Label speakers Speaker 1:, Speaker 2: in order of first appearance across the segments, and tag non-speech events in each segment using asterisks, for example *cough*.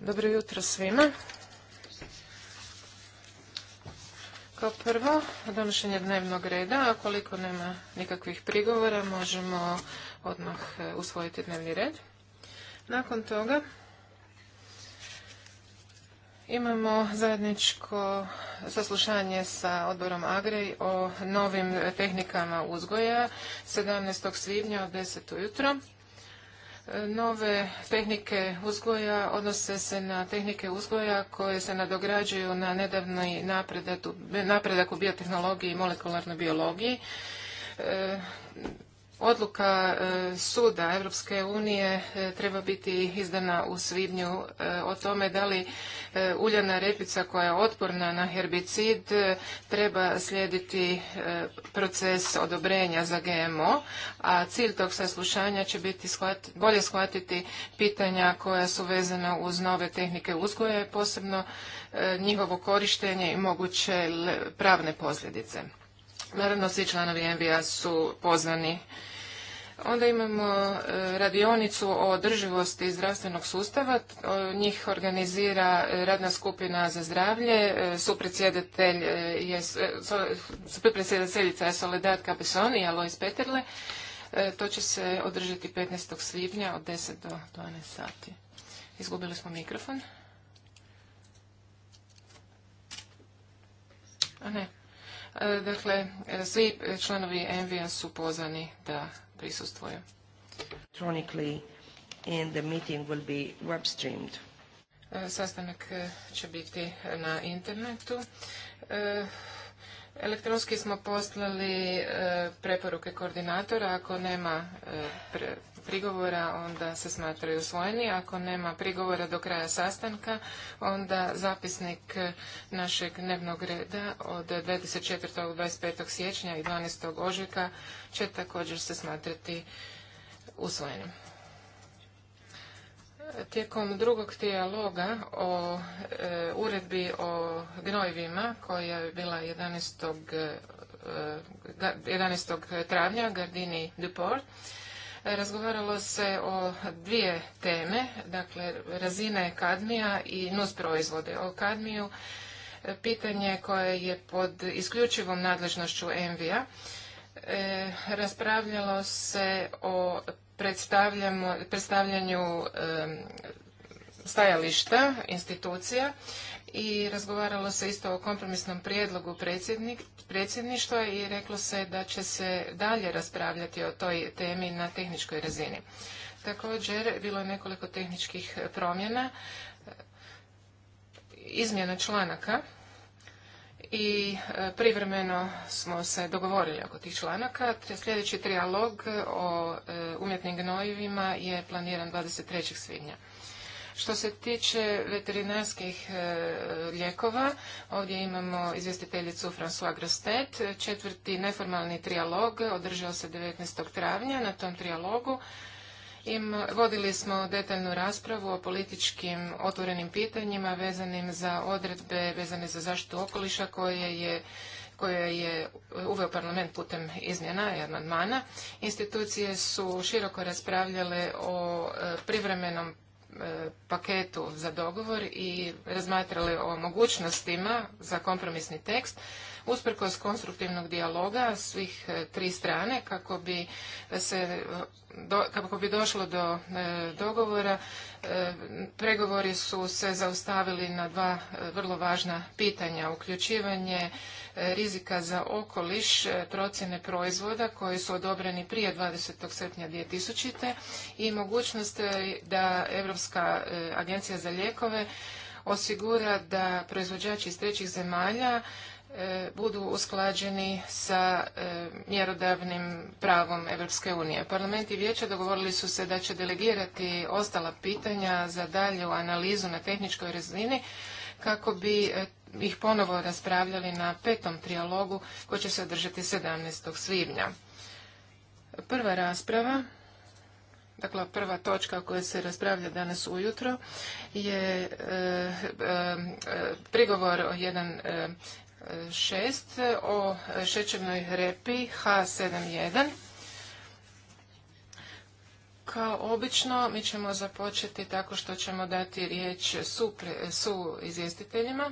Speaker 1: Dobro jutro svima.
Speaker 2: Kao prvo, donošenje dnevnog reda. A koliko nema nikakvih prigovora, možemo odmah e, usvojiti dnevni red. Nakon toga Imamo zajedničko saslušanje sa odborom Agrej o novim tehnikama uzgoja 17. svibnja od 10. ujutro. Nove tehnike uzgoja odnose se na tehnike uzgoja koje se nadograđuju na nedavni napredak u biotehnologiji i molekularnoj biologiji. E, Odluka e, suda Europske unije e, treba biti izdana u svibnju e, o tome da li uljana repica koja je otporna na herbicid treba slijediti proces odobrenja za GMO, a cilj tog saslušanja će biti bolje shvatiti pitanja koja su vezana uz nove tehnike uzgoje, posebno njihovo korištenje i moguće pravne posljedice. Naravno, svi članovi MBA su poznani. Onda imamo e, radionicu o održivosti zdravstvenog sustava. Njih organizira e, radna skupina za zdravlje. E, supredsjedatelj je, supredsjedateljica je Soledad Capesoni, i Alois Peterle. To će se održati 15. svibnja od 10 do 12 sati. Izgubili smo mikrofon. A ne. Dakle, svi članovi Envija su pozvani
Speaker 3: da prisustvuje. And the meeting will be web streamed.
Speaker 2: E, sastanak e, će biti na internetu. E, elektronski smo poslali preporuke koordinatora. Ako nema prigovora, onda se smatraju usvojeni. Ako nema prigovora do kraja sastanka, onda zapisnik našeg dnevnog reda od 24. do 25. siječnja i 12. ožujka će također se smatrati usvojenim. Tijekom drugog dijaloga o e, uredbi o gnojivima koja je bila 11. 11. E, travnja Gardini Duport razgovaralo se o dvije teme, dakle razine kadmija i nus proizvode. O kadmiju e, pitanje koje je pod isključivom nadležnošću Envija. E, raspravljalo se o predstavljanju stajališta institucija i razgovaralo se isto o kompromisnom prijedlogu predsjedništva i reklo se da će se dalje raspravljati o toj temi na tehničkoj razini. Također, bilo je nekoliko tehničkih promjena, izmjena članaka i e, privremeno smo se dogovorili oko tih članaka. Sljedeći trialog o e, umjetnim gnojivima je planiran 23. svibnja. Što se tiče veterinarskih e, lijekova, ovdje imamo izvjestiteljicu François Grostet. Četvrti neformalni trijalog održao se 19. travnja. Na tom trijalogu im vodili smo detaljnu raspravu o političkim otvorenim pitanjima vezanim za odredbe vezane za zaštitu okoliša koje je koje je uveo parlament putem izmjena i amandmana. Institucije su široko raspravljale o e, privremenom E, paketu za dogovor i razmatrali o mogućnostima za kompromisni tekst usprkos konstruktivnog dijaloga svih e, tri strane kako bi se e, do, kako bi došlo do e, dogovora, pregovori su se zaustavili na dva vrlo važna pitanja. Uključivanje rizika za okoliš, procjene proizvoda koji su odobreni prije 20. srpnja 2000. i mogućnost da Europska agencija za lijekove osigura da proizvođači iz trećih zemalja E, budu usklađeni sa e, mjerodavnim pravom Europske unije. Parlament i vijeće dogovorili su se da će delegirati ostala pitanja za dalju analizu na tehničkoj razini kako bi e, ih ponovo raspravljali na petom trijalogu koji će se održati 17. svibnja. Prva rasprava Dakle, prva točka koja se raspravlja danas ujutro je prigovor o prigovor jedan 6 o šećernoj repi H71. Kao obično, mi ćemo započeti tako što ćemo dati riječ su, izvjestiteljima,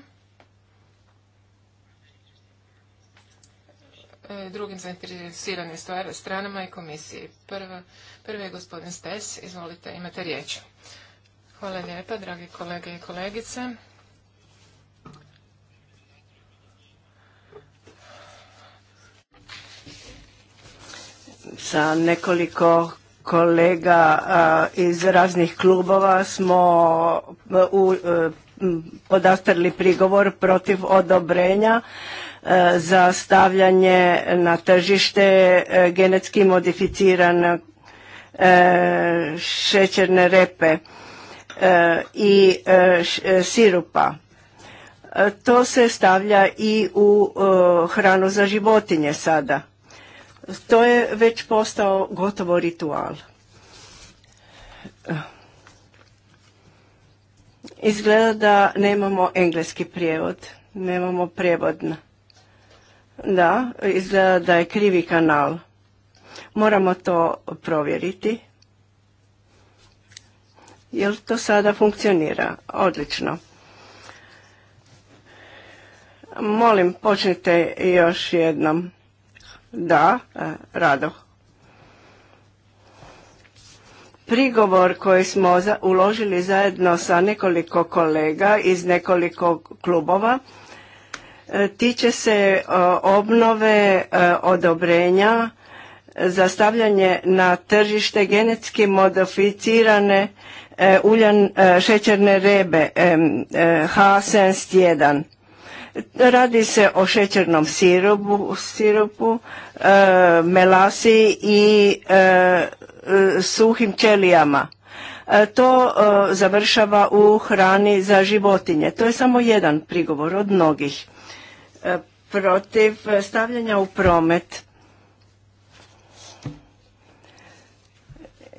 Speaker 2: e, drugim zainteresiranim stranama i komisiji. Prva, prvi je gospodin Stes, izvolite, imate riječ. Hvala lijepa, dragi kolege i kolegice.
Speaker 3: sa nekoliko kolega iz raznih klubova smo e, u e, prigovor protiv odobrenja e, za stavljanje na tržište genetski modificiran šećerne repe i sirupa. To se stavlja i u hranu za životinje sada. To je već postao gotovo ritual. Izgleda da nemamo engleski prijevod, nemamo prijevod. Da, izgleda da je krivi kanal. Moramo to provjeriti. Jel to sada funkcionira? Odlično. Molim, počnite još jednom. Da, e, rado. Prigovor koji smo uložili zajedno sa nekoliko kolega iz nekoliko klubova e, tiče se e, obnove odobrenja za stavljanje na tržište genetski modificirane uljan, šećerne rebe h 1 Radi se o šećernom sirupu, sirupu e, melasi i e, e, suhim ćelijama. E, to završava u hrani za životinje. To je samo jedan prigovor od mnogih. Protiv stavljanja u promet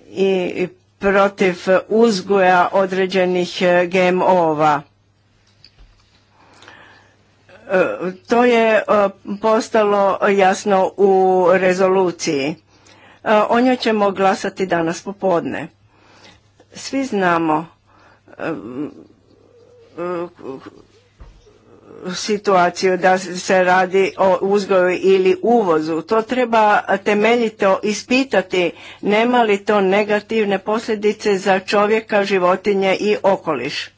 Speaker 3: i protiv uzgoja određenih GMO-ova to je e, postalo jasno u rezoluciji. E, o njoj ćemo glasati danas popodne. Svi znamo e, situaciju da se radi o uzgoju ili uvozu. To treba temeljito ispitati nema li to negativne posljedice za čovjeka, životinje i okoliš.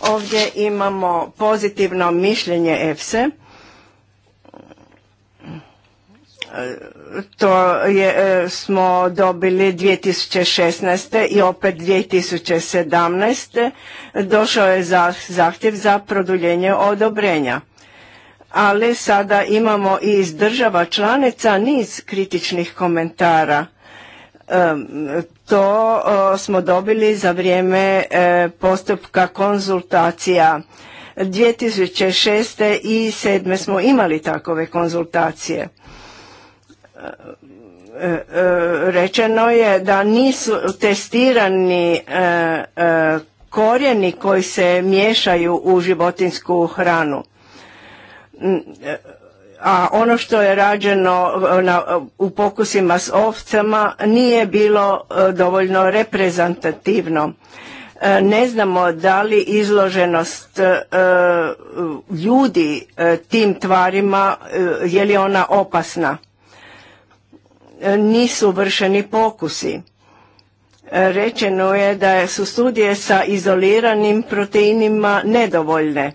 Speaker 3: Ovdje imamo pozitivno mišljenje EFSE. To je, e, smo dobili 2016. i opet 2017. Došao je zahtjev za produljenje odobrenja. Ali sada imamo i iz država članica niz kritičnih komentara to smo dobili za vrijeme e, postupka konzultacija 2006. i 2007. smo imali takove konzultacije. E, e, rečeno je da nisu testirani korijeni koji se miješaju u životinsku hranu a ono što je rađeno e, e, u pokusima s ovcama nije bilo e, dovoljno reprezentativno. Ne znamo da li izloženost ljudi tim tvarima, je li ona opasna. Nisu vršeni pokusi. Rečeno je da su studije sa izoliranim proteinima nedovoljne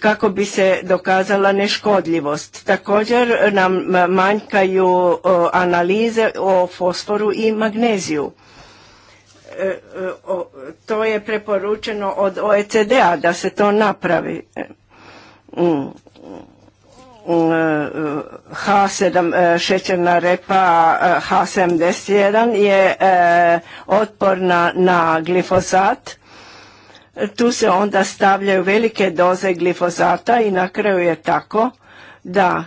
Speaker 3: kako bi se dokazala neškodljivost. Također nam manjkaju analize o fosforu i magneziju. E, e, to je preporučeno od OECD-a da se to napravi. E, mm, mm, H7 šećerna repa H71 je otporna na glifosat tu se onda stavljaju velike doze glifozata i na kraju je tako da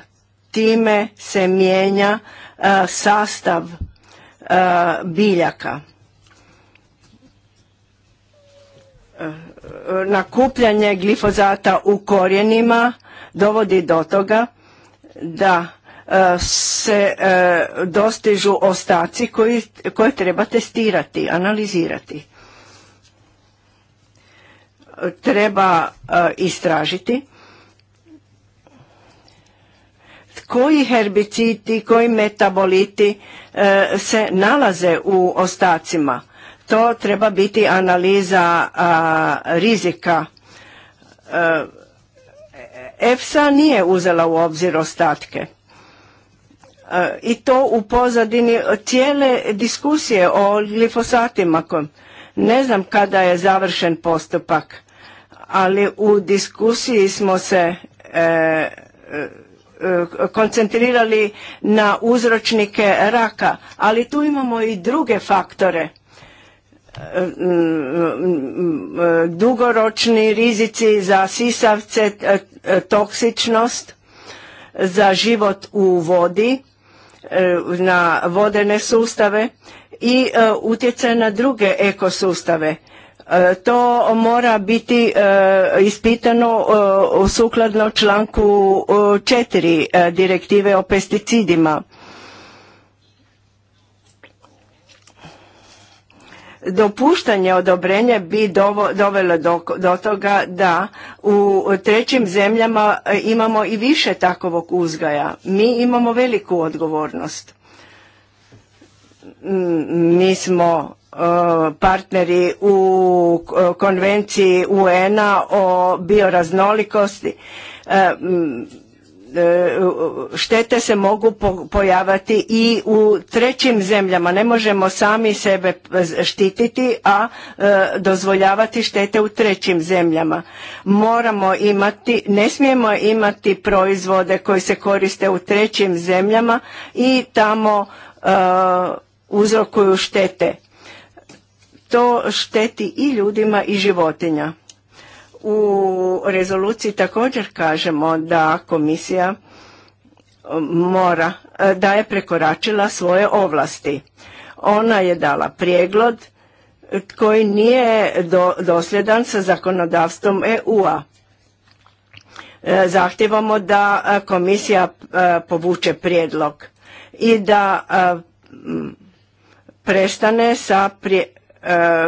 Speaker 3: time se mijenja e, sastav e, biljaka. E, Nakupljanje glifozata u korijenima dovodi do toga da se dostižu ostaci koje treba testirati, analizirati treba e, istražiti koji herbicidi, koji metaboliti e, se nalaze u ostacima. To treba biti analiza rizika. E, EFSA nije uzela u obzir ostatke. I to u pozadini cijele diskusije o glifosatima. Ne znam kada je završen postupak ali u diskusiji smo se e, e, koncentrirali na uzročnike raka, ali tu imamo i druge faktore. E, dugoročni rizici za sisavce, toksičnost, za život u vodi, na vodene sustave i utjecaj na druge ekosustave E, to mora biti e, ispitano e, sukladno članku 4 direktive o pesticidima. dopuštanje odobrenja bi dovelo do, do toga da u trećim zemljama imamo i više takovog uzgaja mi imamo veliku odgovornost mi smo e, partneri u konvenciji UN-a o bioraznolikosti e, e, štete se mogu pojavati i u trećim zemljama. Ne možemo sami sebe štititi, a dozvoljavati štete u trećim zemljama. Moramo imati, ne smijemo imati proizvode koji se koriste u trećim zemljama i tamo uzrokuju štete. To šteti i ljudima i životinja. U rezoluciji također kažemo da komisija e, mora, e, da je prekoračila svoje ovlasti. Ona je dala prijeglod koji nije dosljedan sa zakonodavstvom EU-a. E, zahtjevamo da komisija povuče prijedlog i da prestane sa, e,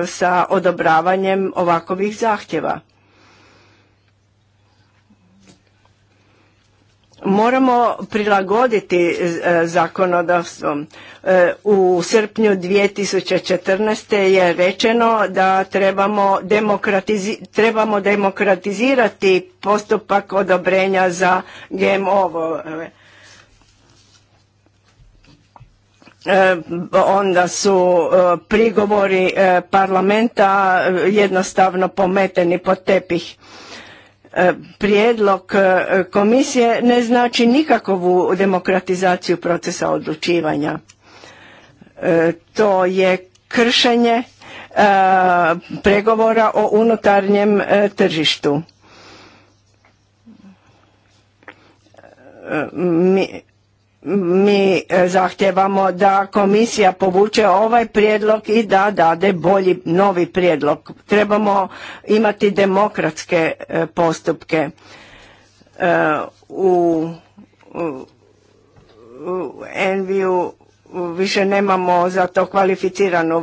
Speaker 3: sa odobravanjem ovakovih zahtjeva. Moramo prilagoditi zakonodavstvo. E, zakonodavstvom. E, u srpnju 2014. je rečeno da trebamo, trebamo demokratizirati postupak odobrenja za GMO. -ove. E, onda su e, prigovori e, parlamenta jednostavno pometeni pod tepih. Prijedlog komisije ne znači nikakvu demokratizaciju procesa odlučivanja. To je kršenje pregovora o unutarnjem tržištu. Mi mi e, zahtjevamo da komisija povuče ovaj prijedlog i da dade bolji novi prijedlog. Trebamo imati demokratske e, postupke e, u Enviju više nemamo za to kvalificiranu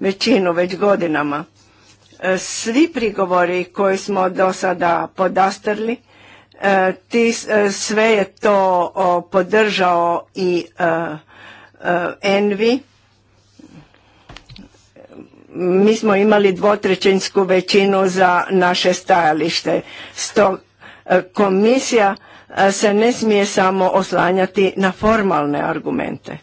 Speaker 3: većinu već godinama. Svi prigovori koji smo do sada podastrli E, ti, e, sve je to podržao i e, Envi. Mi smo imali dvotrećinsku većinu za naše stajalište. Sto, komisija se ne smije samo oslanjati na formalne argumente.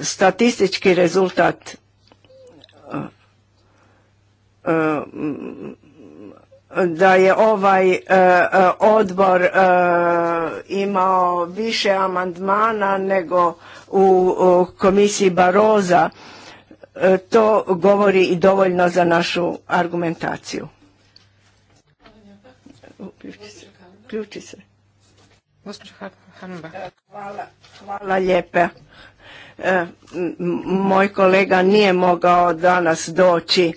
Speaker 3: Statistički rezultat Ehm, da je ovaj eh, eh, odbor eh, imao više amandmana nego u, komisiji Baroza, to govori i dovoljno za našu argumentaciju. Uključi se. Hvala, hvala Moj kolega nije mogao danas doći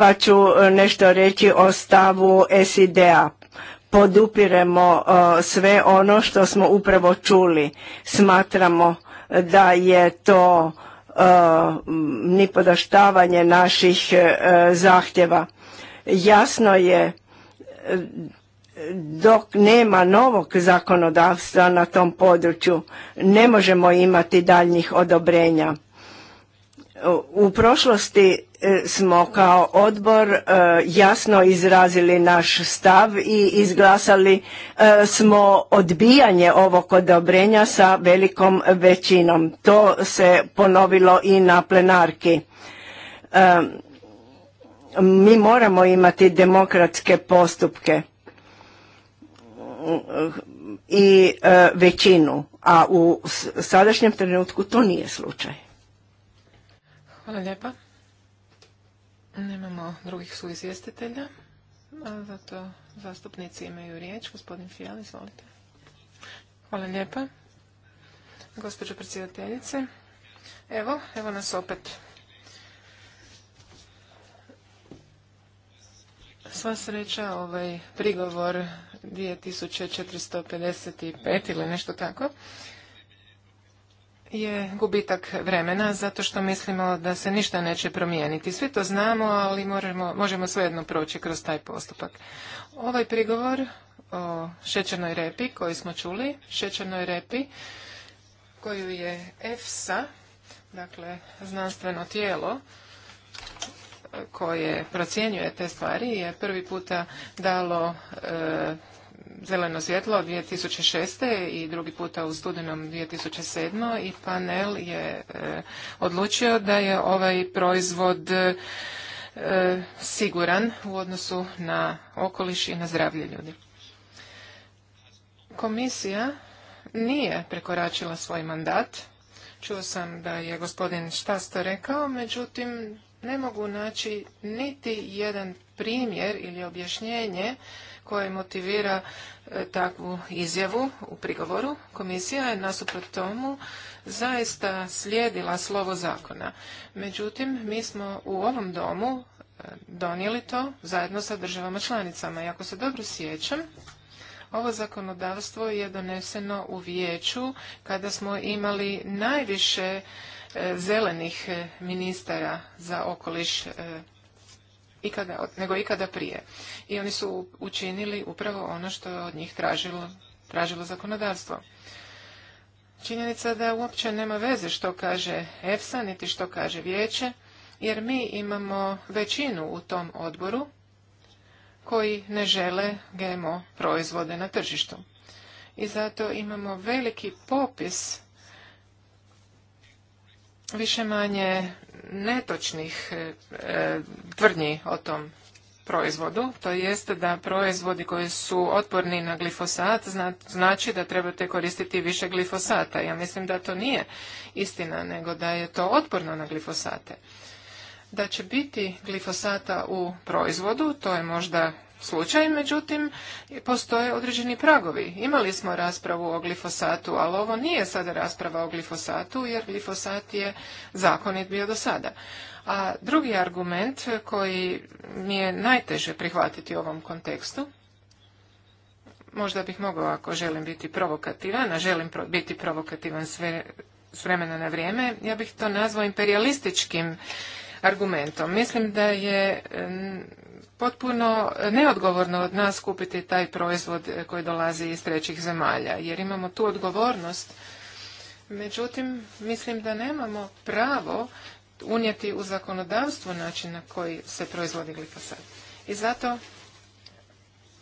Speaker 3: pa ću e, nešto reći o stavu SID-a. Podupiremo e, sve ono što smo upravo čuli. Smatramo da je to e, nipodaštavanje naših zahtjeva. Jasno je dok nema novog zakonodavstva na tom području ne možemo imati daljnjih odobrenja u prošlosti e, smo kao odbor e, jasno izrazili naš stav i izglasali e, smo odbijanje ovog odobrenja sa velikom većinom. To se ponovilo i na plenarki. Mi moramo imati demokratske postupke i većinu, a u sadašnjem trenutku to nije slučaj.
Speaker 2: Hvala lijepa. Nemamo drugih suizvjestitelja, a zato zastupnici imaju riječ. Gospodin Fijal, izvolite. Hvala lijepa. Gospođo predsjedateljice, evo, evo nas opet. Sva sreća ovaj prigovor 2455 ili nešto tako je gubitak vremena zato što mislimo da se ništa neće promijeniti. Svi to znamo, ali možemo, možemo svejedno proći kroz taj postupak. Ovaj prigovor o šećernoj repi koji smo čuli, šećernoj repi koju je EFSA, dakle znanstveno tijelo koje procjenjuje te stvari, je prvi puta dalo e, zeleno svjetlo od 2006. i drugi puta u studenom 2007. i panel je e, odlučio da je ovaj proizvod e, siguran u odnosu na okoliš i na zdravlje ljudi. Komisija nije prekoračila svoj mandat. Čuo sam da je gospodin Štasto rekao, međutim ne mogu naći niti jedan primjer ili objašnjenje koje motivira e, takvu izjavu u prigovoru. Komisija je nasuprot tomu zaista slijedila slovo zakona. Međutim, mi smo u ovom domu e, donijeli to zajedno sa državama članicama. I ako se dobro sjećam, ovo zakonodavstvo je doneseno u vijeću kada smo imali najviše E, zelenih e, ministara za okoliš e, ikada, nego ikada prije. I oni su učinili upravo ono što je od njih tražilo, tražilo zakonodavstvo. Činjenica da uopće nema veze što kaže EFSA, niti što kaže vijeće, jer mi imamo većinu u tom odboru koji ne žele GMO proizvode na tržištu. I zato imamo veliki popis više manje netočnih e, e, tvrdnji o tom proizvodu, to jest da proizvodi koji su otporni na glifosat znači da trebate koristiti više glifosata. Ja mislim da to nije istina, nego da je to otporno na glifosate. Da će biti glifosata u proizvodu, to je možda slučaj, međutim postoje određeni pragovi. Imali smo raspravu o glifosatu, ali ovo nije sada rasprava o glifosatu jer glifosat je zakonit bio do sada. A drugi argument koji mi je najteže prihvatiti u ovom kontekstu, možda bih mogao ako želim biti provokativan, a želim biti provokativan sve s vremena na vrijeme, ja bih to nazvao imperialističkim argumentom. Mislim da je potpuno neodgovorno od nas kupiti taj proizvod e, koji dolazi iz trećih zemalja, jer imamo tu odgovornost. Međutim, mislim da nemamo pravo unijeti u zakonodavstvo način na koji se proizvodi glifosat. I zato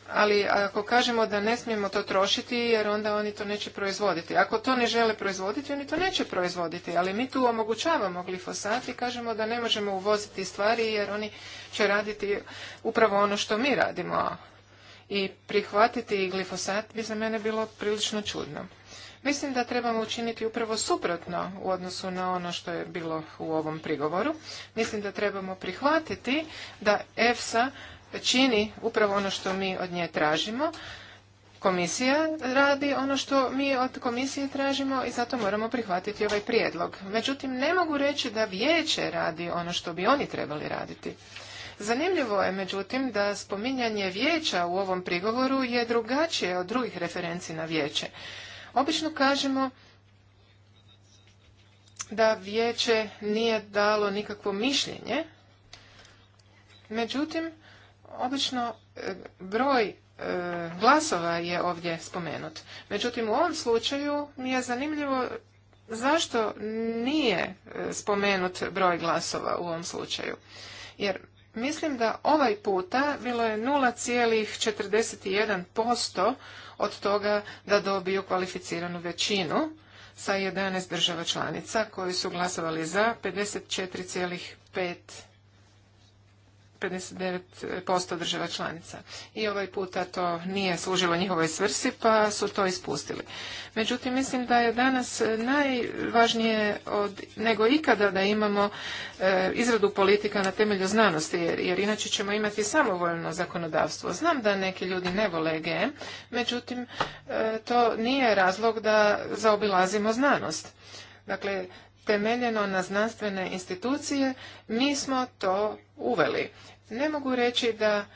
Speaker 2: ali ako kažemo da ne smijemo to trošiti jer onda oni to neće proizvoditi. Ako to ne žele proizvoditi, oni to neće proizvoditi, ali mi tu omogućavamo glifosat i kažemo da ne možemo uvoziti stvari jer oni će raditi upravo ono što mi radimo. I prihvatiti glifosat bi za mene bilo prilično čudno. Mislim da trebamo učiniti upravo suprotno u odnosu na ono što je bilo u ovom prigovoru. Mislim da trebamo prihvatiti da EFSA čini upravo ono što mi od nje tražimo. Komisija radi ono što mi od komisije tražimo i zato moramo prihvatiti ovaj prijedlog. Međutim, ne mogu reći da vijeće radi ono što bi oni trebali raditi. Zanimljivo je, međutim, da spominjanje vijeća u ovom prigovoru je drugačije od drugih referenci na vijeće. Obično kažemo da vijeće nije dalo nikakvo mišljenje, međutim, Obično e, broj e, glasova je ovdje spomenut. Međutim, u ovom slučaju mi je zanimljivo zašto nije e, spomenut broj glasova u ovom slučaju. Jer mislim da ovaj puta bilo je 0,41% od toga da dobiju kvalificiranu većinu sa 11 država članica koji su glasovali za 54,5% 59% država članica. I ovaj puta to nije služilo njihovoj svrsi, pa su to ispustili. Međutim, mislim da je danas najvažnije od, nego ikada da imamo e, izradu politika na temelju znanosti, jer, inače ćemo imati samovoljno zakonodavstvo. Znam da neki ljudi ne vole GM, međutim, e, to nije razlog da zaobilazimo znanost. Dakle, temeljeno na znanstvene institucije, mi smo to uveli. Ne mogu reći da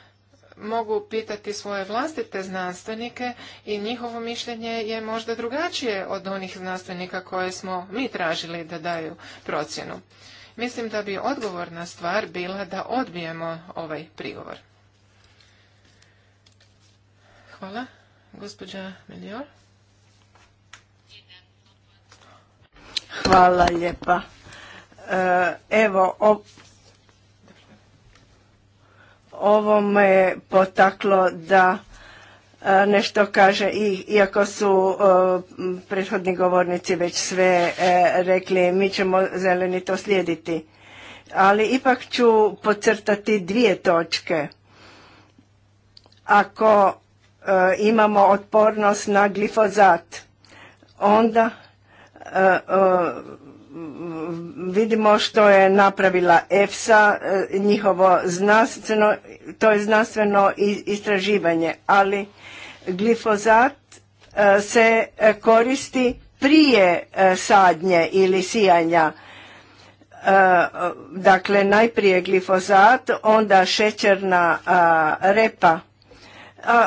Speaker 2: mogu pitati svoje vlastite znanstvenike i njihovo mišljenje je možda drugačije od onih znanstvenika koje smo mi tražili da daju procjenu. Mislim da bi odgovorna stvar bila da odbijemo ovaj prigovor. Hvala. Gospođa
Speaker 3: Melior. Hvala lijepa. E, evo, ovo me potaklo da e, nešto kaže, iako su e, prethodni govornici već sve rekli, mi ćemo zeleni to slijediti. Ali ipak ću pocrtati dvije točke. Ako imamo otpornost na glifozat, onda E, e, vidimo što je napravila EFSA, e, njihovo znanstveno, to je znanstveno istraživanje, ali glifozat se koristi prije sadnje ili sijanja. Dakle, najprije glifozat, onda šećerna repa.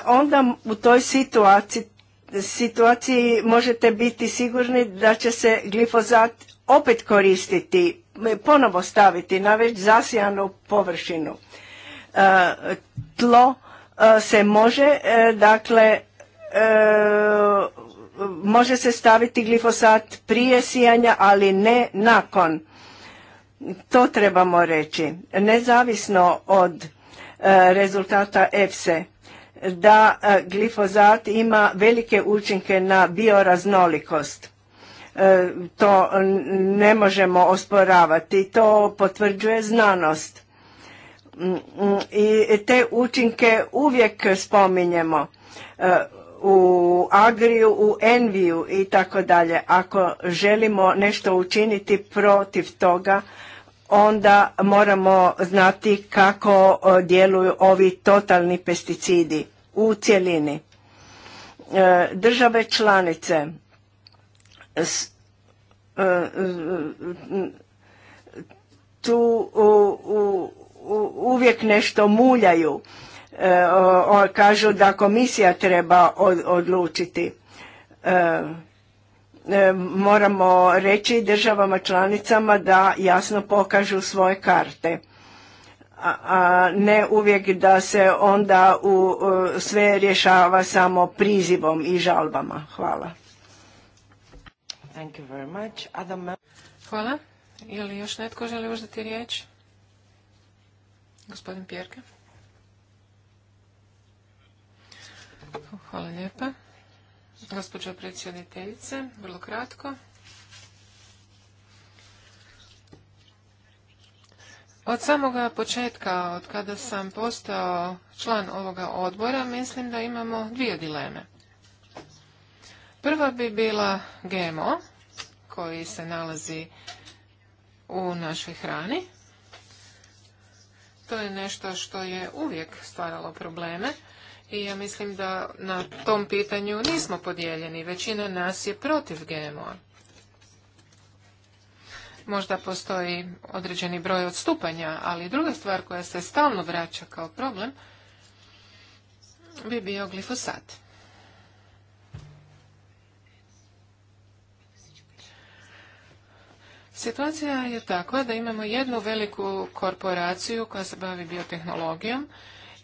Speaker 3: Onda u toj situaciji situaciji možete biti sigurni da će se glifozat opet koristiti, ponovo staviti na već zasijanu površinu. E, tlo e, se može, e, dakle, može se staviti glifosat prije sijanja, ali ne nakon. To trebamo reći. Nezavisno od rezultata EFSE da e, glifozat ima velike učinke na bioraznolikost. E, to ne možemo osporavati, to potvrđuje znanost. Mm, mm, I te učinke uvijek spominjemo e, u Agriju, u Enviju i tako dalje. Ako želimo nešto učiniti protiv toga, onda moramo znati kako e, djeluju ovi totalni pesticidi u cjelini. E, države članice e, tu uvijek nešto muljaju. Kažu da komisija treba odlučiti. E, moramo reći državama članicama da jasno pokažu svoje karte a ne uvijek da se onda u sve rješava samo prizivom i žalbama. Hvala. Thank you very much. Adam... Hvala.
Speaker 2: Je li još netko želi uzeti riječ? Gospodin Pjerke. Hvala lijepa. Gospođo predsjedateljice, vrlo kratko. Od samoga početka, od kada sam postao član ovoga odbora, mislim da imamo dvije dileme. Prva bi bila GMO, koji se nalazi u našoj hrani. To je nešto što je uvijek stvaralo probleme i ja mislim da na tom pitanju nismo podijeljeni. Većina nas je protiv GMO-a. Možda postoji određeni broj odstupanja, ali druga stvar koja se stalno vraća kao problem bi bio glifosat. Situacija je takva da imamo jednu veliku korporaciju koja se bavi biotehnologijom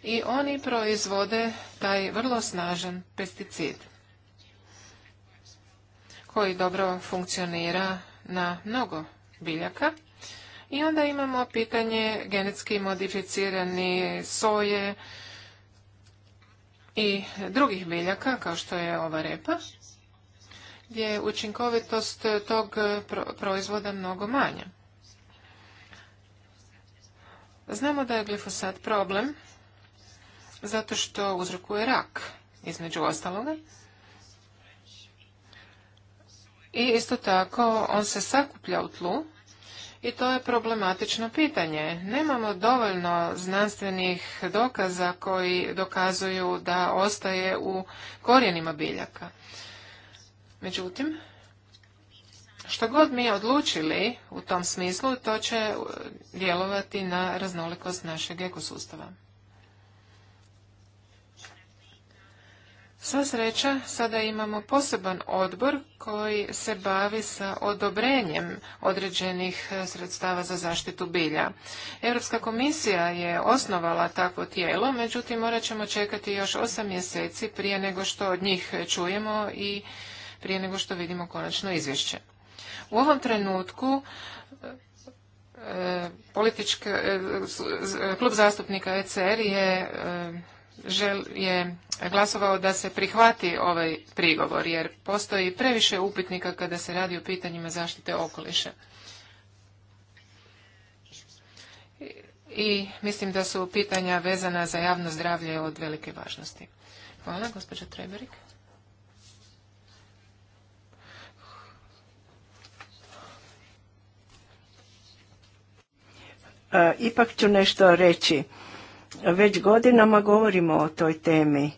Speaker 2: i oni proizvode taj vrlo snažan pesticid koji dobro funkcionira na mnogo biljaka. I onda imamo pitanje genetski modificirani soje i drugih biljaka, kao što je ova repa, gdje je učinkovitost tog proizvoda mnogo manja. Znamo da je glifosat problem zato što uzrokuje rak, između ostaloga. I isto tako, on se sakuplja u tlu i to je problematično pitanje. Nemamo dovoljno znanstvenih dokaza koji dokazuju da ostaje u korijenima biljaka. Međutim, što god mi odlučili u tom smislu, to će djelovati na raznolikost našeg ekosustava. Sva sreća, sada imamo poseban odbor koji se bavi sa odobrenjem određenih e, sredstava za zaštitu bilja. Europska komisija je osnovala takvo tijelo, međutim morat ćemo čekati još osam mjeseci prije nego što od njih čujemo i prije nego što vidimo konačno izvješće. U ovom trenutku e, politički e, klub zastupnika ECR je žel, je glasovao da se prihvati ovaj prigovor, jer postoji previše upitnika kada se radi o pitanjima zaštite okoliša. I, mislim da su pitanja vezana za javno zdravlje od velike važnosti. Hvala, gospođa Treberik.
Speaker 3: E, ipak ću nešto reći već godinama govorimo o toj temi.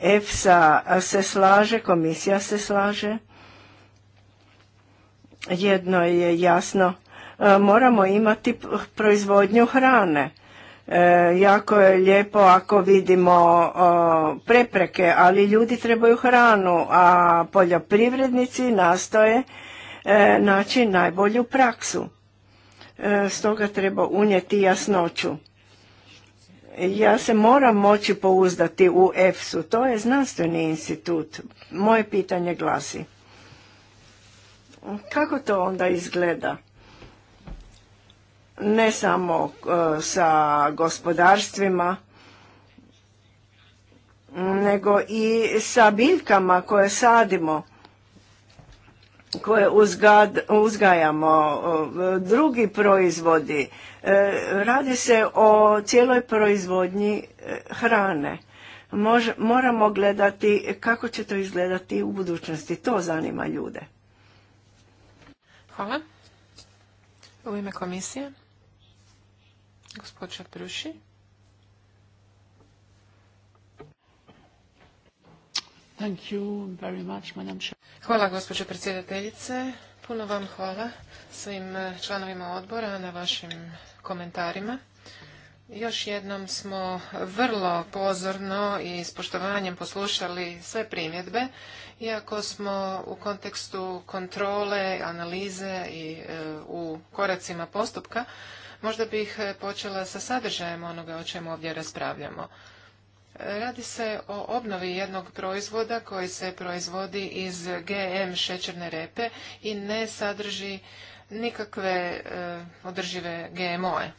Speaker 3: EFSA se slaže, komisija se slaže. Jedno je jasno, e, moramo imati proizvodnju hrane. E, jako je lijepo ako vidimo prepreke, ali ljudi trebaju hranu, a poljoprivrednici nastoje e, naći najbolju praksu. stoga treba unijeti jasnoću. Ja se moram moći pouzdati u EFSU, to je znanstveni institut. Moje pitanje glasi. Kako to onda izgleda? Ne samo e, sa gospodarstvima, nego i sa biljkama koje sadimo koje uzgajamo, drugi proizvodi. E, radi se o cijeloj proizvodnji e, hrane. moramo gledati kako će to izgledati u budućnosti. To zanima ljude.
Speaker 2: Hvala. U ime komisije, gospođa Pruši. Hvala gospođo predsjedateljice. Puno vam hvala svim eh, članovima odbora na vašim komentarima. Još jednom smo vrlo pozorno i s poštovanjem poslušali sve primjedbe, iako smo u kontekstu kontrole, analize i eh, u koracima postupka, možda bih eh, počela sa sadržajem onoga o čemu ovdje raspravljamo. Radi se o obnovi jednog proizvoda koji se proizvodi iz GM šećerne repe i ne sadrži nikakve e, održive GMO-e.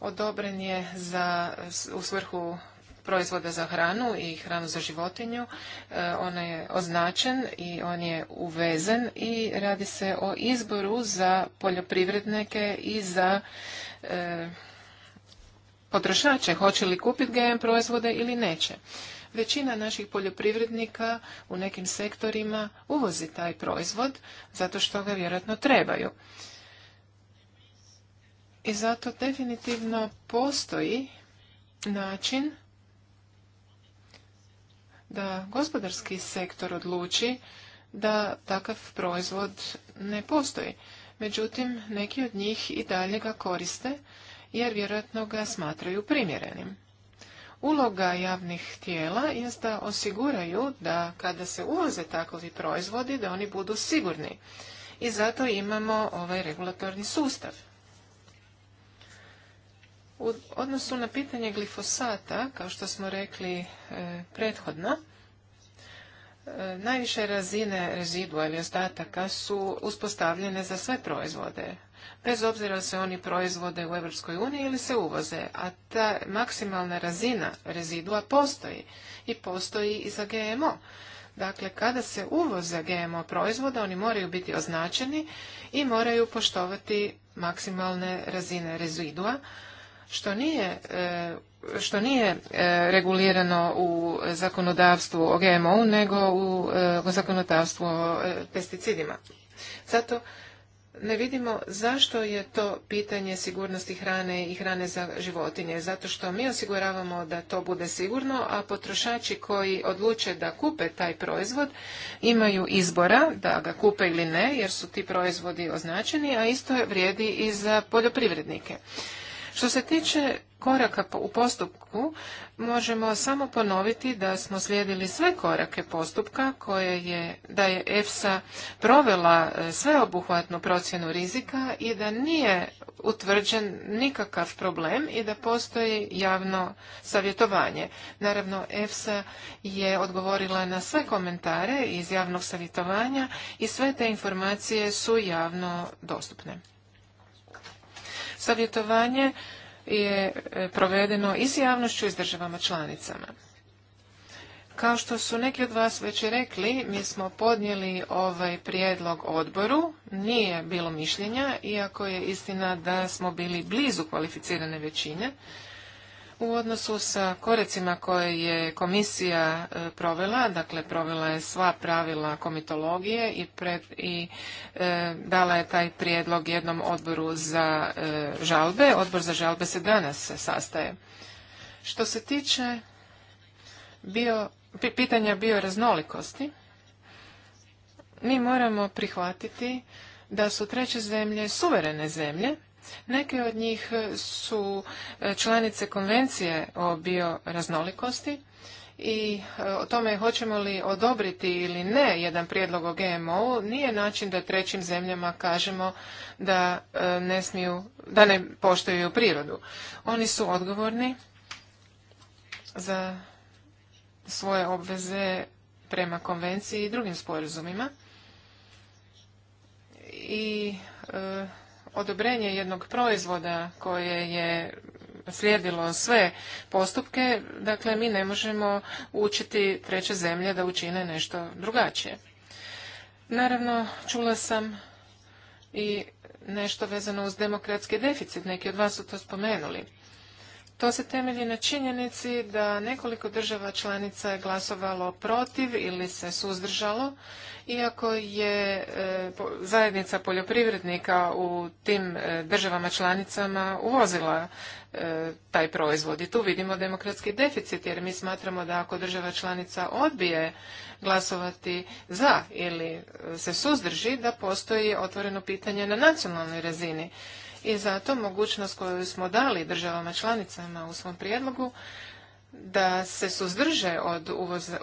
Speaker 2: Odobren je za, u svrhu proizvoda za hranu i hranu za životinju. E, on je označen i on je uvezen i radi se o izboru za poljoprivrednike i za e, potrošače hoće li kupiti GM proizvode ili neće. Većina naših poljoprivrednika u nekim sektorima uvozi taj proizvod zato što ga vjerojatno trebaju. I zato definitivno postoji način da gospodarski sektor odluči da takav proizvod ne postoji. Međutim, neki od njih i dalje ga koriste jer vjerojatno ga smatraju primjerenim. Uloga javnih tijela je da osiguraju da kada se uvoze takvi proizvodi da oni budu sigurni i zato imamo ovaj regulatorni sustav. U odnosu na pitanje glifosata, kao što smo rekli e, prethodno, e, najviše razine rezidua ili ostataka su uspostavljene za sve proizvode, bez obzira se oni proizvode u Europskoj uniji ili se uvoze, a ta maksimalna razina rezidua postoji i postoji i za GMO. Dakle, kada se uvoze GMO proizvoda, oni moraju biti označeni i moraju poštovati maksimalne razine rezidua, što nije e, što nije e, regulirano u zakonodavstvu o GMO-u, nego e, u zakonodavstvu o pesticidima. Zato ne vidimo zašto je to pitanje sigurnosti hrane i hrane za životinje. Zato što mi osiguravamo da to bude sigurno, a potrošači koji odluče da kupe taj proizvod imaju izbora da ga kupe ili ne, jer su ti proizvodi označeni, a isto vrijedi i za poljoprivrednike. Što se tiče koraka u postupku, možemo samo ponoviti da smo slijedili sve korake postupka koje je, da je EFSA provela e, sveobuhvatnu procjenu rizika i da nije utvrđen nikakav problem i da postoji javno savjetovanje. Naravno, EFSA je odgovorila na sve komentare iz javnog savjetovanja i sve te informacije su javno dostupne. Savjetovanje je e, provedeno i s javnošću i s državama članicama. Kao što su neki od vas već rekli, mi smo podnijeli ovaj prijedlog odboru, nije bilo mišljenja, iako je istina da smo bili blizu kvalificirane većine, u odnosu sa korecima koje je komisija e, provela, dakle provela je sva pravila komitologije i, pred, i e, dala je taj prijedlog jednom odboru za e, žalbe. Odbor za žalbe se danas sastaje. Što se tiče bio, pitanja bioraznolikosti, mi moramo prihvatiti da su treće zemlje suverene zemlje Neke od njih su e, članice konvencije o bioraznolikosti i e, o tome hoćemo li odobriti ili ne jedan prijedlog o GMO-u nije način da trećim zemljama kažemo da e, ne smiju, da ne poštuju prirodu. Oni su odgovorni za svoje obveze prema konvenciji i drugim sporazumima i odobrenje jednog proizvoda koje je slijedilo sve postupke, dakle mi ne možemo učiti treće zemlje da učine nešto drugačije. Naravno, čula sam i nešto vezano uz demokratski deficit, neki od vas su to spomenuli. To se temelji na činjenici da nekoliko država članica je glasovalo protiv ili se suzdržalo, iako je e, zajednica poljoprivrednika u tim e, državama članicama uvozila e, taj proizvod. I tu vidimo demokratski deficit, jer mi smatramo da ako država članica odbije glasovati za ili se suzdrži, da postoji otvoreno pitanje na nacionalnoj razini. I zato mogućnost koju smo dali državama članicama u svom prijedlogu da se suzdrže od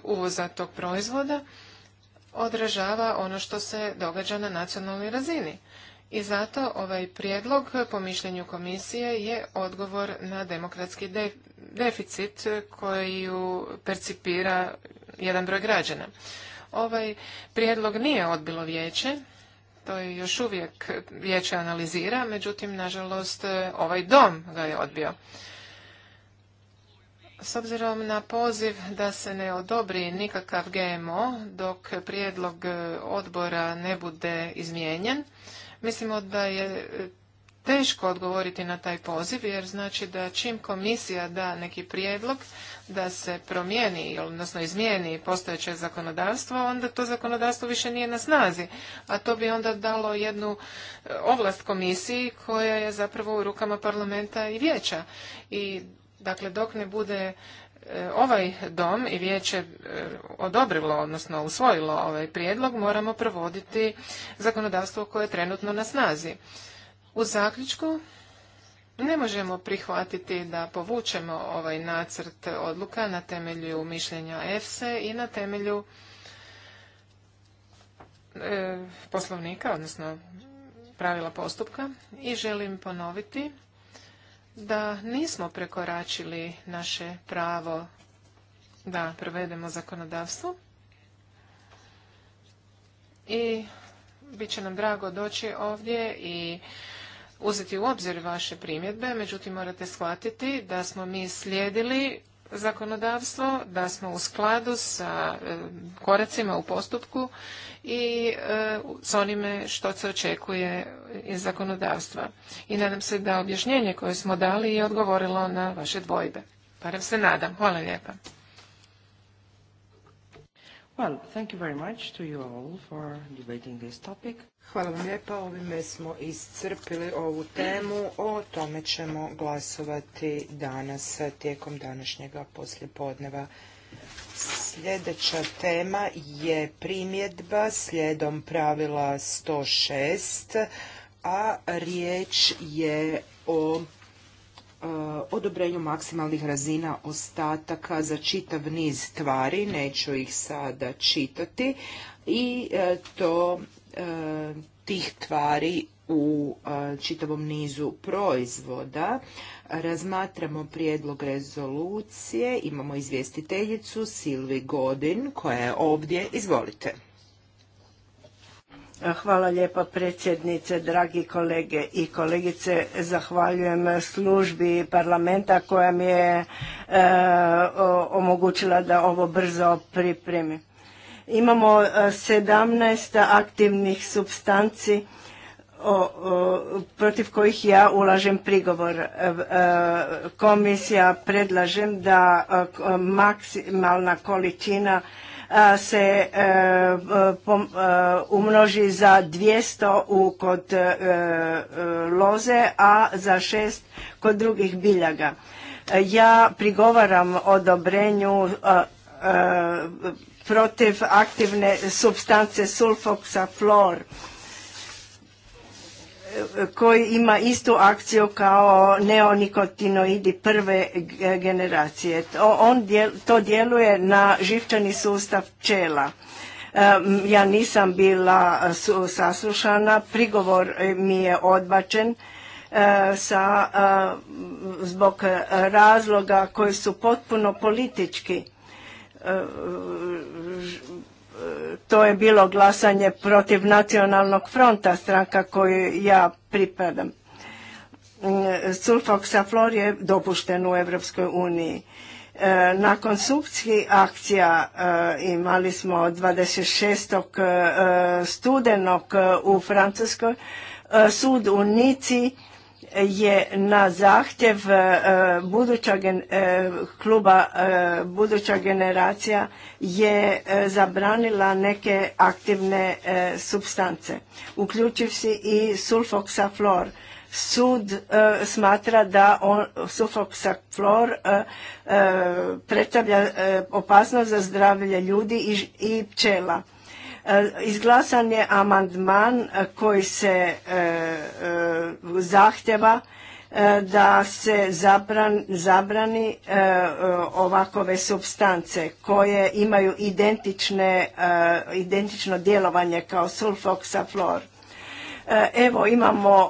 Speaker 2: uvoza, tog proizvoda odražava ono što se događa na nacionalnoj razini. I zato ovaj prijedlog, po mišljenju komisije, je odgovor na demokratski de deficit koju percipira jedan broj građana. Ovaj prijedlog nije odbilo vijeće, to je još uvijek vijeće analizira, međutim, nažalost, ovaj dom ga je odbio. S obzirom na poziv da se ne odobri nikakav GMO dok prijedlog odbora ne bude izmijenjen, mislimo da je teško odgovoriti na taj poziv jer znači da čim komisija da neki prijedlog da se promijeni, odnosno izmijeni postojeće zakonodavstvo, onda to zakonodavstvo više nije na snazi. A to bi onda dalo jednu eh, ovlast komisiji koja je zapravo u rukama parlamenta i vijeća. I dakle dok ne bude eh, ovaj dom i vijeće eh, odobrilo, odnosno usvojilo ovaj prijedlog, moramo provoditi zakonodavstvo koje je trenutno na snazi. U zaključku ne možemo prihvatiti da povučemo ovaj nacrt odluka na temelju mišljenja EFSE i na temelju e, poslovnika, odnosno pravila postupka i želim ponoviti da nismo prekoračili naše pravo da provedemo zakonodavstvo i bit će nam drago doći ovdje i uzeti u obzir vaše primjedbe, međutim morate shvatiti da smo mi slijedili zakonodavstvo, da smo u skladu sa e, koracima u postupku i e, s onime što se očekuje iz zakonodavstva. I nadam se da objašnjenje koje smo dali je odgovorilo na vaše dvojbe. Barem se nadam. Hvala lijepa.
Speaker 1: Well, thank you Hvala vam lijepa, ovime smo iscrpili ovu temu, o tome ćemo glasovati danas tijekom današnjega poslijepodneva. Sljedeća tema je primjedba slijedom pravila 106, a riječ je o E, odobrenju maksimalnih razina ostataka za čitav niz tvari, neću ih sada čitati, i e, to e, tih tvari u čitavom nizu proizvoda. Razmatramo prijedlog rezolucije, imamo izvjestiteljicu Silvi Godin koja je ovdje. Izvolite.
Speaker 3: Hvala lijepa predsjednice, dragi kolege i kolegice. Zahvaljujem službi parlamenta koja mi je e, omogućila da ovo brzo pripremi. Imamo 17 e, aktivnih substanci protiv kojih ja ulažem prigovor. E, komisija predlažem da maksimalna količina se e, e, e, umnoži za 200 kod loze, a za 6 kod drugih biljaga. Ja prigovaram odobrenju protiv aktivne substance sulfoksa flor koji ima istu akciju kao neonikotinoidi prve generacije. On to djeluje na živčani sustav pčela. E, ja nisam bila e, saslušana, prigovor e, mi je odbačen sa, zbog razloga koji su potpuno politički to je bilo glasanje protiv nacionalnog fronta, stranka koju ja pripadam. flor je dopušten u Europskoj uniji. E, nakon sukcijih akcija e, imali smo 26. E, studenog u Francuskoj sud u Nici je na zahtjev e, e, kluba e, buduća generacija je zabranila neke aktivne substance uključivši i sulfoksaflor sud smatra da sulfoksaflor predstavlja opasnost za zdravlje ljudi i pčela. E, izglasan je amandman koji se e, e, zahtjeva da se zabrani ovakove substance koje imaju identično djelovanje kao sulfoksaflor. Evo imamo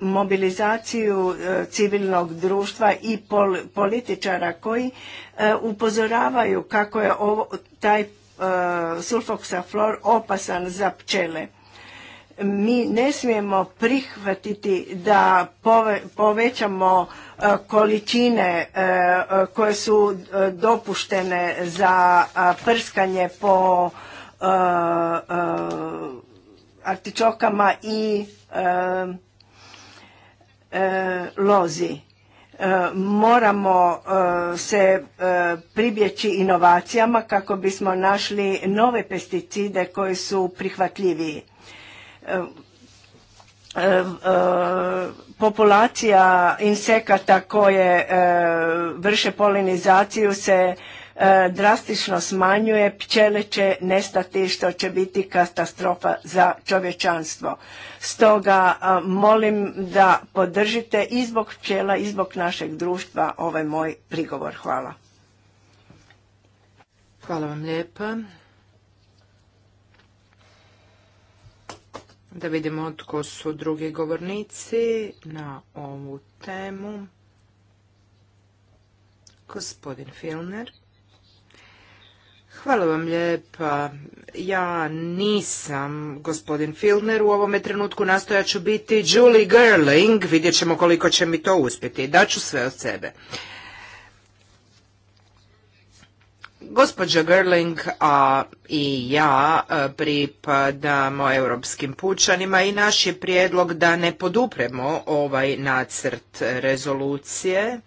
Speaker 3: mobilizaciju civilnog društva i političara koji upozoravaju kako je ovo, taj Eh, sulfoksaflor opasan za pčele. Mi ne smijemo prihvatiti da povećamo eh, količine eh, koje su dopuštene za prskanje po artičokama i lozi E, moramo e, se e, pribjeći inovacijama kako bismo našli nove pesticide koji su prihvatljiviji. Populacija insekata koje vrše polinizaciju se E, drastično smanjuje, pčele će nestati što će biti katastrofa za čovječanstvo. Stoga e, molim da podržite i zbog pčela i zbog našeg društva ovaj moj prigovor. Hvala. Hvala
Speaker 1: vam lijepa. Da vidimo tko su drugi govornici na ovu temu. Gospodin Filner. Hvala vam lijepa. Ja nisam gospodin Filner u ovome trenutku nastojat ću biti Julie Gerling. Vidjet ćemo koliko će mi to uspjeti. Daću sve od sebe. Gospođa Gerling a i ja e, pripadamo europskim pučanima i naš je prijedlog da ne podupremo ovaj nacrt rezolucije.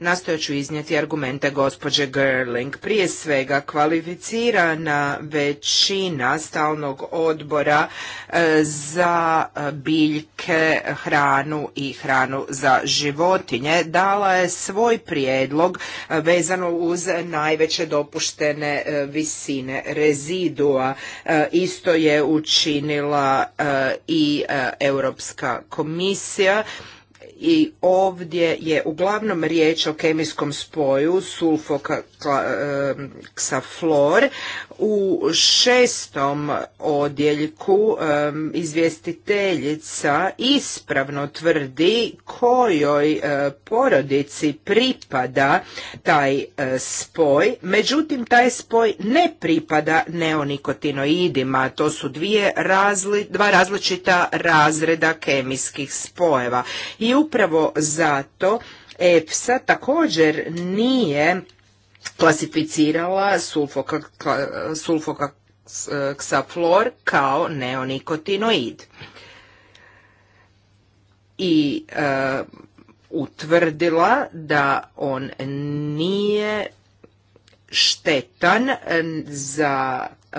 Speaker 1: Nastojat ću iznijeti argumente gospođe Gerling. Prije svega, kvalificirana većina stalnog odbora e, za biljke, hranu i hranu za životinje dala je svoj prijedlog vezano uz najveće dopuštene e, visine rezidua. E, isto je učinila i Europska komisija i ovdje je uglavnom riječ o kemijskom spoju sulfoksaflor. E, u šestom odjeljku e, izvjestiteljica ispravno tvrdi kojoj e, porodici pripada taj spoj, međutim taj spoj ne pripada neonikotinoidima, to su dvije dva različita razreda kemijskih spojeva. I u upravo zato EPSA također nije klasificirala sulfokaksaflor kao neonikotinoid. I e, utvrdila da on nije štetan e, za e,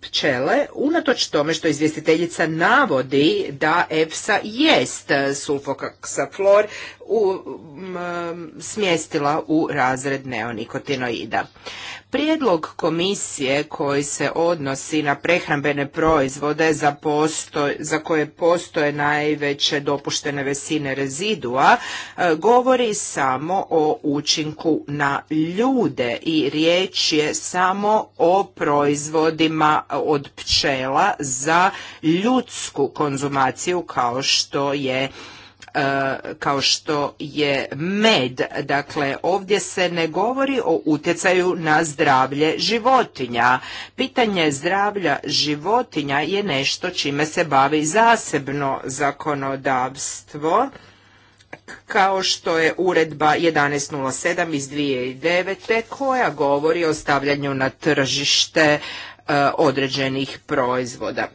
Speaker 1: pčele, unatoč tome što izvjestiteljica navodi da EFSA jest sulfokaksaflor smjestila u razred neonikotinoida. Prijedlog komisije koji se odnosi na prehrambene proizvode za, za koje postoje najveće dopuštene visine rezidua e, govori samo o učinku na ljude i riječ je samo o proizvodima od pčela za ljudsku konzumaciju kao što je E, kao što je med. Dakle, ovdje se ne govori o utjecaju na zdravlje životinja. Pitanje zdravlja životinja je nešto čime se bavi zasebno zakonodavstvo kao što je uredba 1107 iz 2009. koja govori o stavljanju na tržište e, određenih proizvoda.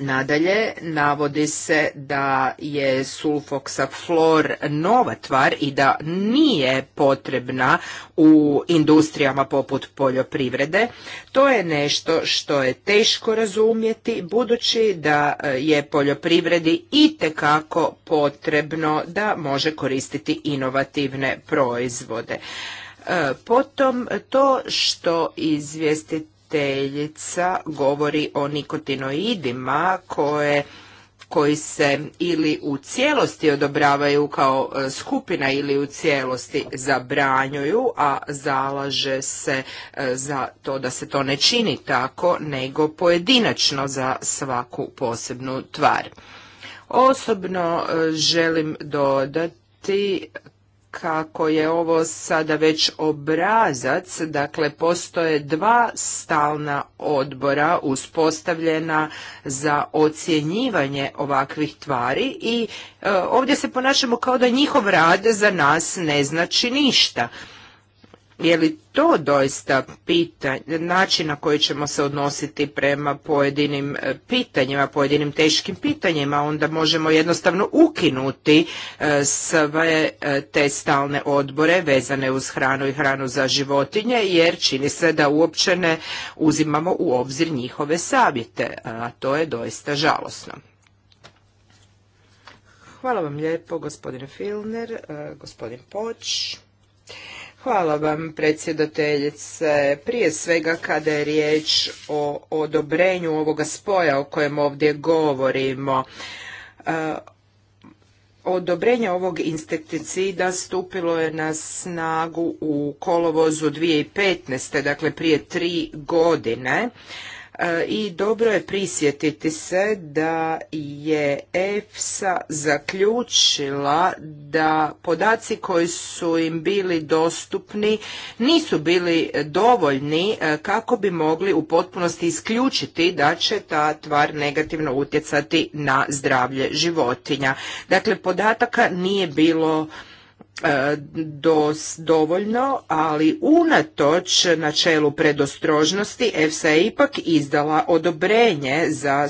Speaker 1: Nadalje, navodi se da je sulfoksaflor nova tvar i da nije potrebna u industrijama poput poljoprivrede. To je nešto što je teško razumjeti budući da e, je poljoprivredi i itekako potrebno da može koristiti inovativne proizvode. E, potom to što izvijestite Teljica govori o nikotinoidima koje koji se ili u cijelosti odobravaju kao e, skupina ili u cijelosti zabranjuju, a zalaže se e, za to da se to ne čini tako, nego pojedinačno za svaku posebnu tvar. Osobno e, želim dodati kako je ovo sada već obrazac, dakle postoje dva stalna odbora uspostavljena za ocjenjivanje ovakvih tvari i e, ovdje se ponašamo kao da njihov rad za nas ne znači ništa. Je li to doista pitanje, način na koji ćemo se odnositi prema pojedinim e, pitanjima, pojedinim teškim pitanjima, onda možemo jednostavno ukinuti e, sve e, te stalne odbore vezane uz hranu i hranu za životinje, jer čini se da uopće ne uzimamo u obzir njihove savjete, a to je doista žalosno. Hvala vam lijepo, gospodine Filner, gospodin Poć. Hvala vam, predsjedateljice. Prije svega kada je riječ o odobrenju ovoga spoja o kojem ovdje govorimo, e, Odobrenje ovog insekticida stupilo je na snagu u kolovozu 2015. dakle prije tri godine E, i dobro je prisjetiti se da je EFSA zaključila da podaci koji su im bili dostupni nisu bili dovoljni e, kako bi mogli u potpunosti isključiti da će ta tvar negativno utjecati na zdravlje životinja. Dakle, podataka nije bilo E, dos, dovoljno, ali unatoč načelu predostrožnosti EFSA je ipak izdala odobrenje za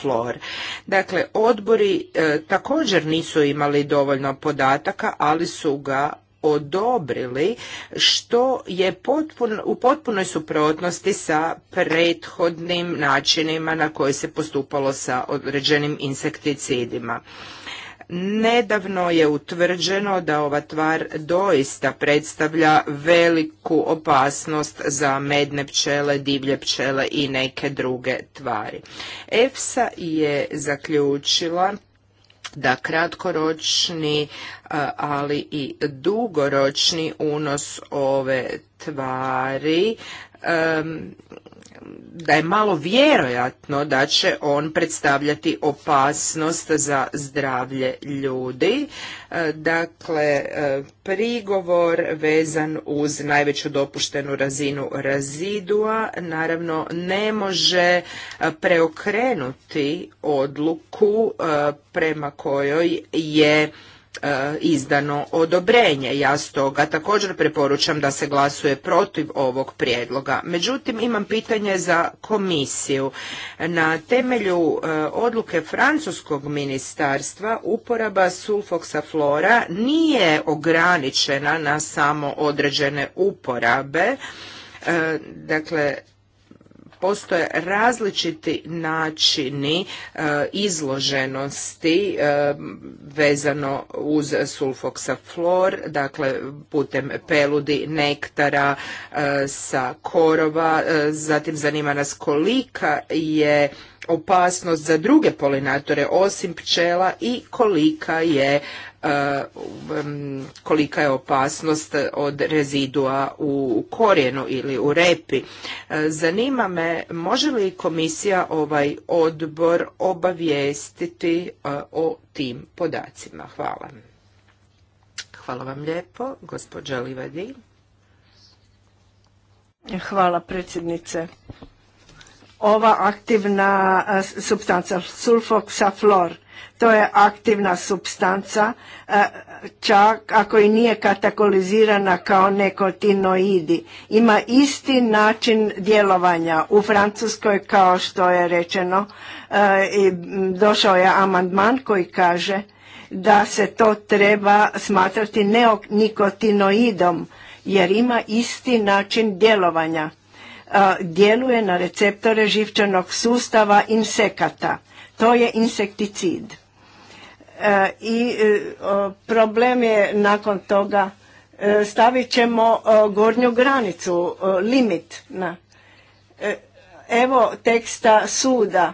Speaker 1: flor Dakle, odbori e, također nisu imali dovoljno podataka, ali su ga odobrili što je u potpunoj suprotnosti sa prethodnim načinima na koje se postupalo sa određenim insekticidima. Nedavno je utvrđeno da ova tvar doista predstavlja veliku opasnost za medne pčele, divlje pčele i neke druge tvari. EFSA je zaključila da kratkoročni, ali i dugoročni unos ove tvari da je malo vjerojatno da će on predstavljati opasnost za zdravlje ljudi. E, dakle, e, prigovor vezan uz najveću dopuštenu razinu razidua naravno ne može e, preokrenuti odluku prema kojoj je E, izdano odobrenje. Ja stoga također preporučam da se glasuje protiv ovog prijedloga. Međutim, imam pitanje za komisiju. Na temelju e, odluke francuskog ministarstva uporaba flora nije ograničena na samo određene uporabe. E, dakle, postoje različiti načini e, izloženosti e, vezano uz sulfoksaflor, dakle putem peludi, nektara, e, sa korova. Zatim zanima nas kolika je opasnost za druge polinatore osim pčela i kolika je e, um, kolika je opasnost od rezidua u korijenu ili u repi. E, zanima me, može li komisija ovaj odbor obavijestiti e, o tim podacima? Hvala. Hvala
Speaker 3: vam lijepo, gospođa Livadi. Hvala predsjednice ova aktivna e, substanca, sulfoksaflor, to je aktivna substanca, e, čak ako i nije katakolizirana kao nekotinoidi. Ima isti način djelovanja. U Francuskoj, kao što je rečeno, e, došao je amandman koji kaže da se to treba smatrati nikotinoidom, jer ima isti način djelovanja djeluje na receptore živčanog sustava insekata. To je insekticid. E, I e, problem je nakon toga e, stavit ćemo gornju granicu, limit. Evo teksta suda.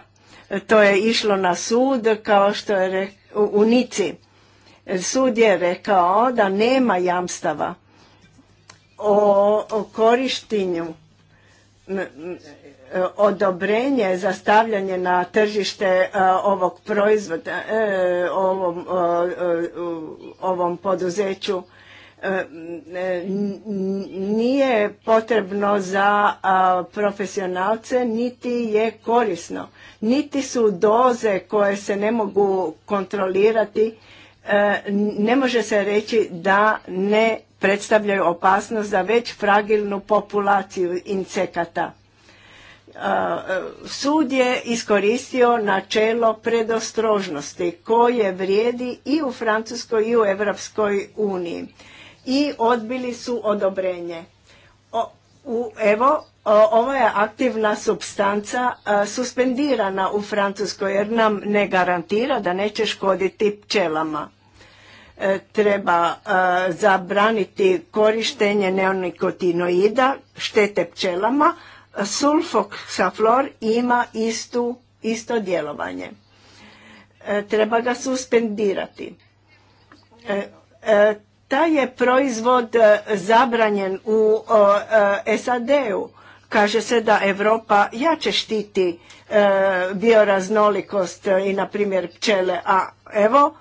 Speaker 3: To je išlo na sud kao što je u Nici. Sud je rekao da nema jamstava o korištenju E, odobrenje za stavljanje na tržište e, ovog proizvoda, e, ovom, ovom poduzeću nije potrebno za profesionalce, niti je korisno. Niti su doze koje se ne mogu kontrolirati, ne može se reći da ne predstavljaju opasnost za već fragilnu populaciju insekata. E, sud je iskoristio načelo predostrožnosti koje vrijedi i u Francuskoj i u Europskoj uniji i odbili su odobrenje. evo, ova je aktivna substanca e, suspendirana u Francuskoj jer nam ne garantira da neće škoditi pčelama. E, treba e, zabraniti korištenje neonikotinoida, štete pčelama, sulfoksaflor ima istu, isto djelovanje. E, treba ga suspendirati. Taj je proizvod zabranjen u SAD-u. Kaže se da Europa jače štiti bioraznolikost i na primjer pčele, a evo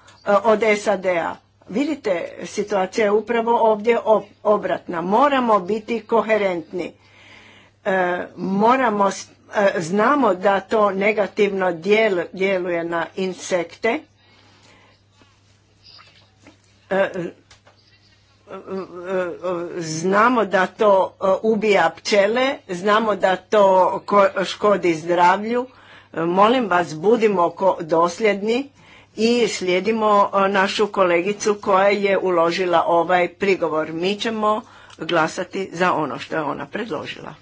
Speaker 3: od SAD-a. Vidite, situacija je upravo ovdje obratna. Moramo biti koherentni. E, moramo, e, znamo da to negativno djeluje na insekte. E, znamo da to ubija pčele, znamo da to škodi zdravlju. Molim vas, budimo dosljedni i slijedimo našu kolegicu koja je uložila ovaj prigovor. Mi ćemo glasati za ono što je ona predložila.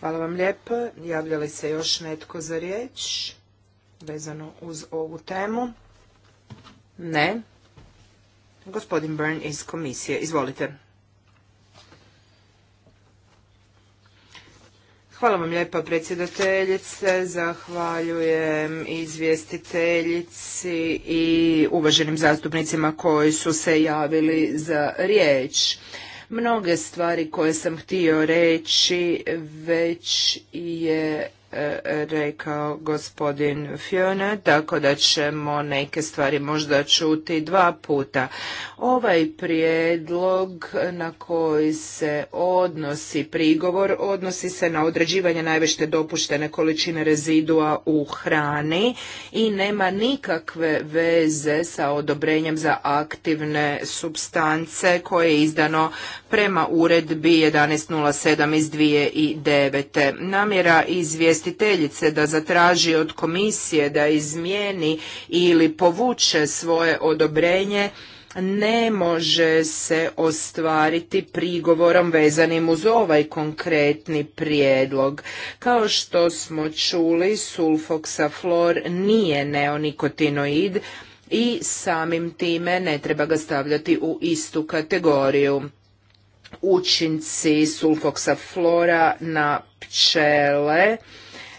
Speaker 3: Hvala vam lijepo. Javlja li se još netko za
Speaker 1: riječ vezano uz ovu temu? Ne. Gospodin Byrne iz komisije. Izvolite. Hvala vam lijepa predsjedateljice, zahvaljujem izvjestiteljici i uvaženim zastupnicima koji su se javili za riječ. Mnoge stvari koje sam htio reći već je E, rekao gospodin Fiona, tako da ćemo neke stvari možda čuti dva puta. Ovaj prijedlog na koji se odnosi prigovor odnosi se na određivanje najveće dopuštene količine rezidua u hrani i nema nikakve veze sa odobrenjem za aktivne substance koje je izdano prema uredbi 1107 iz 2009. Namjera izvijest izvjestiteljice da zatraži od komisije da izmijeni ili povuče svoje odobrenje ne može se ostvariti prigovorom vezanim uz ovaj konkretni prijedlog. Kao što smo čuli, sulfoksaflor nije neonikotinoid i samim time ne treba ga stavljati u istu kategoriju. Učinci sulfoksaflora na pčele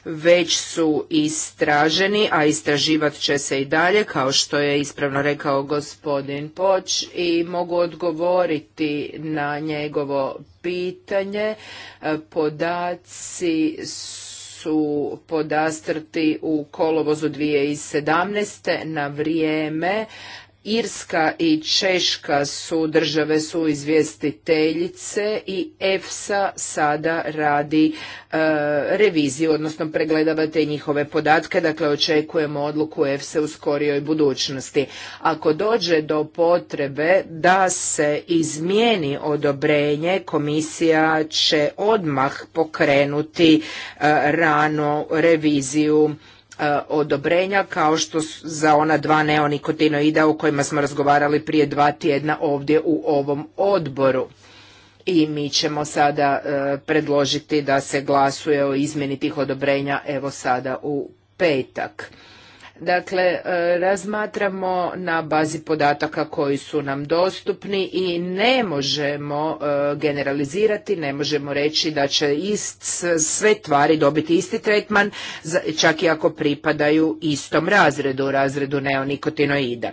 Speaker 1: već su istraženi, a istraživat će se i dalje, kao što je ispravno rekao gospodin Poč i mogu odgovoriti na njegovo pitanje. E, podaci su podastrti u kolovozu 2017. na vrijeme Irska i Češka su države su izvjestiteljice i EFSA sada radi e, reviziju, odnosno pregledavate njihove podatke, dakle očekujemo odluku EFSA u skorijoj budućnosti. Ako dođe do potrebe da se izmijeni odobrenje, komisija će odmah pokrenuti e, rano reviziju E, odobrenja kao što za ona dva neonikotinoida o kojima smo razgovarali prije dva tjedna ovdje u ovom odboru. I mi ćemo sada e, predložiti da se glasuje o izmjeni tih odobrenja evo sada u petak. Dakle, e, razmatramo na bazi podataka koji su nam dostupni i ne možemo e, generalizirati, ne možemo reći da će ist, sve tvari dobiti isti tretman, čak i ako pripadaju istom razredu, razredu neonikotinoida.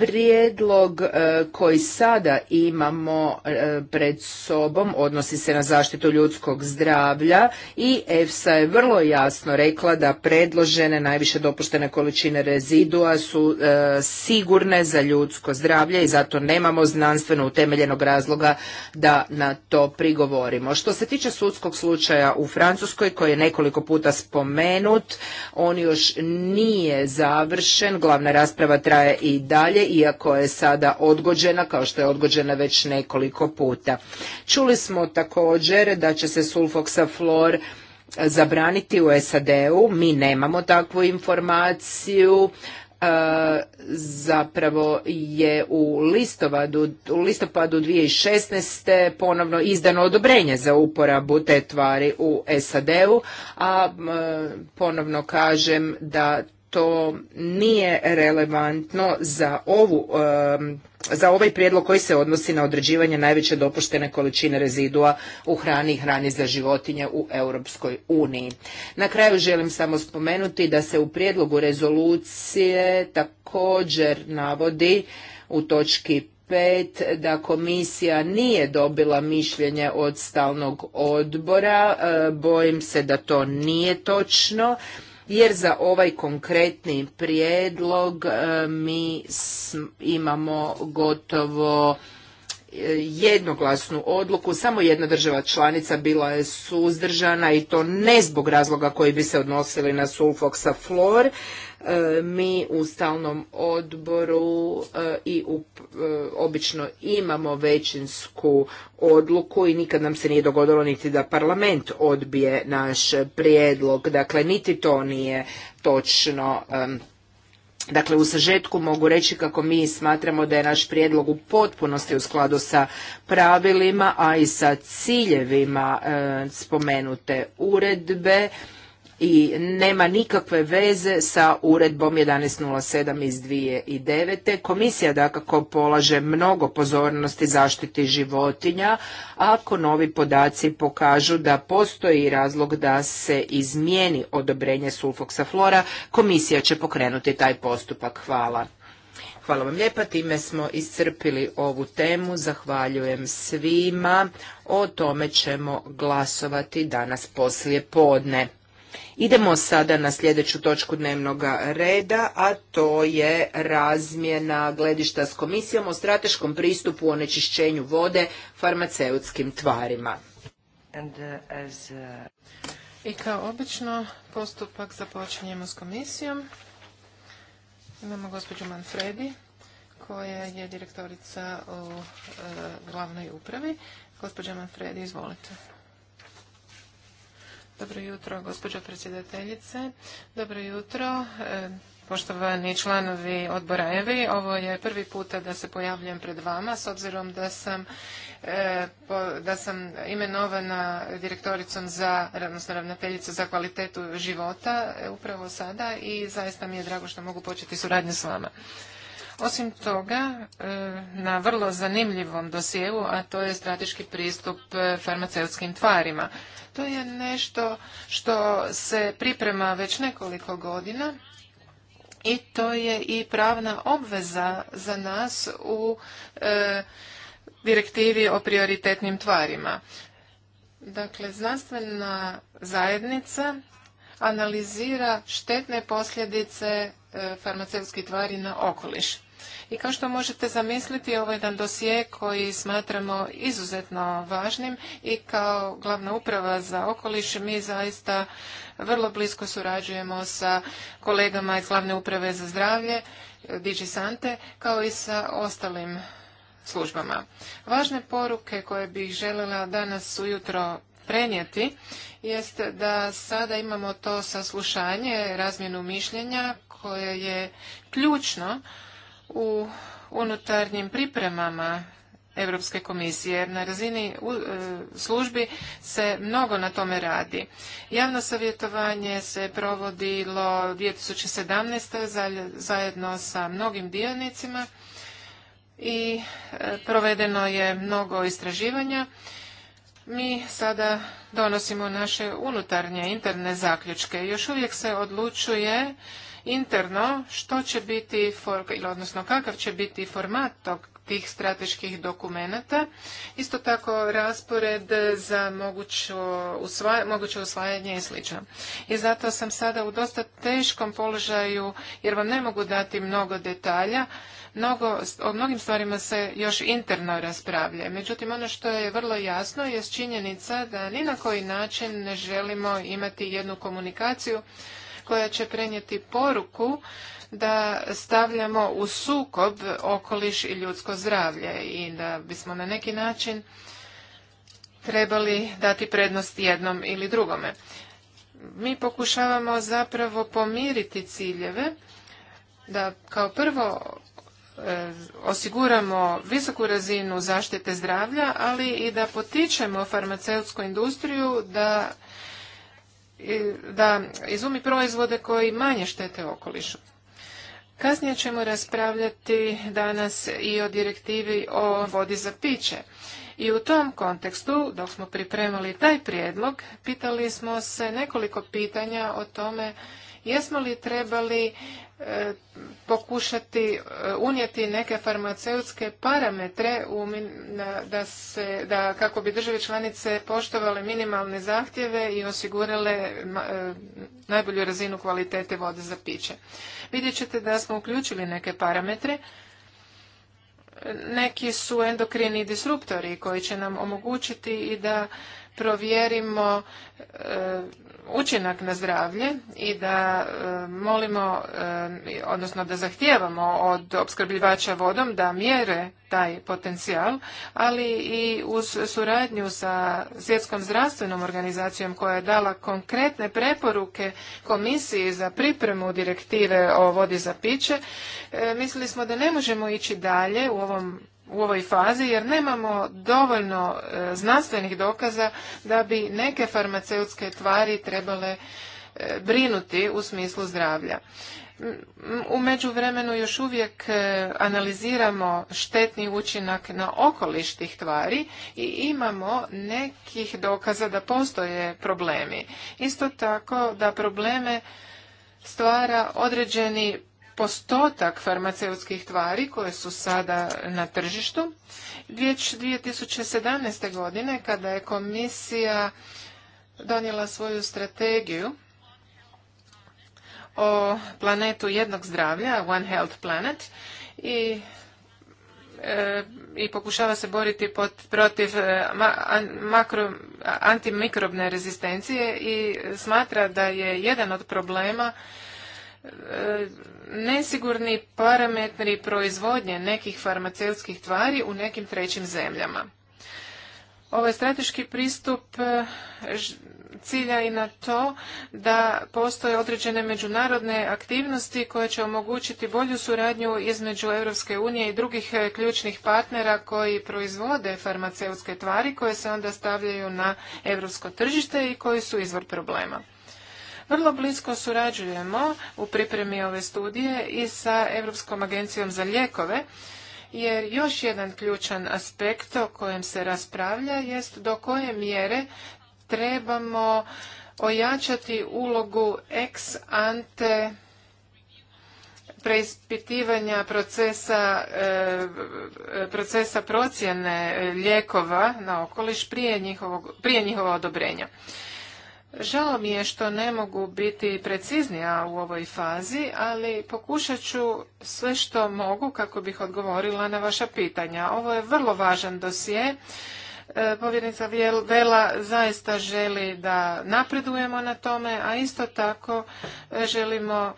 Speaker 1: Prijedlog e, koji sada imamo e, pred sobom odnosi se na zaštitu ljudskog zdravlja i EFSA je vrlo jasno rekla da predložene najviše dopuštene količine rezidua su e, sigurne za ljudsko zdravlje i zato nemamo znanstveno utemeljenog razloga da na to prigovorimo. Što se tiče sudskog slučaja u Francuskoj koji je nekoliko puta spomenut, on još nije završen, glavna rasprava traje i dalje iako je sada odgođena, kao što je odgođena već nekoliko puta. Čuli smo također da će se sulfoksaflor zabraniti u SAD-u, mi nemamo takvu informaciju, e, zapravo je u listopadu, u listopadu 2016. ponovno izdano odobrenje za uporabu te tvari u SAD-u, a e, ponovno kažem da to nije relevantno za, ovu, za ovaj prijedlog koji se odnosi na određivanje najveće dopuštene količine rezidua u hrani i hrani za životinje u Europskoj uniji. Na kraju želim samo spomenuti da se u prijedlogu rezolucije također navodi u točki 5 da komisija nije dobila mišljenje od stalnog odbora. Bojim se da to nije točno jer za ovaj konkretni prijedlog e, mi imamo gotovo e, jednoglasnu odluku, samo jedna država članica bila je suzdržana i to ne zbog razloga koji bi se odnosili na sulfoksaflor, E, mi u stalnom odboru e, i e, obično imamo većinsku odluku i nikad nam se nije dogodilo niti da parlament odbije naš prijedlog. Dakle, niti to nije točno. Dakle, u sažetku mogu reći kako mi smatramo da je naš prijedlog u potpunosti u skladu sa pravilima, a i sa ciljevima spomenute uredbe i nema nikakve veze sa uredbom 1107 iz 2009. Komisija dakako polaže mnogo pozornosti zaštiti životinja ako novi podaci pokažu da postoji razlog da se izmijeni odobrenje sulfoksa flora, komisija će pokrenuti taj postupak. Hvala. Hvala vam lijepa, time smo iscrpili ovu temu, zahvaljujem svima, o tome ćemo glasovati danas poslije podne. Idemo sada na sljedeću točku dnevnoga reda, a to je razmjena gledišta s komisijom o strateškom pristupu o onečišćenju vode farmaceutskim tvarima.
Speaker 2: Uh, uh, I kao obično, postupak započinjemo s komisijom. Imamo gospođu Manfredi, koja je direktorica u uh, glavnoj upravi. Gospođa Manfredi, izvolite. Dobro jutro, gospođo predsjedateljice. Dobro jutro, e, poštovani članovi odbora EVI. Ovo je prvi puta da se pojavljam pred vama, s obzirom da sam, e, da sam imenovana direktoricom za, odnosno za kvalitetu života e, upravo sada i zaista mi je drago što mogu početi suradnju s vama. Osim toga, eh, na vrlo zanimljivom dosjeu, a to je strateški pristup eh, farmaceutskim tvarima. To je nešto što se priprema već nekoliko godina i to je i pravna obveza za nas u eh, direktivi o prioritetnim tvarima. Dakle, znanstvena zajednica analizira štetne posljedice farmaceutskih tvari na okoliš. I kao što možete zamisliti, ovo je jedan dosije koji smatramo izuzetno važnim i kao glavna uprava za okoliš mi zaista vrlo blisko surađujemo sa kolegama iz glavne uprave za zdravlje, Digi Sante, kao i sa ostalim službama. Važne poruke koje bih željela danas ujutro prenijeti jest da sada imamo to saslušanje, razmjenu mišljenja koje je ključno u unutarnjim pripremama Europske komisije, jer na razini e, službi se mnogo na tome radi. Javno savjetovanje se provodilo 2017. zajedno sa mnogim dionicima i e, provedeno je mnogo istraživanja. Mi sada donosimo naše unutarnje interne zaključke. Još uvijek se odlučuje interno što će biti, odnosno kakav će biti format tog tih strateških dokumenata. Isto tako raspored za moguće usvajanje i slično. I zato sam sada u dosta teškom položaju jer vam ne mogu dati mnogo detalja. o mnogim stvarima se još interno raspravlja. Međutim, ono što je vrlo jasno je činjenica da ni na koji način ne želimo imati jednu komunikaciju koja će prenijeti poruku da stavljamo u sukob okoliš i ljudsko zdravlje i da bismo na neki način trebali dati prednost jednom ili drugome. Mi pokušavamo zapravo pomiriti ciljeve da kao prvo e, osiguramo visoku razinu zaštite zdravlja, ali i da potičemo farmaceutsku industriju da da izumi proizvode koji manje štete okolišu. Kasnije ćemo raspravljati danas i o direktivi o vodi za piće. I u tom kontekstu, dok smo pripremali taj prijedlog, pitali smo se nekoliko pitanja o tome Jesmo li trebali e, pokušati e, unijeti neke farmaceutske parametre da se, da kako bi države članice poštovale minimalne zahtjeve i osigurale e, najbolju razinu kvalitete vode za piće. Vidjet ćete da smo uključili neke parametre. Neki su endokrini disruptori koji će nam omogućiti i da provjerimo učinak na zdravlje i da e, molimo, e, odnosno da zahtijevamo od opskrbljivača vodom da mjere taj potencijal, ali i uz suradnju sa svjetskom zdravstvenom organizacijom koja je dala konkretne preporuke komisiji za pripremu direktive o vodi za piće, e, mislili smo da ne možemo ići dalje u ovom u ovoj fazi jer nemamo dovoljno e, znanstvenih dokaza da bi neke farmaceutske tvari trebale e, brinuti u smislu zdravlja. U međuvremenu još uvijek e, analiziramo štetni učinak na okoliš tih tvari i imamo nekih dokaza da postoje problemi. Isto tako da probleme stvara određeni postotak farmaceutskih tvari koje su sada na tržištu. Već 2017. godine kada je komisija donijela svoju strategiju o planetu jednog zdravlja, One Health Planet, i e, i pokušava se boriti protiv e, antimikrobne rezistencije i smatra da je jedan od problema nesigurni parametri proizvodnje nekih farmaceutskih tvari u nekim trećim zemljama. Ovaj strateški pristup e, cilja i na to da postoje određene međunarodne aktivnosti koje će omogućiti bolju suradnju između Europske unije i drugih e, ključnih partnera koji proizvode farmaceutske tvari koje se onda stavljaju na europsko tržište i koji su izvor problema. Vrlo blisko surađujemo u pripremi ove studije i sa Europskom agencijom za lijekove, jer još jedan ključan aspekt o kojem se raspravlja jest do koje mjere trebamo ojačati ulogu ex ante preispitivanja procesa, e, procesa procjene lijekova na okoliš prije, njihovog, prije njihova odobrenja. Žao mi je što ne mogu biti preciznija u ovoj fazi, ali pokušat ću sve što mogu kako bih odgovorila na vaša pitanja. Ovo je vrlo važan dosje. E, povjerenica Vela zaista želi da napredujemo na tome, a isto tako e, želimo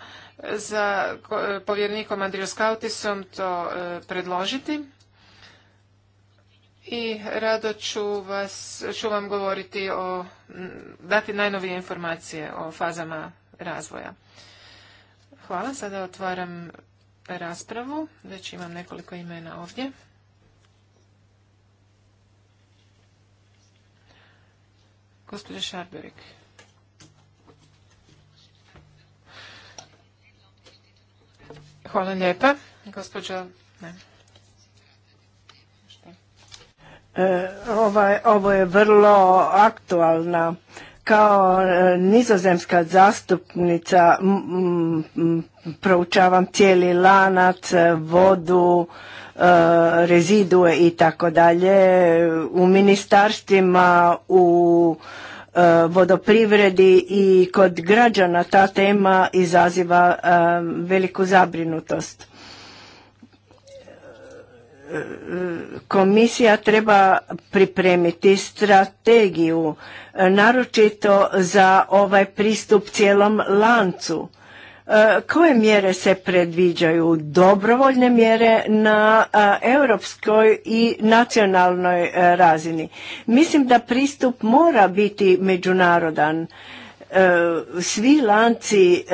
Speaker 2: za e, povjerenikom Andrijos Kautisom to predložiti i rado ću, vas, ću vam govoriti o, dati najnovije informacije o fazama razvoja. Hvala, sada otvaram raspravu, već imam nekoliko imena ovdje. Gospođa Šarberik. Hvala lijepa, gospođo... Ne.
Speaker 3: E, ovaj, ovo je vrlo aktualna. Kao e, nizozemska zastupnica proučavam cijeli lanac, e, vodu, rezidue i tako dalje. U ministarstvima, u vodoprivredi i kod građana ta tema izaziva veliku zabrinutost komisija treba pripremiti strategiju, naročito za ovaj pristup cijelom lancu. E, koje mjere se predviđaju? Dobrovoljne mjere na e, europskoj i nacionalnoj e, razini. Mislim da pristup mora biti međunarodan. Svi lanci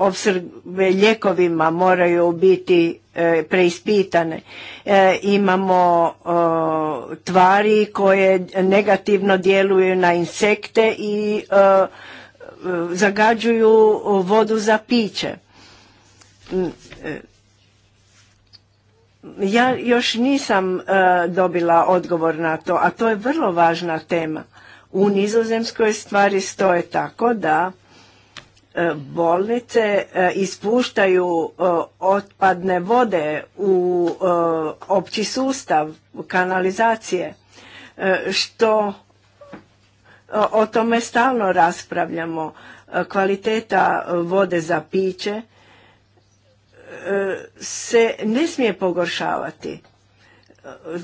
Speaker 3: ljekovima lijekovima moraju biti e, preispitane. E, imamo e, tvari koje negativno djeluju na insekte i zagađuju vodu za piće. Mm, ja još nisam dobila odgovor na to, a to je vrlo važna tema. U nizozemskoj stvari stoje tako da E, bolnice e, ispuštaju e, otpadne vode u opći sustav kanalizacije što o tome stalno raspravljamo kvaliteta vode za piće se ne smije pogoršavati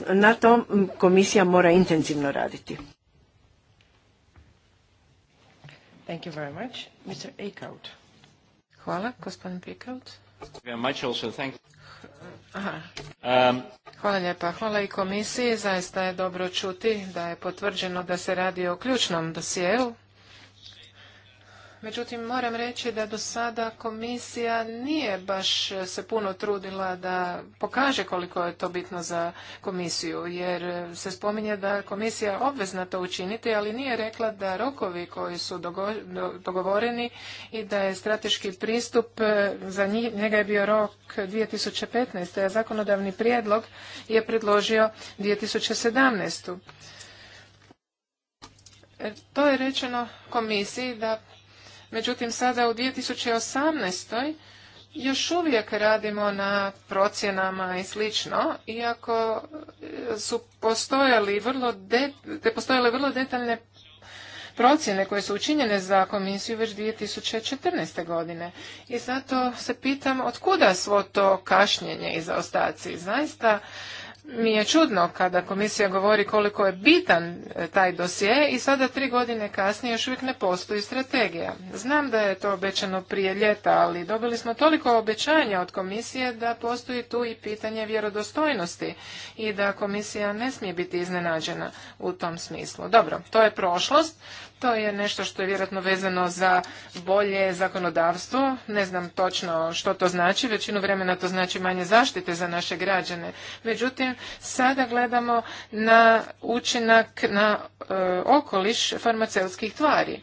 Speaker 3: na tom komisija mora intenzivno raditi Thank you very much. Mr. Eekhout. Hvala, gospodin Thank you. Um,
Speaker 2: Hvala lijepa. Hvala i komisiji. Zaista je dobro čuti da je potvrđeno da se radi o ključnom dosijelu Međutim, moram reći da do sada komisija nije baš se puno trudila da pokaže koliko je to bitno za komisiju, jer se spominje da komisija obvezna to učiniti, ali nije rekla da rokovi koji su dogovoreni i da je strateški pristup, e, za njega je bio rok 2015. a zakonodavni prijedlog je predložio 2017. E, to je rečeno komisiji da Međutim, sada u 2018. još uvijek radimo na procjenama i slično, iako e, su postojali vrlo, postojale vrlo detaljne procjene koje su učinjene za komisiju već 2014. godine. I zato se pitam otkuda svo to kašnjenje i zaostaci. Zaista mi je čudno kada komisija govori koliko je bitan e, taj dosje i sada tri godine kasnije još uvijek ne postoji strategija. Znam da je to obećano prije ljeta, ali dobili smo toliko obećanja od komisije da postoji tu i pitanje vjerodostojnosti i da komisija ne smije biti iznenađena u tom smislu. Dobro, to je prošlost. To je nešto što je vjerojatno vezano za bolje zakonodavstvo. Ne znam točno što to znači. Većinu vremena to znači manje zaštite za naše građane. Međutim, sada gledamo na učinak na e, okoliš farmaceutskih tvari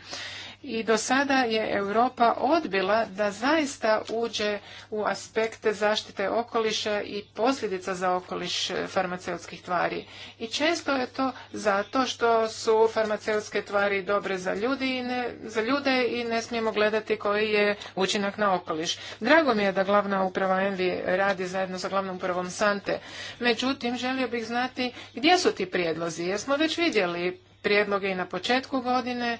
Speaker 2: i do sada je Europa odbila da zaista uđe u aspekte zaštite okoliša i posljedica za okoliš farmaceutskih tvari. I često je to zato što su farmaceutske tvari dobre za, ljudi i ne, za ljude i ne smijemo gledati koji je učinak na okoliš. Drago mi je da glavna uprava Envi radi zajedno sa glavnom upravom Sante. Međutim, želio bih znati gdje su ti prijedlozi. Jer smo već vidjeli prijedloge i na početku godine,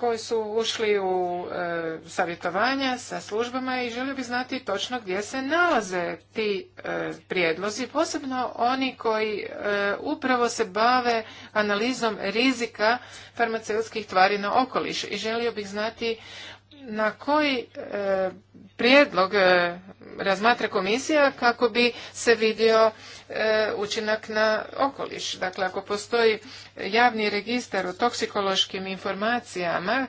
Speaker 2: koji su ušli u e, savjetovanja sa službama i želio bi znati točno gdje se nalaze ti e, prijedlozi, posebno oni koji e, upravo se bave analizom rizika farmaceutskih tvari na okoliš i želio bih znati na koji prijedlog razmatra komisija kako bi se vidio E, učinak na okoliš. Dakle, ako postoji javni registar o toksikološkim informacijama,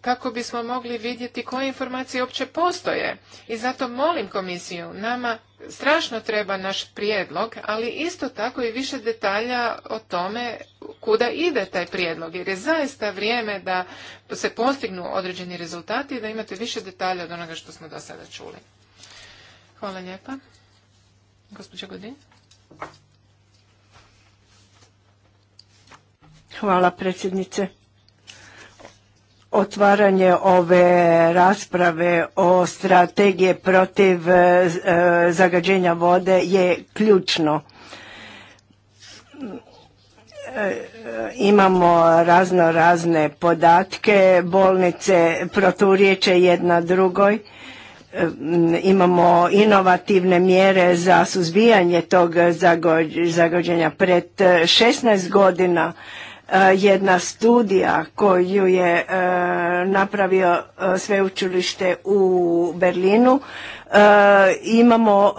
Speaker 2: kako bismo mogli vidjeti koje informacije uopće postoje. I zato molim komisiju, nama strašno treba naš prijedlog, ali isto tako i više detalja o tome kuda ide taj prijedlog, jer je zaista vrijeme da se postignu određeni rezultati i da imate više detalja od onoga što smo do sada čuli. Hvala lijepa. Gospodin
Speaker 3: Hvala predsjednice. Otvaranje ove rasprave o strategije protiv e, zagađenja vode je ključno. E, imamo razno razne podatke, bolnice proturječe jedna drugoj E, imamo inovativne mjere za suzbijanje tog zagođenja. Pred 16 e, godina e, jedna studija koju je napravio sveučilište u Berlinu imamo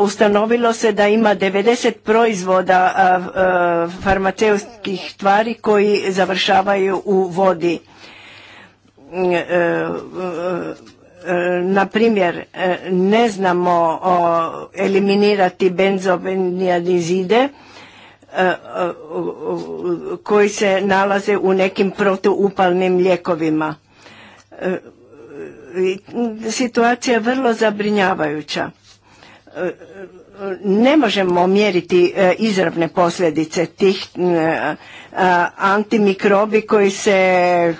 Speaker 3: ustanovilo se da ima 90 proizvoda farmaceutskih tvari koji završavaju u vodi na primjer e, ne znamo eliminirati benzobenijadizide e, e, koji se nalaze u nekim protuupalnim lijekovima. Situacija je vrlo zabrinjavajuća ne možemo mjeriti e, izravne posljedice tih e, antimikrobi koji se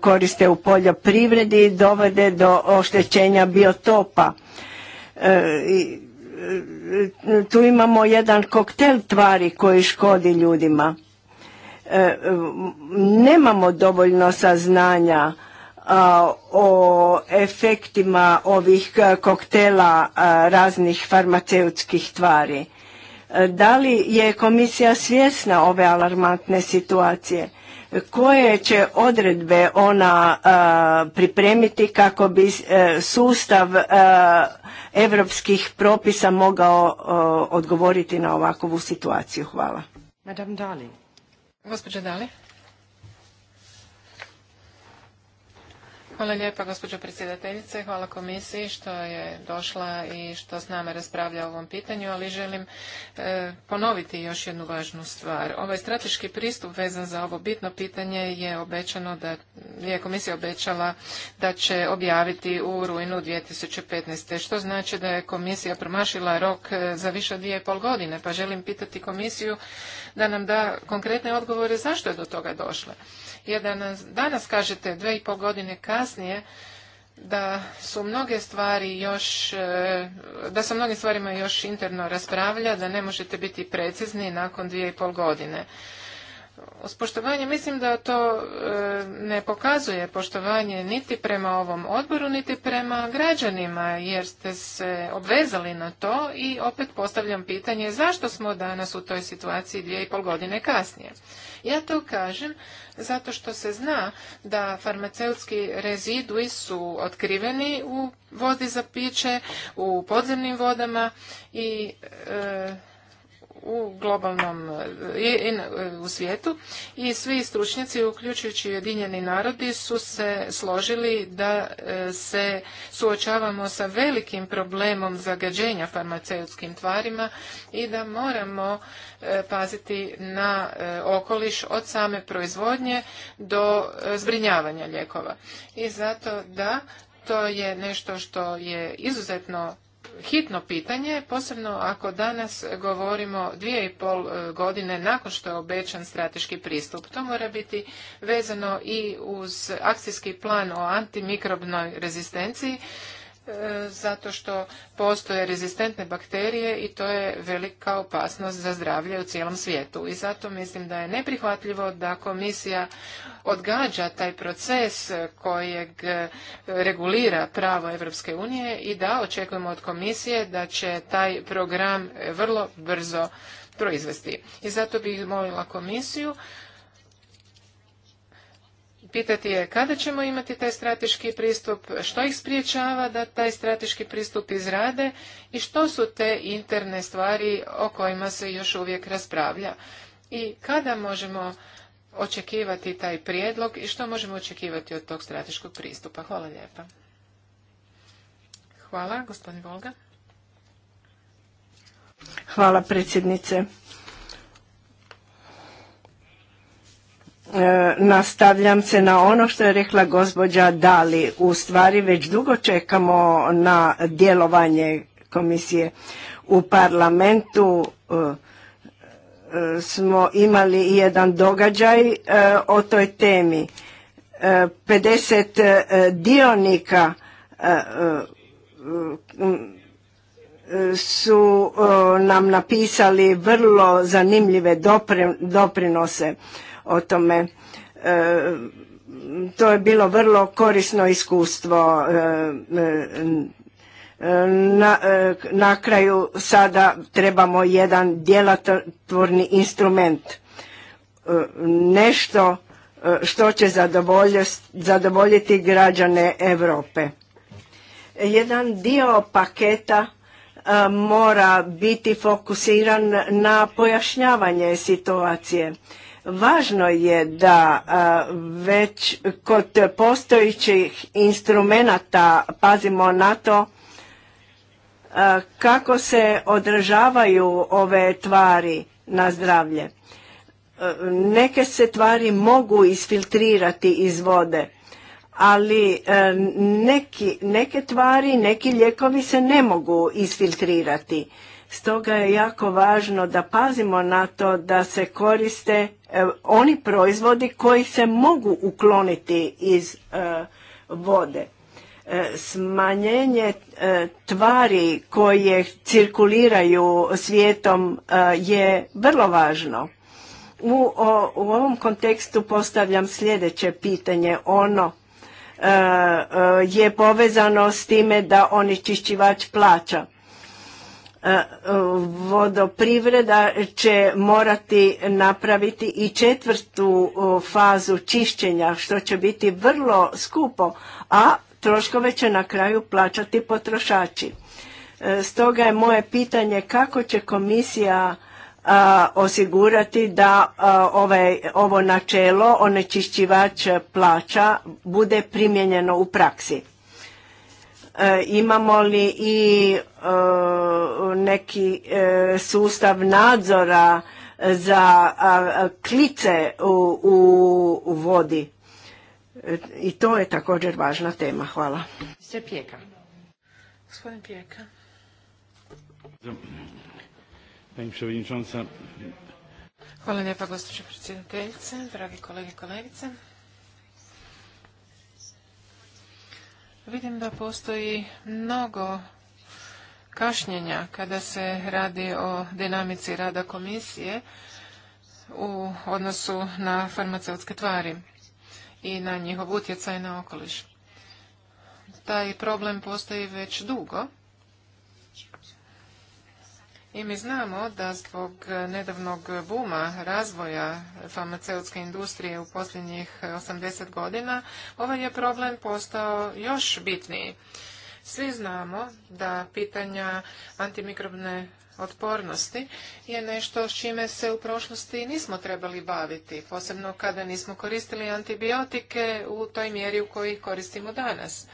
Speaker 3: koriste u poljoprivredi dovode do oštećenja biotopa. E, tu imamo jedan koktel tvari koji škodi ljudima. Nemamo dovoljno saznanja o efektima ovih koktela raznih farmaceutskih tvari. E, da li je komisija svjesna ove alarmantne situacije? Koje će odredbe ona pripremiti kako bi e, sustav e, evropskih propisa mogao odgovoriti na ovakvu situaciju? Hvala.
Speaker 2: Madame Dali. Dali. Hvala lijepa gospođo predsjedateljice, hvala komisiji što je došla i što s nama raspravlja o ovom pitanju, ali želim e, ponoviti još jednu važnu stvar. Ovaj strateški pristup vezan za ovo bitno pitanje je obećano da je komisija obećala da će objaviti u rujnu 2015. što znači da je komisija promašila rok e, za više od dvije i pol godine, pa želim pitati komisiju da nam da konkretne odgovore zašto je do toga došlo je da danas kažete dve i pol godine kasnije da su mnoge stvari još, e, da se mnogim stvarima još interno raspravlja, da ne možete biti precizni nakon dvije i pol godine. Uz poštovanje mislim da to e, ne pokazuje poštovanje niti prema ovom odboru, niti prema građanima, jer ste se obvezali na to i opet postavljam pitanje zašto smo danas u toj situaciji dvije i pol godine kasnije. Ja to kažem zato što se zna da farmaceutski rezidui su otkriveni u vodi za piće, u podzemnim vodama i e, u globalnom e, e, u svijetu i svi stručnjaci uključujući Ujedinjeni narodi su se složili da e, se suočavamo sa velikim problemom zagađenja farmaceutskim tvarima i da moramo paziti na okoliš od same proizvodnje do zbrinjavanja lijekova. I zato da to je nešto što je izuzetno hitno pitanje, posebno ako danas govorimo dvije i pol e, godine nakon što je obećan strateški pristup. To mora biti vezano i uz akcijski plan o antimikrobnoj rezistenciji E, zato što postoje rezistentne bakterije i to je velika opasnost za zdravlje u cijelom svijetu. I zato mislim da je neprihvatljivo da komisija odgađa taj proces kojeg e, regulira pravo Europske unije i da očekujemo od komisije da će taj program vrlo brzo proizvesti. I zato bih molila komisiju pitati je kada ćemo imati taj strateški pristup, što ih spriječava da taj strateški pristup izrade i što su te interne stvari o kojima se još uvijek raspravlja. I kada možemo očekivati taj prijedlog i što možemo očekivati od tog strateškog pristupa. Hvala lijepa. Hvala, gospodin Volga.
Speaker 3: Hvala predsjednice. E, nastavljam se na ono što je rekla gospođa Dali. U stvari već dugo čekamo na djelovanje komisije. U parlamentu e, e, smo imali jedan događaj o toj temi. 50 dionika su nam napisali vrlo zanimljive doprinose o tome. E, to je bilo vrlo korisno iskustvo. E, e, na, na kraju sada trebamo jedan djelatvorni instrument. Nešto što će zadovoljiti građane Europe. Jedan dio paketa mora biti fokusiran na pojašnjavanje situacije Važno je da već kod postojećih instrumenata pazimo na to kako se održavaju ove tvari na zdravlje. Neke se tvari mogu isfiltrirati iz vode, ali neke tvari, neki lijekovi se ne mogu isfiltrirati Stoga je jako važno da pazimo na to da se koriste e, oni proizvodi koji se mogu ukloniti iz e, vode. E, smanjenje tvari koje cirkuliraju svijetom je vrlo važno. U, u ovom kontekstu postavljam sljedeće pitanje. Ono je povezano s time da onečišćivač plaća. E, vodoprivreda će morati napraviti i četvrtu fazu čišćenja što će biti vrlo skupo, a troškove će na kraju plaćati potrošači. E, stoga je moje pitanje kako će komisija osigurati da ovaj, ovo načelo onečišćivač plaća bude primijenjeno u praksi. E, imamo li i e, neki e, sustav nadzora za klice u, vodi. I to je također važna tema. Hvala.
Speaker 2: Se pijeka. Gospodin pijeka. Hvala lijepa gospođo predsjedateljice, dragi kolege i kolegice. Vidim da postoji mnogo kašnjenja kada se radi o dinamici rada komisije u odnosu na farmaceutske tvari i na njihov utjecaj na okoliš. Taj problem postoji već dugo i mi znamo da zbog nedavnog buma razvoja farmaceutske industrije u posljednjih 80 godina, ovaj je problem postao još bitniji. Svi znamo da pitanja antimikrobne otpornosti je nešto s čime se u prošlosti nismo trebali baviti, posebno kada nismo koristili antibiotike u toj mjeri u kojoj ih koristimo danas.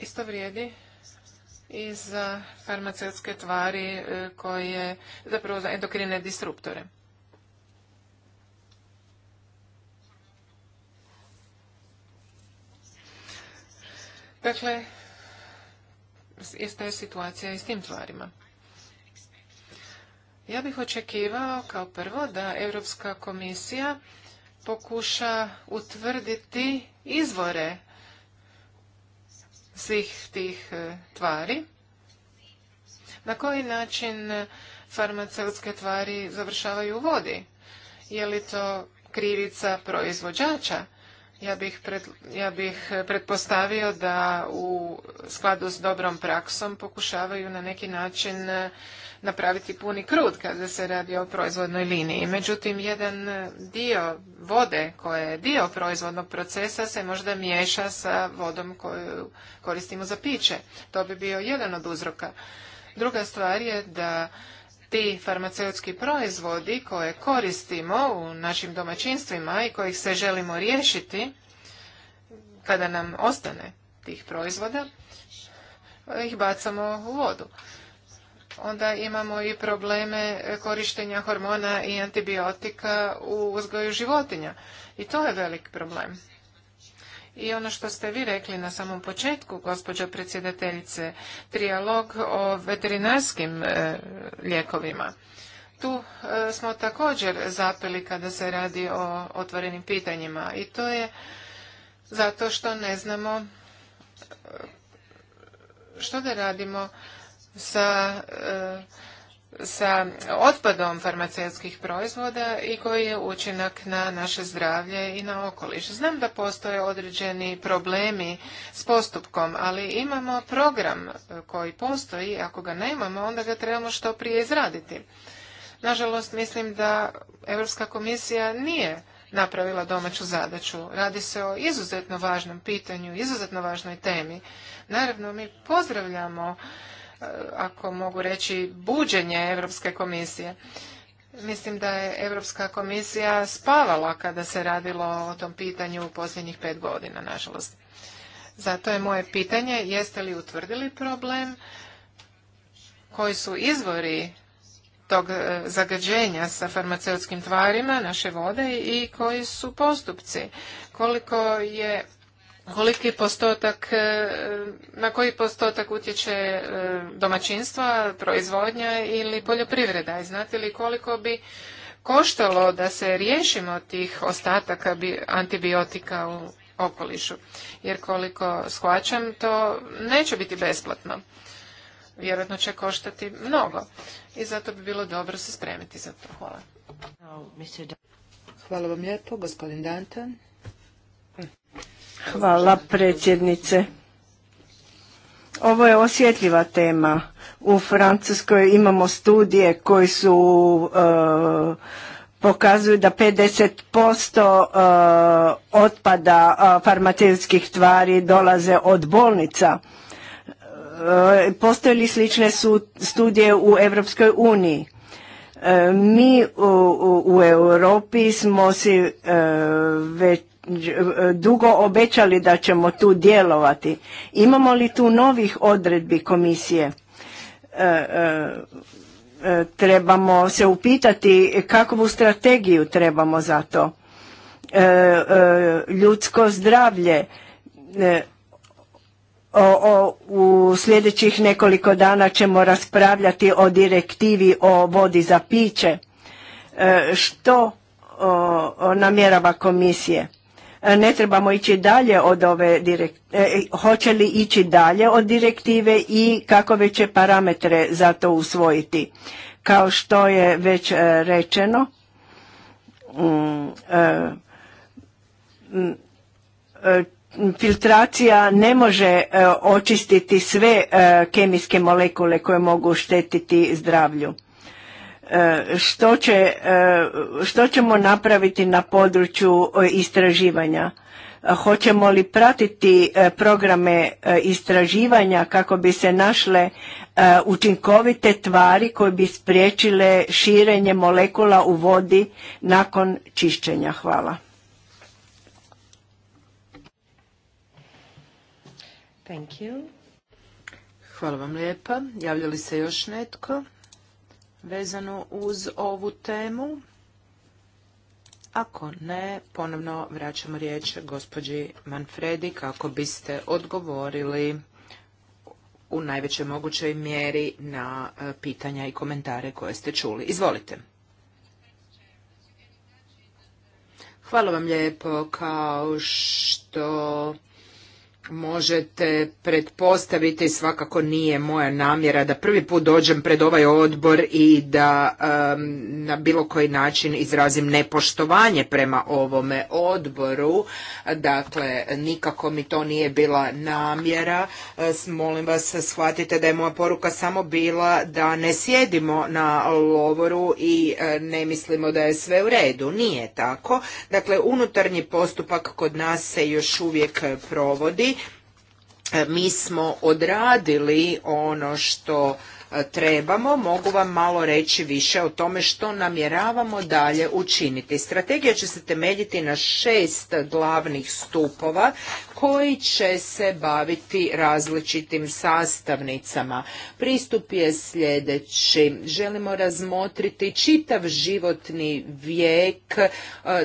Speaker 2: Isto vrijedi i za farmaceutske tvari e, koje, zapravo za endokrine disruptore. Dakle, ista je situacija i s tim tvarima. Ja bih očekivao kao prvo da Europska komisija pokuša utvrditi izvore svih tih e, tvari, na koji način farmaceutske tvari završavaju u vodi? Je li to krivica proizvođača? Ja bih, ja bih pretpostavio da u skladu s dobrom praksom pokušavaju na neki način e, napraviti puni krut kada se radi o proizvodnoj liniji. Međutim, jedan dio vode koja je dio proizvodnog procesa se možda miješa sa vodom koju koristimo za piće. To bi bio jedan od uzroka. Druga stvar je da ti farmaceutski proizvodi koje koristimo u našim domaćinstvima i kojih se želimo riješiti kada nam ostane tih proizvoda, ih bacamo u vodu onda imamo i probleme korištenja hormona i antibiotika u uzgoju životinja. I to je velik problem. I ono što ste vi rekli na samom početku, gospođo predsjedateljice, trijalog o veterinarskim ljekovima. lijekovima. Tu e, smo također zapeli kada se radi o otvorenim pitanjima i to je zato što ne znamo e, što da radimo sa e, sa otpadom farmaceutskih proizvoda i koji je učinak na naše zdravlje i na okoliš. Znam da postoje određeni problemi s postupkom, ali imamo program koji postoji, ako ga nemamo, onda ga trebamo što prije izraditi. Nažalost, mislim da Europska komisija nije napravila domaću zadaću. Radi se o izuzetno važnom pitanju, izuzetno važnoj temi. Naravno, mi pozdravljamo Eh, ako mogu reći, buđenje Europske komisije. Mislim da je Europska komisija spavala kada se radilo o tom pitanju u posljednjih pet godina, nažalost. Zato je moje pitanje, jeste li utvrdili problem, koji su izvori tog eh, zagađenja sa farmaceutskim tvarima naše vode i koji su postupci. Koliko je koliki postotak, e, na koji postotak utječe e, domaćinstva, proizvodnja ili poljoprivreda i znate li koliko bi koštalo da se riješimo tih ostataka antibiotika u okolišu. Jer koliko shvaćam, to neće biti besplatno. Vjerojatno će koštati mnogo. I zato bi bilo dobro se spremiti za to. Hvala. Hvala vam lijepo,
Speaker 1: gospodin Dantan.
Speaker 3: Hvala predsjednice. Ovo je osjetljiva tema. U Francuskoj imamo studije koji su e, pokazuju da 50% e, otpada e, farmaceutskih tvari dolaze od bolnica. Postoje li slične studije u Europskoj uniji? Mi u Europi smo si već dugo obećali da ćemo tu djelovati. Imamo li tu novih odredbi komisije? E, e, e, trebamo se upitati kakvu strategiju trebamo za to. ljudsko zdravlje o, u sljedećih nekoliko dana ćemo raspravljati o direktivi o vodi za piće. Što namjerava komisije? E, ne trebamo ići dalje od ove direktive, e, hoće li ići dalje od direktive i kakove će parametre za to usvojiti. Kao što je već e, rečeno, mm, mm, filtracija ne može očistiti sve kemijske molekule koje mogu štetiti zdravlju. E, što, e, što ćemo napraviti na području e, istraživanja? Hoćemo li pratiti programe istraživanja kako bi se našle učinkovite tvari koje bi spriječile širenje molekula u vodi nakon čišćenja? Hvala.
Speaker 1: Thank you. Hvala vam lijepa. Javlja li se još netko? vezano uz ovu temu? Ako ne, ponovno vraćamo riječ gospođi Manfredi kako biste odgovorili u najvećoj mogućoj mjeri na e, pitanja i komentare koje ste čuli. Izvolite. Hvala vam lijepo kao što možete pretpostaviti, svakako nije moja namjera da prvi put dođem pred ovaj odbor i da na bilo koji način izrazim nepoštovanje prema ovome odboru. Dakle, nikako mi to nije bila namjera. Molim vas, shvatite da je moja poruka samo bila da ne sjedimo na lovoru i ne mislimo da je sve u redu. Nije tako. Dakle, unutarnji postupak kod nas se još uvijek provodi mi smo odradili ono što E, trebamo, mogu vam malo reći više o tome što namjeravamo dalje učiniti. Strategija će se temeljiti na šest glavnih stupova koji će se baviti različitim sastavnicama. Pristup je sljedeći. Želimo razmotriti čitav životni vijek, e,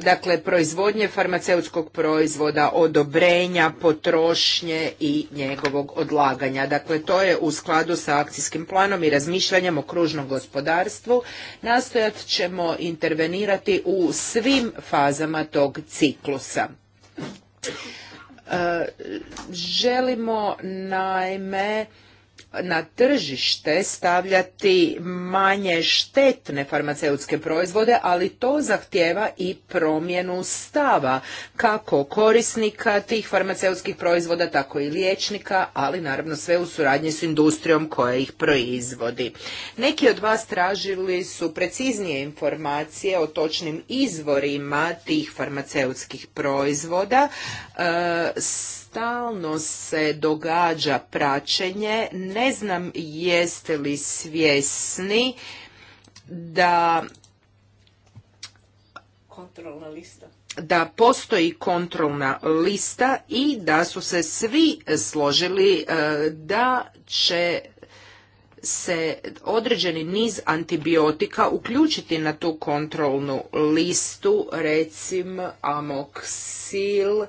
Speaker 1: dakle proizvodnje farmaceutskog proizvoda, odobrenja, potrošnje i njegovog odlaganja. Dakle, to je u skladu sa akcijskim planom i razmišljanjem o kružnom gospodarstvu nastojat ćemo intervenirati u svim fazama tog ciklusa. E, želimo naime na tržište stavljati manje štetne farmaceutske proizvode, ali to zahtjeva i promjenu stava kako korisnika tih farmaceutskih proizvoda, tako i liječnika, ali naravno sve u suradnji s industrijom koja ih proizvodi. Neki od vas tražili su preciznije informacije o točnim izvorima tih farmaceutskih proizvoda, e, stalno se događa praćenje. Ne znam jeste li svjesni da
Speaker 3: kontrolna lista
Speaker 1: da postoji kontrolna lista i da su se svi složili e, da će se određeni niz antibiotika uključiti na tu kontrolnu listu, recimo amoksil,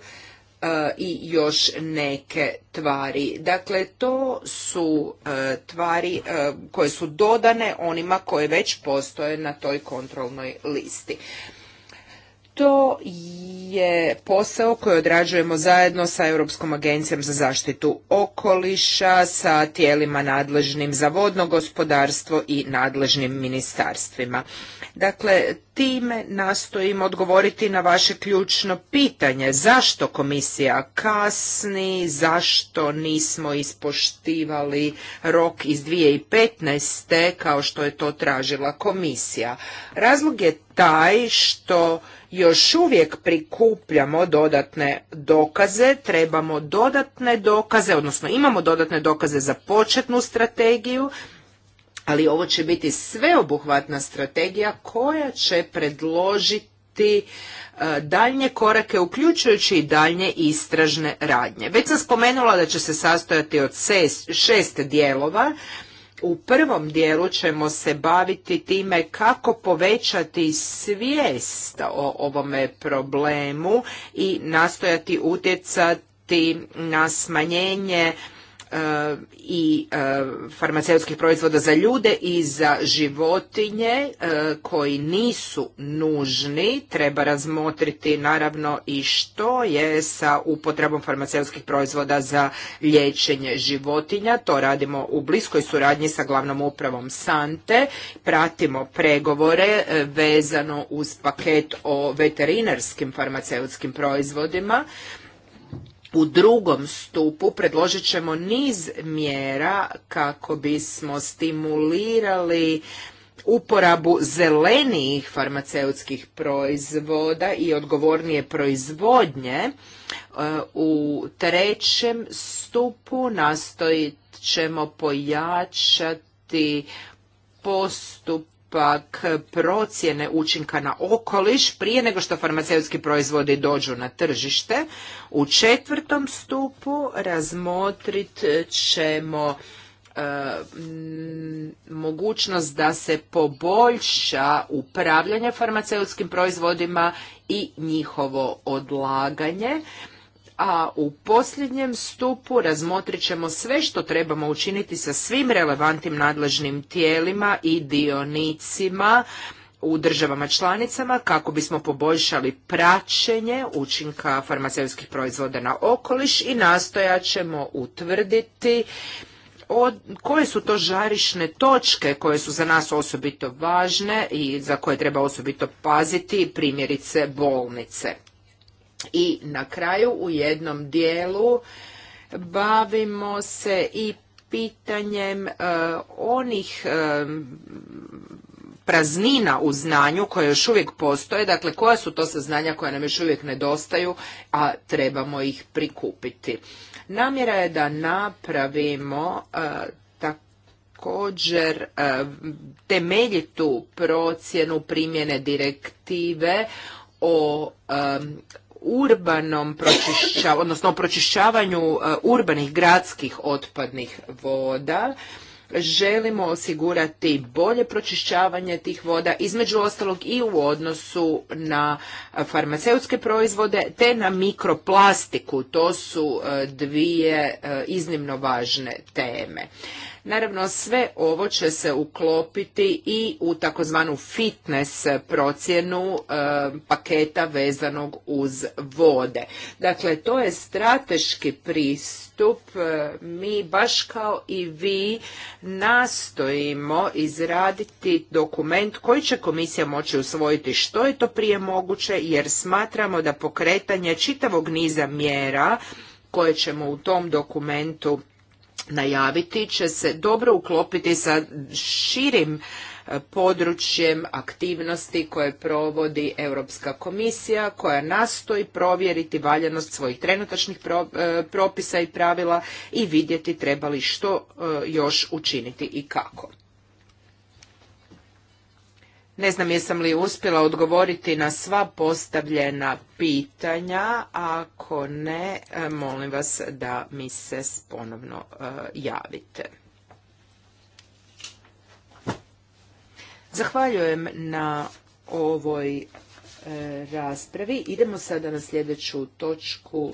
Speaker 1: E, i još neke tvari. Dakle, to su e, tvari e, koje su dodane onima koje već postoje na toj kontrolnoj listi to je posao koji odrađujemo zajedno sa Europskom agencijom za zaštitu okoliša, sa tijelima nadležnim za vodno gospodarstvo i nadležnim ministarstvima. Dakle, time nastojimo odgovoriti na vaše ključno pitanje zašto komisija kasni, zašto nismo ispoštivali rok iz 2015. kao što je to tražila komisija. Razlog je taj što još uvijek prikupljamo dodatne dokaze, trebamo dodatne dokaze, odnosno imamo dodatne dokaze za početnu strategiju, ali ovo će biti sveobuhvatna strategija koja će predložiti e, daljnje korake, uključujući i daljnje istražne radnje. Već sam spomenula da će se sastojati od šest dijelova. U prvom dijelu ćemo se baviti time kako povećati svijest o ovome problemu i nastojati utjecati na smanjenje E, i e, farmaceutskih proizvoda za ljude i za životinje e, koji nisu nužni. Treba razmotriti naravno i što je sa upotrebom farmaceutskih proizvoda za liječenje životinja. To radimo u bliskoj suradnji sa glavnom upravom Sante. Pratimo pregovore vezano uz paket o veterinarskim farmaceutskim proizvodima. U drugom stupu predložit ćemo niz mjera kako bismo stimulirali uporabu zelenijih farmaceutskih proizvoda i odgovornije proizvodnje. E, u trećem stupu nastojit ćemo pojačati postup postupak procjene učinka na okoliš prije nego što farmaceutski proizvodi dođu na tržište. U četvrtom stupu razmotrit ćemo e, mogućnost da se poboljša upravljanje farmaceutskim proizvodima i njihovo odlaganje a u posljednjem stupu razmotrit ćemo sve što trebamo učiniti sa svim relevantnim nadležnim tijelima i dionicima u državama članicama kako bismo poboljšali praćenje učinka farmaceutskih proizvoda na okoliš i nastojat ćemo utvrditi koje su to žarišne točke koje su za nas osobito važne i za koje treba osobito paziti, primjerice bolnice. I na kraju u jednom dijelu bavimo se i pitanjem e, onih e, praznina u znanju koje još uvijek postoje, dakle koja su to saznanja koja nam još uvijek nedostaju, a trebamo ih prikupiti. Namjera je da napravimo e, također e, temeljitu procjenu primjene direktive o urbanom pročišćavanju, odnosno pročišćavanju e, urbanih gradskih otpadnih voda želimo osigurati bolje pročišćavanje tih voda, između ostalog i u odnosu na farmaceutske proizvode te na mikroplastiku. To su e, dvije e, iznimno važne teme. Naravno, sve ovo će se uklopiti i u takozvanu fitness procjenu e, paketa vezanog uz vode. Dakle, to je strateški pristup. E, mi, baš kao i vi, nastojimo izraditi dokument koji će komisija moći usvojiti što je to prije moguće, jer smatramo da pokretanje čitavog niza mjera koje ćemo u tom dokumentu najaviti će se dobro uklopiti sa širim e, područjem aktivnosti koje provodi Europska komisija koja nastoji provjeriti valjanost svojih trenutačnih e, propisa i pravila i vidjeti treba li što e, još učiniti i kako. Ne znam jesam li uspjela odgovoriti na sva postavljena pitanja, ako ne, e, molim vas da mi se ponovno e, javite. Zahvaljujem na ovoj e, raspravi. Idemo sada na sljedeću točku.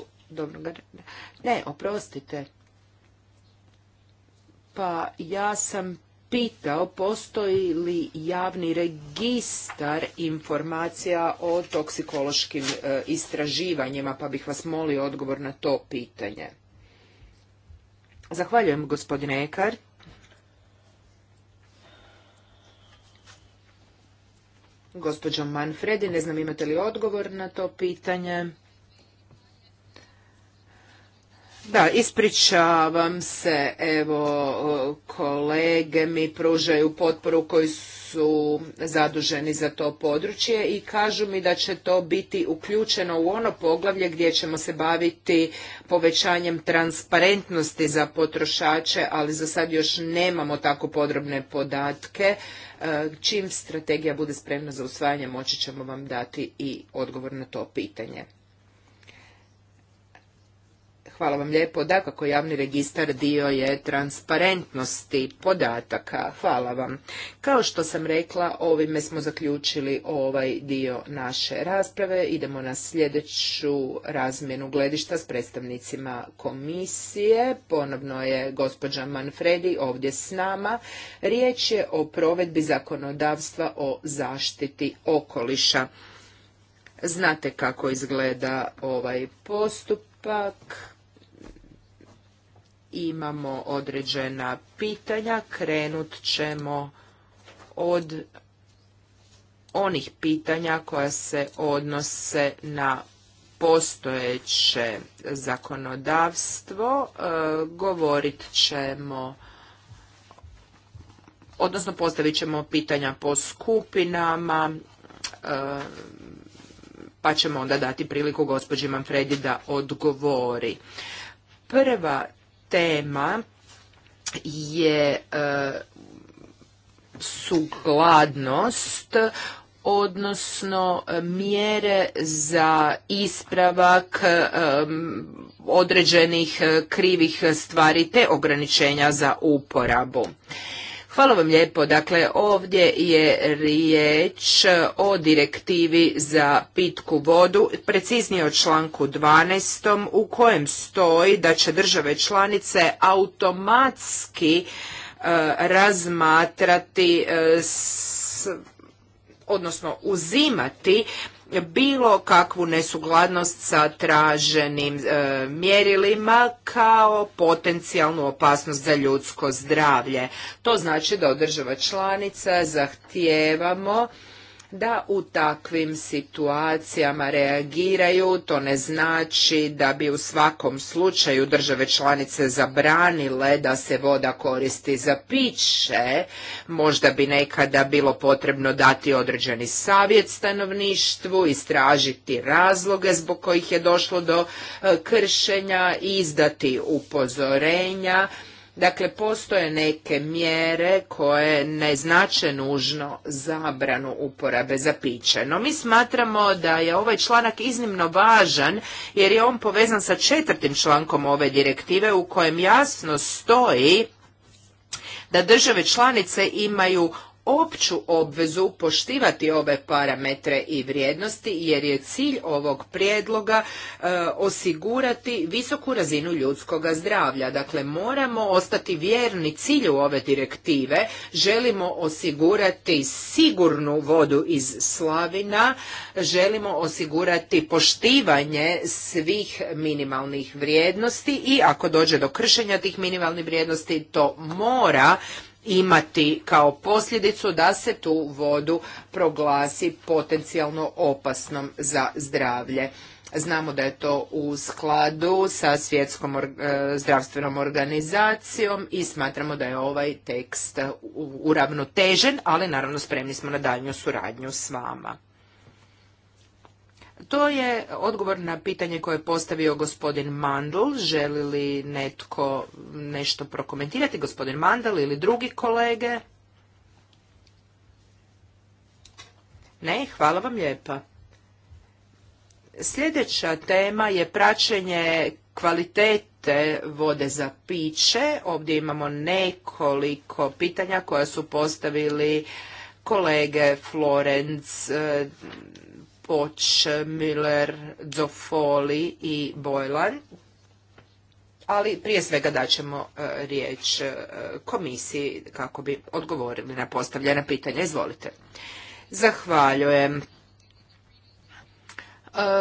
Speaker 1: ne, oprostite. Pa ja sam pitao postoji li javni registar informacija o toksikološkim e, istraživanjima, pa bih vas molio odgovor na to pitanje. Zahvaljujem gospodine Ekar. Gospođo Manfredi, ne znam imate li odgovor na to pitanje. Da, ispričavam se, evo, kolege mi pružaju potporu koji su zaduženi za to područje i kažu mi da će to biti uključeno u ono poglavlje gdje ćemo se baviti povećanjem transparentnosti za potrošače, ali za sad još nemamo tako podrobne podatke. E, čim strategija bude spremna za usvajanje, moći ćemo vam dati i odgovor na to pitanje. Hvala vam lijepo. Da, javni registar dio je transparentnosti podataka. Hvala vam. Kao što sam rekla, ovime smo zaključili ovaj dio naše rasprave. Idemo na sljedeću razmjenu gledišta s predstavnicima komisije. Ponovno je gospođa Manfredi ovdje s nama. Riječ je o provedbi zakonodavstva o zaštiti okoliša. Znate kako izgleda ovaj postupak imamo određena pitanja. Krenut ćemo od onih pitanja koja se odnose na postojeće zakonodavstvo. E, govorit ćemo odnosno postavit ćemo pitanja po skupinama, e, pa ćemo onda dati priliku gospođi Manfredi da odgovori. Prva tema je e, sukladnost, odnosno e, mjere za ispravak e, određenih krivih stvari te ograničenja za uporabu. Hvala vam lijepo. Dakle, ovdje je riječ o direktivi za pitku vodu, preciznije o članku 12. u kojem stoji da će države članice automatski e, razmatrati e, odnosno uzimati bilo kakvu nesugladnost sa traženim e, mjerilima kao potencijalnu opasnost za ljudsko zdravlje. To znači da od država članica zahtijevamo da u takvim situacijama reagiraju. To ne znači da bi u svakom slučaju države članice zabranile da se voda koristi za piće. Možda bi nekada bilo potrebno dati određeni savjet stanovništvu, istražiti razloge zbog kojih je došlo do e, kršenja, izdati upozorenja Dakle, postoje neke mjere koje ne znače nužno zabranu uporabe za piće. No mi smatramo da je ovaj članak iznimno važan jer je on povezan sa četvrtim člankom ove direktive u kojem jasno stoji da države članice imaju opću obvezu poštivati ove parametre i vrijednosti jer je cilj ovog prijedloga e, osigurati visoku razinu ljudskog zdravlja. Dakle, moramo ostati vjerni cilju ove direktive, želimo osigurati sigurnu vodu iz slavina, želimo osigurati poštivanje svih minimalnih vrijednosti i ako dođe do kršenja tih minimalnih vrijednosti to mora imati kao posljedicu da se tu vodu proglasi potencijalno opasnom za zdravlje. Znamo da je to u skladu sa svjetskom e, zdravstvenom organizacijom i smatramo da je ovaj tekst uravnotežen, ali naravno spremni smo na daljnju suradnju s vama. To je odgovor na pitanje koje je postavio gospodin Mandl. Želi li netko nešto prokomentirati? Gospodin Mandl ili drugi kolege? Ne, hvala vam lijepa. Sljedeća tema je praćenje kvalitete vode za piće. Ovdje imamo nekoliko pitanja koja su postavili kolege Florenc, Poč, Miller, Zofoli i Bojlan. Ali prije svega daćemo e, riječ e, komisiji kako bi odgovorili na postavljena pitanja. Izvolite. Zahvaljujem. E,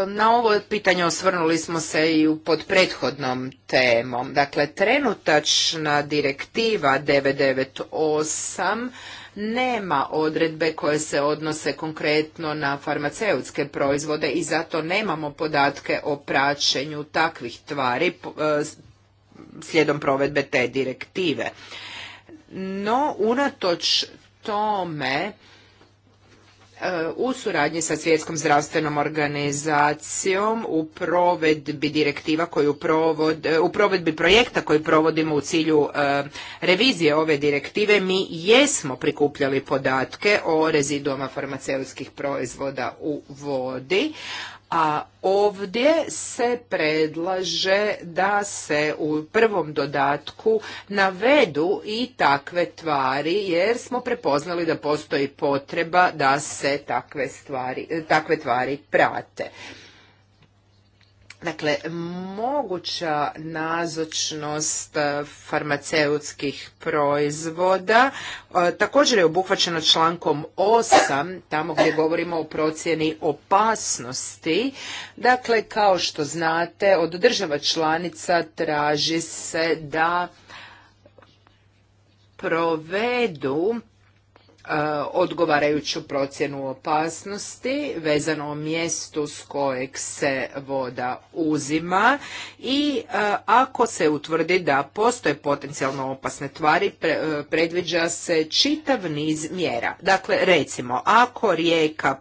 Speaker 1: na ovo pitanje osvrnuli smo se i pod prethodnom temom. Dakle, trenutačna direktiva 998 nema odredbe koje se odnose konkretno na farmaceutske proizvode i zato nemamo podatke o praćenju takvih tvari e, slijedom provedbe te direktive. No, unatoč tome u suradnji sa Svjetskom zdravstvenom organizacijom u provedbi direktiva koju provod, u provedbi projekta koji provodimo u cilju e, revizije ove direktive mi jesmo prikupljali podatke o reziduama farmaceutskih proizvoda u vodi, a ovdje se predlaže da se u prvom dodatku navedu i takve tvari jer smo prepoznali da postoji potreba da se takve, takve tvari prate. Dakle, moguća nazočnost e, farmaceutskih proizvoda e, također je obuhvaćena člankom 8, tamo gdje govorimo o procjeni opasnosti. Dakle, kao što znate, od država članica traži se da provedu E, odgovarajuću procjenu opasnosti vezano o mjestu s kojeg se voda uzima i e, ako se utvrdi da postoje potencijalno opasne tvari e, predviđa se čitav niz mjera. Dakle, recimo, ako rijeka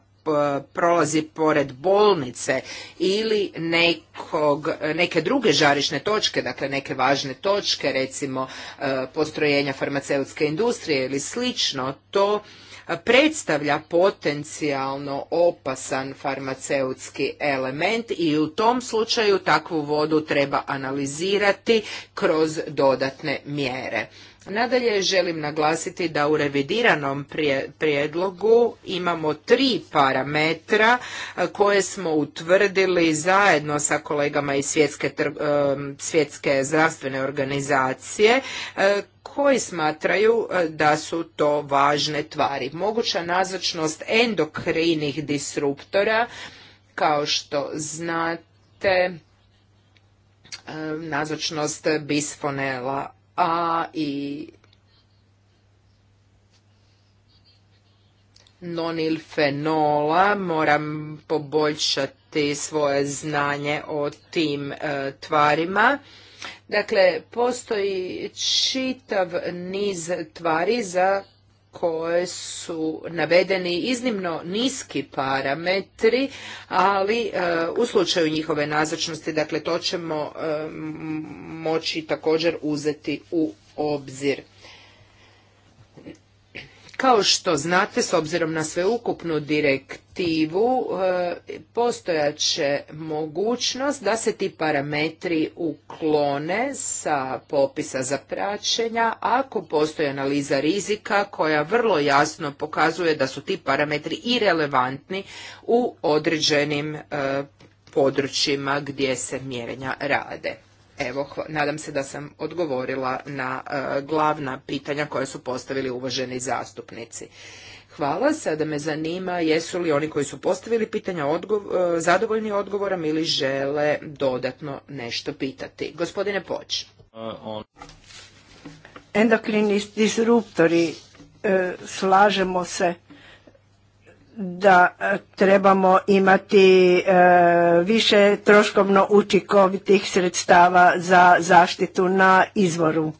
Speaker 1: prolazi pored bolnice ili nekog, neke druge žarišne točke, dakle neke važne točke, recimo e, postrojenja farmaceutske industrije ili slično, to predstavlja potencijalno opasan farmaceutski element i u tom slučaju takvu vodu treba analizirati kroz dodatne mjere. Nadalje želim naglasiti da u revidiranom prijedlogu imamo tri parametra e, koje smo utvrdili zajedno sa kolegama iz svjetske, e, svjetske zdravstvene organizacije e, koji smatraju da su to važne tvari. Moguća nazočnost endokrinih disruptora, kao što znate, nazočnost bisfonela a i nonilfenola. Moram poboljšati svoje znanje o tim e, tvarima. Dakle, postoji čitav niz tvari za koje su navedeni iznimno niski parametri, ali e, u slučaju njihove nazočnosti, dakle to ćemo e, moći također uzeti u obzir. Kao što znate, s obzirom na sveukupnu direktivu, e, postojaće mogućnost da se ti parametri uklone sa popisa za praćenja ako postoji analiza rizika koja vrlo jasno pokazuje da su ti parametri irelevantni u određenim e, područjima gdje se mjerenja rade. Evo, nadam se da sam odgovorila na e, glavna pitanja koja su postavili uvaženi zastupnici. Hvala. Sada me zanima jesu li oni koji su postavili pitanja e, zadovoljni odgovorom ili žele dodatno nešto pitati. Gospodine Poć.
Speaker 3: Endokrini disruptori, e, slažemo se da e, trebamo imati e, više troškovno učinkovitih sredstava za zaštitu na izvoru.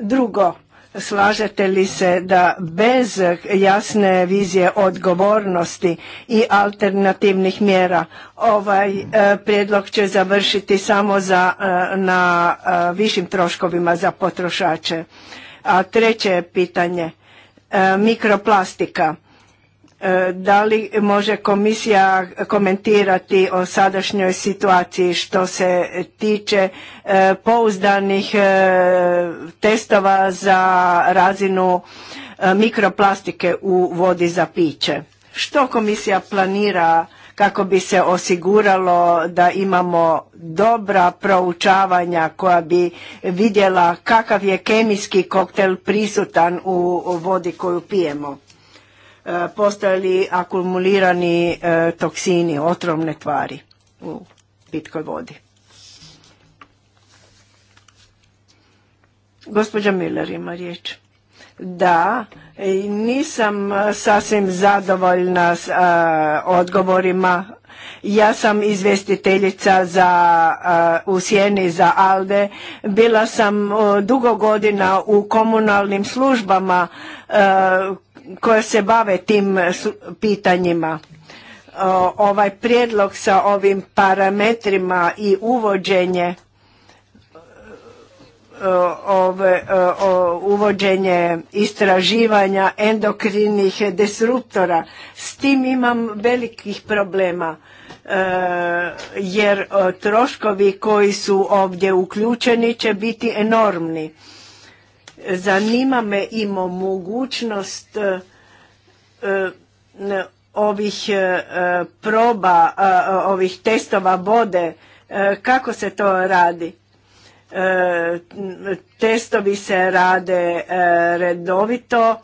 Speaker 3: Drugo, slažete li se da bez jasne vizije odgovornosti i alternativnih mjera ovaj e, prijedlog će završiti samo za, e, na višim troškovima za potrošače? A treće pitanje, mikroplastika E, da li može komisija komentirati o sadašnjoj situaciji što se tiče e, pouzdanih e, testova za razinu mikroplastike u vodi za piće? Što komisija planira kako bi se osiguralo da imamo dobra proučavanja koja bi vidjela kakav je kemijski koktel prisutan u vodi koju pijemo? E, postojali akumulirani e, toksini, otrovne tvari u pitkoj vodi. Gospođa Miller ima riječ. Da, nisam e, sasvim zadovoljna s odgovorima. Ja sam izvjestiteljica za, u Sjeni za Alde. Bila sam dugo godina u komunalnim službama koja se bave tim e, pitanjima. Ovaj prijedlog sa ovim parametrima i uvođenje e, ove, e, uvođenje istraživanja endokrinih disruptora. S tim imam velikih problema jer troškovi koji su ovdje uključeni će biti enormni Zanima me imo mogućnost e, e, ovih e, proba, ovih testova vode, kako se to radi? Testovi se rade redovito,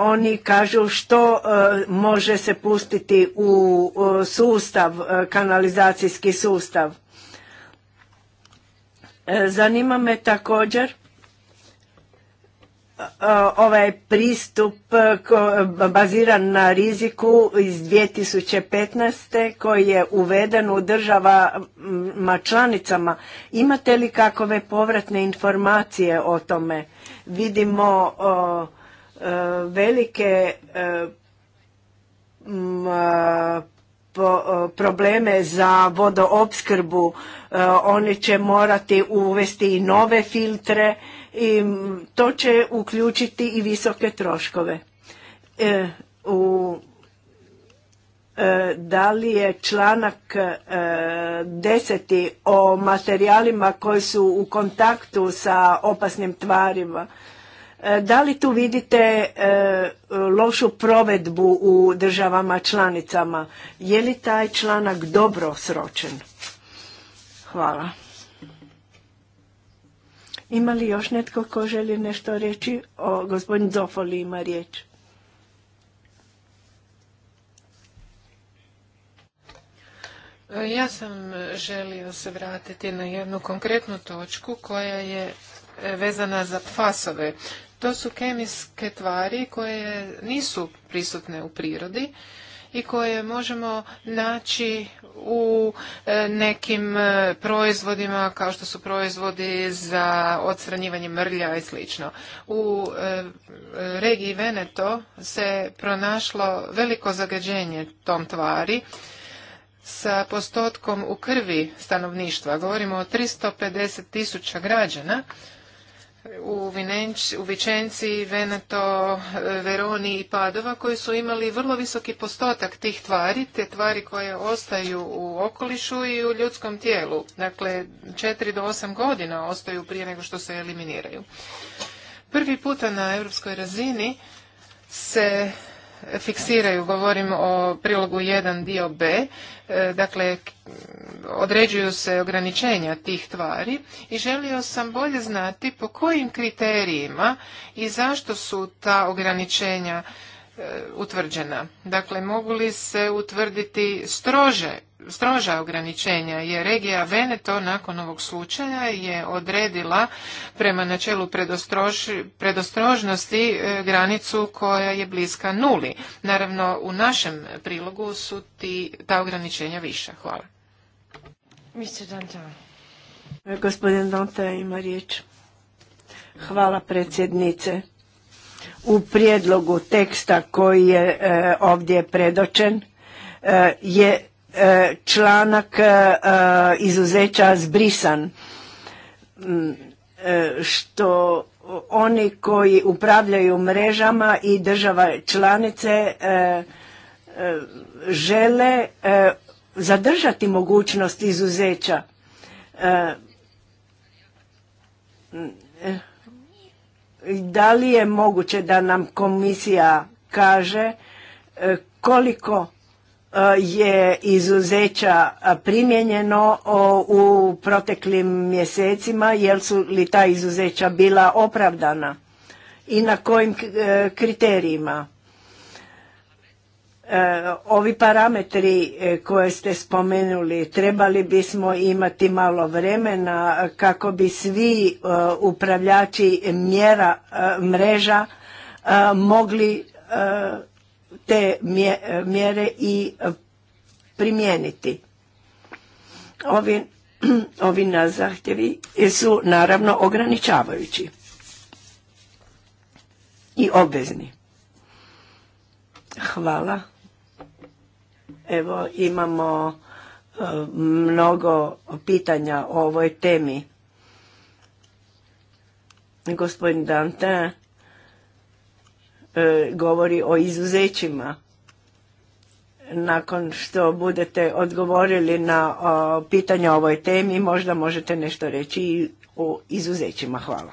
Speaker 3: oni kažu što e, može se pustiti u sustav, e, kanalizacijski sustav. E, zanima me također ovaj pristup baziran na riziku iz 2015. koji je uveden u državama članicama. Imate li kakove povratne informacije o tome? Vidimo e, velike e, e, probleme za vodoopskrbu. Oni će morati uvesti i nove filtre i to će uključiti i visoke troškove. U E, da li je članak e, deseti o materijalima koji su u kontaktu sa opasnim tvarima, e, da li tu vidite lošu provedbu u državama članicama? Je li taj članak dobro sročen? Hvala. Ima li još netko ko želi nešto reći? O, gospodin Zofoli ima riječ.
Speaker 2: E, ja sam želio se vratiti na jednu konkretnu točku koja je e, vezana za fasove. To su kemijske tvari koje nisu prisutne u prirodi i koje možemo naći u e, nekim proizvodima kao što su proizvodi za odstranjivanje mrlja i sl. U regiji Veneto se pronašlo veliko zagađenje tom tvari sa postotkom u krvi stanovništva. Govorimo o 350 tisuća građana u, Vinenč, u Vičenci, Veneto, Veroni i Padova koji su imali vrlo visoki postotak tih tvari, te tvari koje ostaju u okolišu i u ljudskom tijelu. Dakle, 4 do 8 godina ostaju prije nego što se eliminiraju. Prvi puta na europskoj razini se fiksiraju, govorim o prilogu 1 dio B, e, dakle određuju se ograničenja tih tvari i želio sam bolje znati po kojim kriterijima i zašto su ta ograničenja E, utvrđena. Dakle, mogu li se utvrditi strože, stroža ograničenja, jer regija Veneto nakon ovog slučaja je odredila prema načelu predostrož, predostrožnosti e, granicu koja je bliska nuli. Naravno, u našem prilogu su ti, ta ograničenja viša. Hvala.
Speaker 3: Mr. Dante. Gospodin Dante ima riječ. Hvala predsjednice. U prijedlogu teksta koji je e, ovdje predočen e, je e, članak izuzeća zbrisan mm, što oni koji upravljaju mrežama i država članice žele zadržati mogućnost izuzeća. Mm, da li je moguće da nam komisija kaže e, koliko e, je izuzeća primjenjeno u proteklim mjesecima, jel su li ta izuzeća bila opravdana i na kojim e, kriterijima? E, ovi parametri e, koje ste spomenuli trebali bismo imati malo vremena kako bi svi e, upravljači mjera mreža mogli te mjere i primijeniti. Ovi, *clears throat* ovi zahtjevi su naravno ograničavajući i obvezni. Hvala. Evo imamo e, mnogo pitanja o ovoj temi. Gospodin Dante e, govori o izuzećima. Nakon što budete odgovorili na pitanja o ovoj temi, možda možete nešto reći i o izuzećima. Hvala.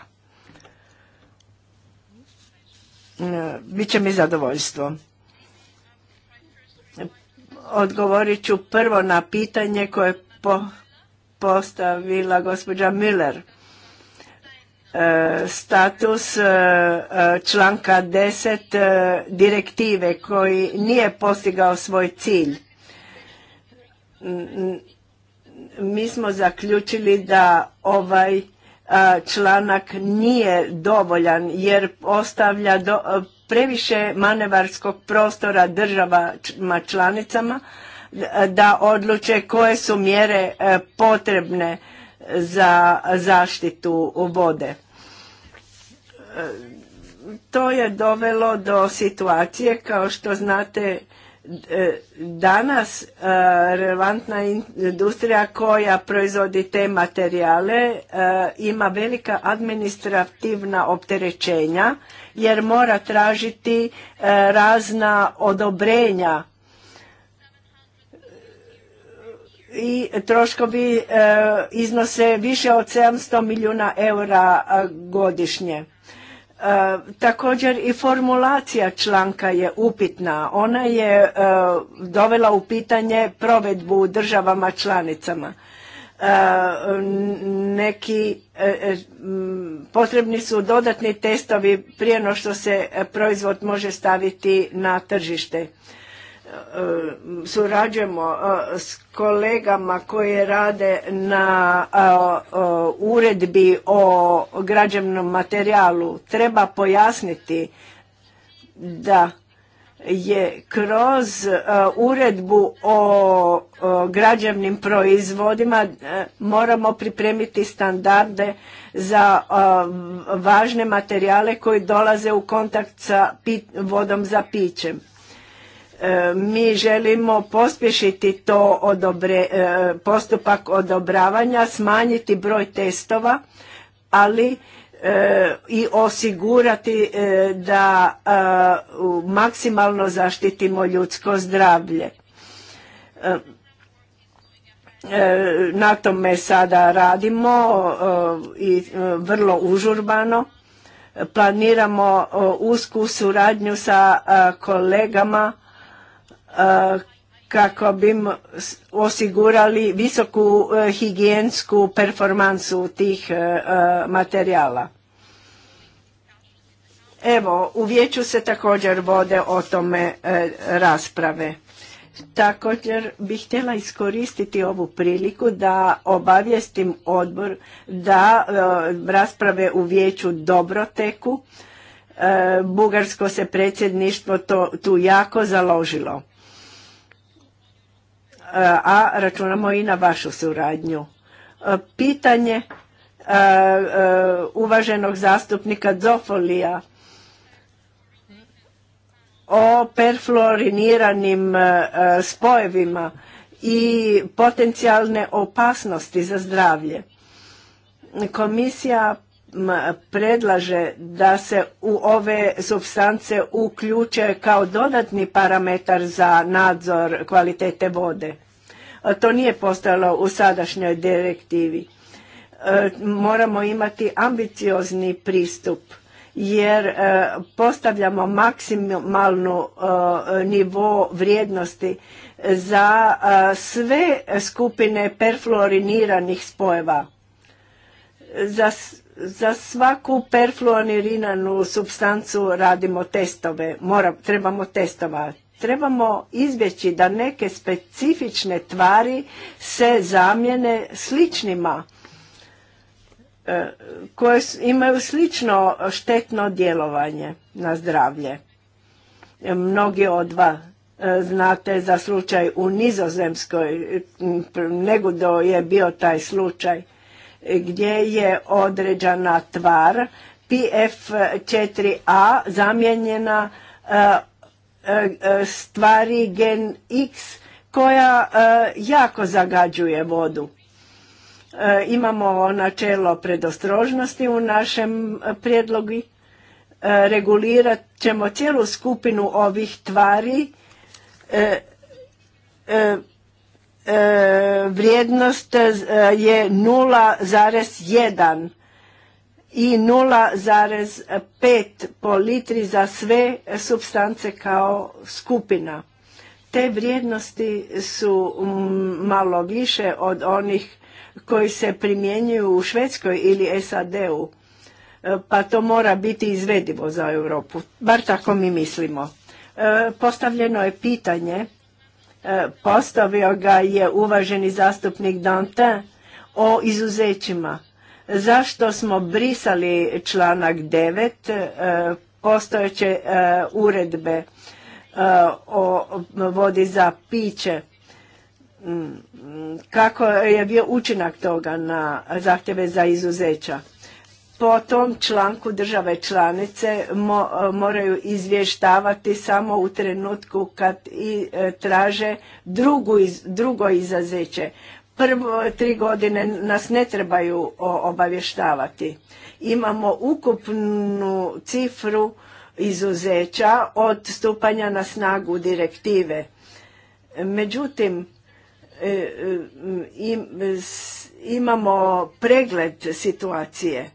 Speaker 3: E, Biće mi zadovoljstvo. Odgovorit ću prvo na pitanje koje je postavila gospođa Miller. E, status e, članka 10 e, direktive koji nije postigao svoj cilj. Mi smo zaključili da ovaj članak nije dovoljan jer ostavlja do, previše manevarskog prostora državama članicama da odluče koje su mjere e, potrebne za zaštitu vode. E, to je dovelo do situacije, kao što znate, e, danas relevantna industrija koja proizvodi te materijale ima velika administrativna opterećenja jer mora tražiti e, razna odobrenja i troškovi e, iznose više od 700 milijuna eura e, godišnje. također i formulacija članka je upitna. Ona je dovela u pitanje provedbu državama članicama. E, neki e, e, potrebni su dodatni testovi prije no što se proizvod može staviti na tržište. Surađujemo s kolegama koji rade na uredbi o građevnom materijalu. Treba pojasniti da je kroz e, uredbu o građevnim proizvodima e, moramo pripremiti standarde za e, važne materijale koji dolaze u kontakt sa vodom za pićem. Mi želimo pospješiti to odobre, postupak odobravanja, smanjiti broj testova, ali E, i osigurati e, da e, maksimalno zaštitimo ljudsko zdravlje. Na tome sada radimo i vrlo užurbano. Planiramo usku suradnju sa kolegama kako bi osigurali visoku e, higijensku performansu tih e, e, materijala. Evo, u vijeću se također vode o tome rasprave. Također bih htjela iskoristiti ovu priliku da obavijestim odbor da rasprave u vijeću dobro teku. Bugarsko se predsjedništvo tu jako založilo a računamo i na vašu suradnju. E, pitanje e, e, uvaženog zastupnika Zofolija o perfluoriniranim spojevima i potencijalne opasnosti za zdravlje. Komisija predlaže da se u ove substance uključe kao dodatni parametar za nadzor kvalitete vode. To nije postojalo u sadašnjoj direktivi. E, moramo imati ambiciozni pristup jer e, postavljamo maksimalnu e, nivo vrijednosti za sve skupine perfluoriniranih spojeva. Za za svaku perfluoniranu substancu radimo testove, trebamo testovati. Trebamo izbjeći da neke specifične tvari se zamjene sličnima e, koje imaju slično štetno djelovanje na zdravlje. Mnogi od vas e, znate za slučaj u Nizozemskoj, negudo je bio taj slučaj gdje je određena tvar PF4A zamijenjena e, e, e, stvari gen X koja jako zagađuje vodu. Imamo načelo predostrožnosti u našem prijedlogu. Regulirat ćemo cijelu skupinu ovih tvari E, vrijednost e, je 0,1 i 0,5 po litri za sve substance kao skupina. Te vrijednosti su malo više od onih koji se primjenjuju u Švedskoj ili SAD-u, e, pa to mora biti izvedivo za Europu, bar tako mi mislimo. Postavljeno je pitanje E, postavio ga je uvaženi zastupnik Dante o izuzećima. Zašto smo brisali članak 9 e, postojeće e, uredbe o vodi za piće? Mm, mm, kako je bio učinak toga na zahtjeve za izuzeća? Po tom članku države članice moraju izvještavati samo u trenutku kad i e, traže drugo izazeće. Prvo tri godine nas ne trebaju obavještavati. Imamo ukupnu cifru izuzeća od stupanja na snagu direktive. Međutim, e, e, imamo pregled situacije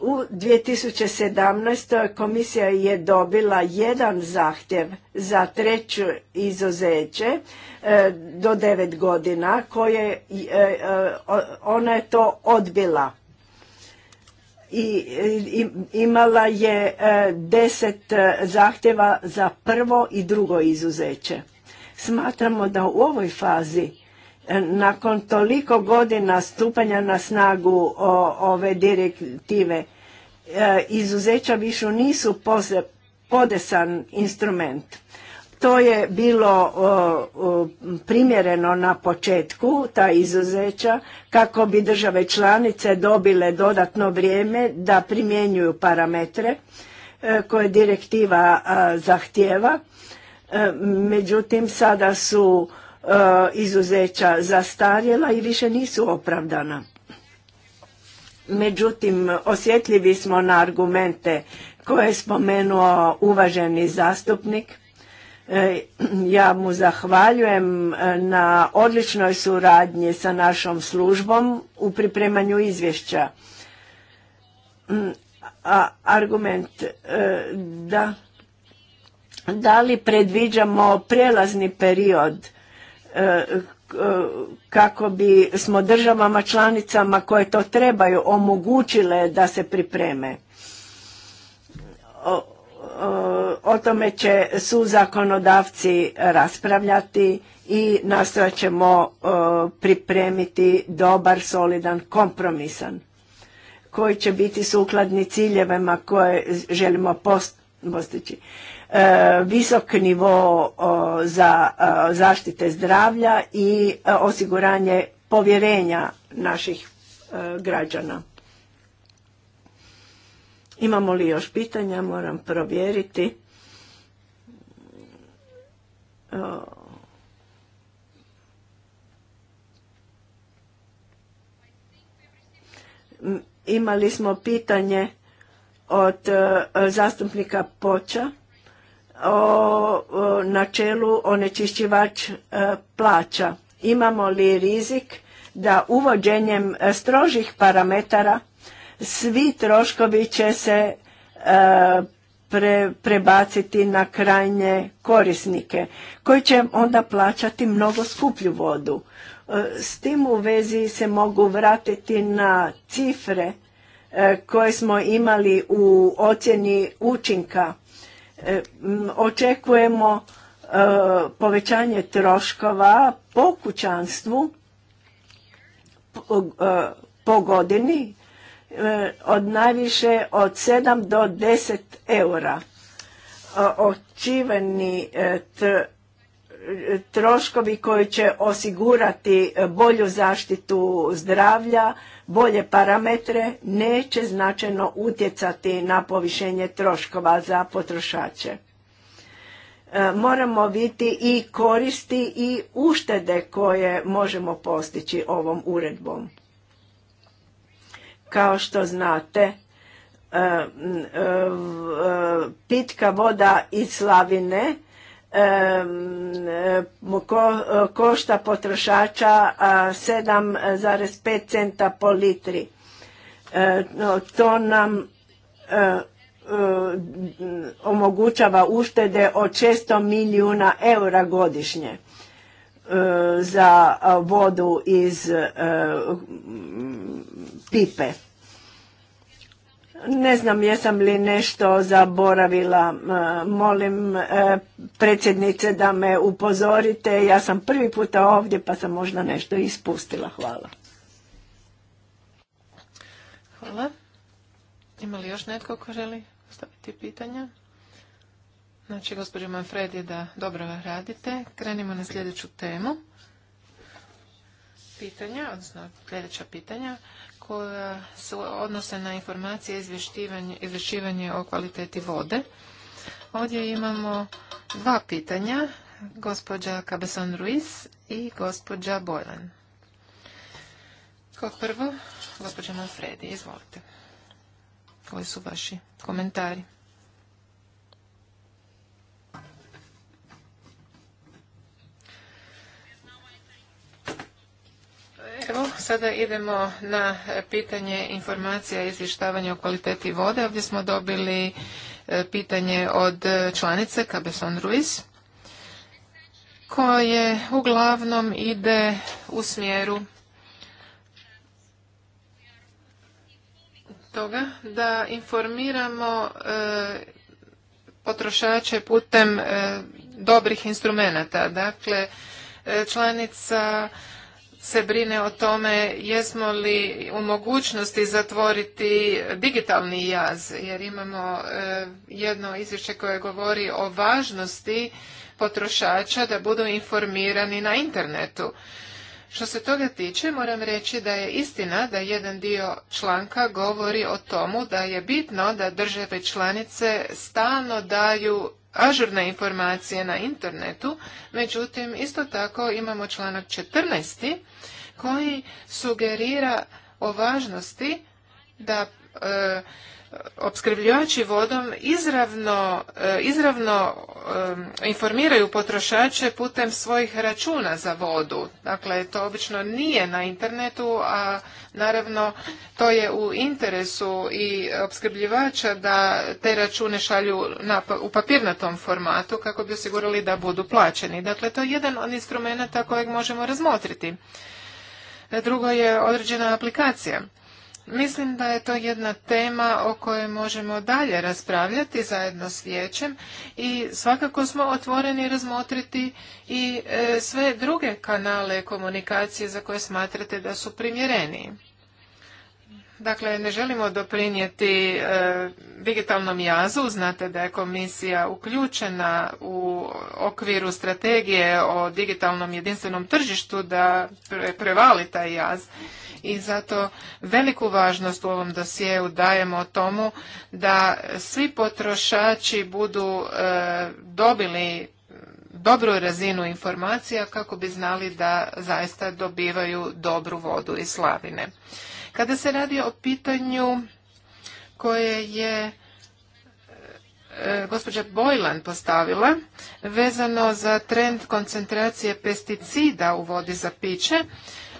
Speaker 3: u 2017. komisija je dobila jedan zahtjev za treće izuzeće e, do devet godina koje e, e, ona je to odbila i imala je deset zahtjeva za prvo i drugo izuzeće. Smatramo da u ovoj fazi nakon toliko godina stupanja na snagu ove direktive, e, izuzeća više nisu podesan instrument. To je bilo primjereno na početku, ta izuzeća, kako bi države članice dobile dodatno vrijeme da primjenjuju parametre e, koje direktiva zahtjeva. E, međutim, sada su E, izuzeća zastarjela i više nisu opravdana. Međutim, osjetljivi smo na argumente koje je spomenuo uvaženi zastupnik. E, ja mu zahvaljujem e, na odličnoj suradnji sa našom službom u pripremanju izvješća. Mm, a argument da da li predviđamo prelazni period E, e, kako bi smo državama članicama koje to trebaju omogućile da se pripreme. O, tome će su zakonodavci raspravljati i nastojat ćemo e, pripremiti dobar, solidan, kompromisan koji će biti sukladni ciljevima koje želimo postići. E, visok nivo za e, zaštite zdravlja i e, osiguranje povjerenja naših građana. Imamo li još pitanja? Moram provjeriti. Imali smo pitanje od zastupnika Poča o načelu onečišćivač e, plaća. Imamo li rizik da uvođenjem e, strožih parametara svi troškovi će se e, prebaciti na krajnje korisnike koji će onda plaćati mnogo skuplju vodu. S tim u vezi se mogu vratiti na cifre koje smo imali u ocjeni učinka E, očekujemo e, povećanje troškova po kućanstvu po e, godini od najviše od 7 do 10 eura. Očiveni troškovi koji će osigurati bolju zaštitu zdravlja, bolje parametre neće značajno utjecati na povišenje troškova za potrošače. E, moramo biti i koristi i uštede koje možemo postići ovom uredbom. Kao što znate, e, e, pitka voda iz slavine košta potrošača 7,5 centa po litri. E, to nam e, e, omogućava uštede od 600 milijuna eura godišnje za vodu iz pipe. Ne znam jesam li nešto zaboravila, e, molim e, predsjednice da me upozorite, ja sam prvi puta ovdje pa sam možda nešto ispustila, hvala.
Speaker 2: Hvala. Ima li još netko ko želi postaviti pitanja? Znači, gospođo Manfredi, da dobro radite. Krenimo na sljedeću temu. Pitanja, odnosno sljedeća pitanja koja se odnose na informacije i izvješćivanje o kvaliteti vode. Ovdje imamo dva pitanja, gospođa cabezon Ruiz i gospođa Bojlan. Kao prvo, gospođa Manfredi, izvolite. Koji su vaši komentari? Evo, sada idemo na pitanje informacija i izvještavanja o kvaliteti vode. Ovdje smo dobili e, pitanje od članice Cabezon Ruiz koje uglavnom ide u smjeru toga da informiramo e, potrošače putem e, dobrih instrumenata. Dakle, članica se brine o tome jesmo li u mogućnosti zatvoriti digitalni jaz, jer imamo e, jedno izvješće koje govori o važnosti potrošača da budu informirani na internetu. Što se toga tiče, moram reći da je istina da jedan dio članka govori o tomu da je bitno da države članice stalno daju ažurne informacije na internetu, međutim isto tako imamo članak 14. koji sugerira o važnosti da e, opskrbljivači vodom izravno, e, izravno informiraju potrošače putem svojih računa za vodu. Dakle, to obično nije na internetu, a naravno to je u interesu i opskrbljivača da te račune šalju pa, u papirnatom formatu kako bi osigurali da budu plaćeni. Dakle, to je jedan od instrumenta kojeg možemo razmotriti. Drugo je određena aplikacija. Mislim da je to jedna tema o kojoj možemo dalje raspravljati zajedno s vijećem i svakako smo otvoreni razmotriti i e, sve druge kanale komunikacije za koje smatrate da su primjereniji. Dakle, ne želimo doprinijeti e, digitalnom jazu. Znate da je komisija uključena u okviru strategije o digitalnom jedinstvenom tržištu da prevali taj jaz i zato veliku važnost u ovom dosjeu dajemo tomu da svi potrošači budu e, dobili e, dobru razinu informacija kako bi znali da zaista dobivaju dobru vodu iz slavine. Kada se radi o pitanju koje je e, gospođa Bojlan postavila vezano za trend koncentracije pesticida u vodi za piće.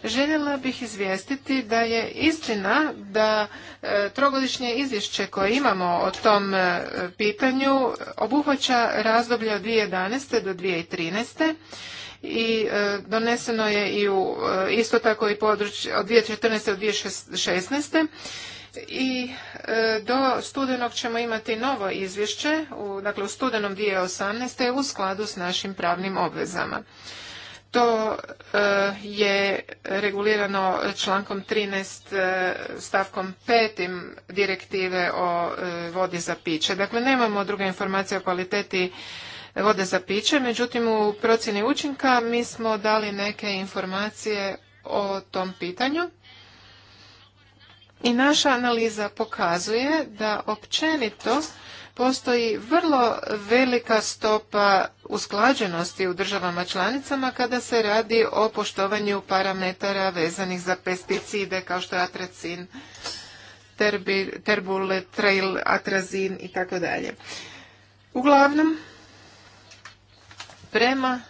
Speaker 2: Željela bih izvijestiti da je istina da e, trogodišnje izvješće koje imamo o tom e, pitanju obuhvaća razdoblje od 2011. do 2013 i e, doneseno je i u isto tako i područje od 2014. do 2016. I do studenog ćemo imati novo izvješće, u, dakle u studenom 2018. u skladu s našim pravnim obvezama to e, je regulirano člankom 13 e, stavkom 5 direktive o e, vodi za piće. Dakle, nemamo druge informacije o kvaliteti vode za piće, međutim u procjeni učinka mi smo dali neke informacije o tom pitanju. I naša analiza pokazuje da općenito postoji vrlo velika stopa usklađenosti u državama članicama kada se radi o poštovanju parametara vezanih za pesticide kao što je atracin, terbi, trail, atrazin i tako dalje. Uglavnom, prema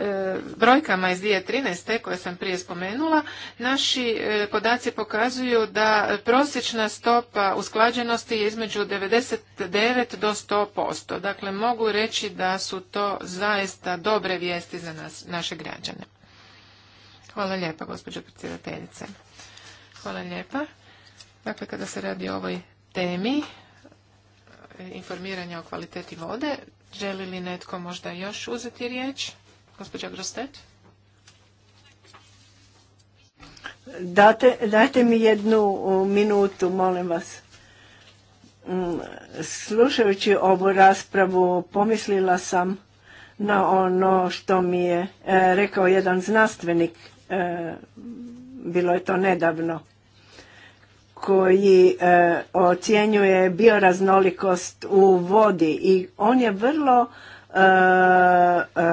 Speaker 2: E, brojkama iz 2013. koje sam prije spomenula, naši e, podaci pokazuju da prosječna stopa usklađenosti je između 99 do 100%. Dakle, mogu reći da su to zaista dobre vijesti za nas, naše građane. Hvala lijepa, gospođo predsjedateljice. Hvala lijepa. Dakle, kada se radi o ovoj temi e, informiranja o kvaliteti vode, želi li netko možda još uzeti riječ?
Speaker 3: dajte mi jednu minutu, molim vas. Mm, slušajući ovu raspravu pomislila sam na ono što mi je e, rekao jedan znanstvenik, e, bilo je to nedavno, koji e, ocjenjuje bioraznolikost u vodi i on je vrlo E, e,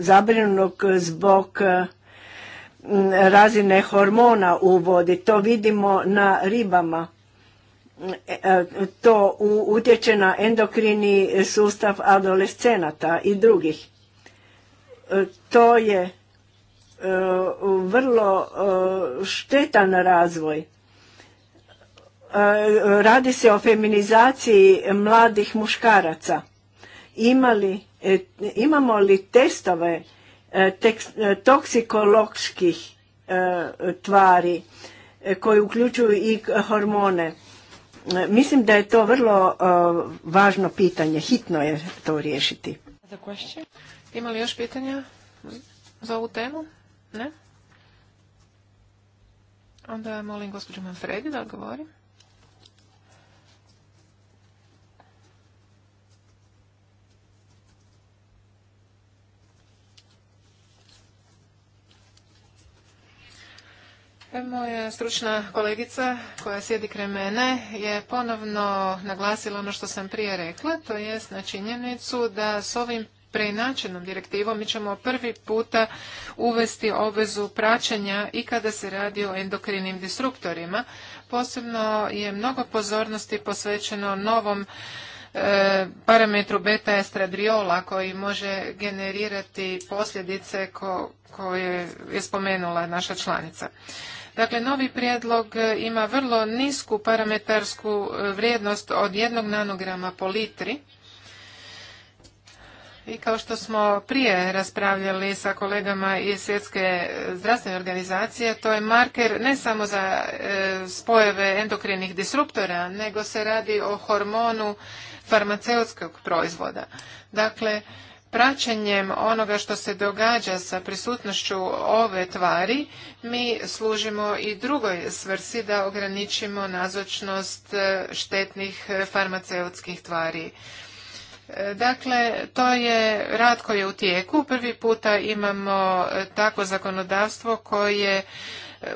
Speaker 3: zabrinutog zbog e, razine hormona u vodi. To vidimo na ribama. To utječe na endokrini sustav adolescenata i drugih. To je vrlo štetan razvoj. Radi se o feminizaciji mladih muškaraca E, imamo li testove e, e, toksikoloških tvari koji uključuju i hormone. Mislim da je to vrlo važno pitanje, hitno je to riješiti.
Speaker 2: Ima li još pitanja za ovu temu? Ne? Onda molim gospođu Manfredi da odgovorim. Moja stručna kolegica koja sjedi kre mene je ponovno naglasila ono što sam prije rekla, to je na činjenicu da s ovim preinačenom direktivom mi ćemo prvi puta uvesti obvezu praćenja i kada se radi o endokrinim disruptorima. Posebno je mnogo pozornosti posvećeno novom e, parametru beta estradriola koji može generirati posljedice koje je spomenula naša članica. Dakle, novi prijedlog e, ima vrlo nisku parametarsku e, vrijednost od jednog nanograma po litri. I kao što smo prije raspravljali sa kolegama iz Svjetske e, zdravstvene organizacije, to je marker ne samo za spojeve endokrinih disruptora, nego se radi o hormonu farmaceutskog proizvoda. Dakle, praćenjem onoga što se događa sa prisutnošću ove tvari, mi služimo i drugoj svrsi da ograničimo nazočnost e, štetnih e, farmaceutskih tvari. E, dakle, to je rad koji je u tijeku. Prvi puta imamo takvo zakonodavstvo koje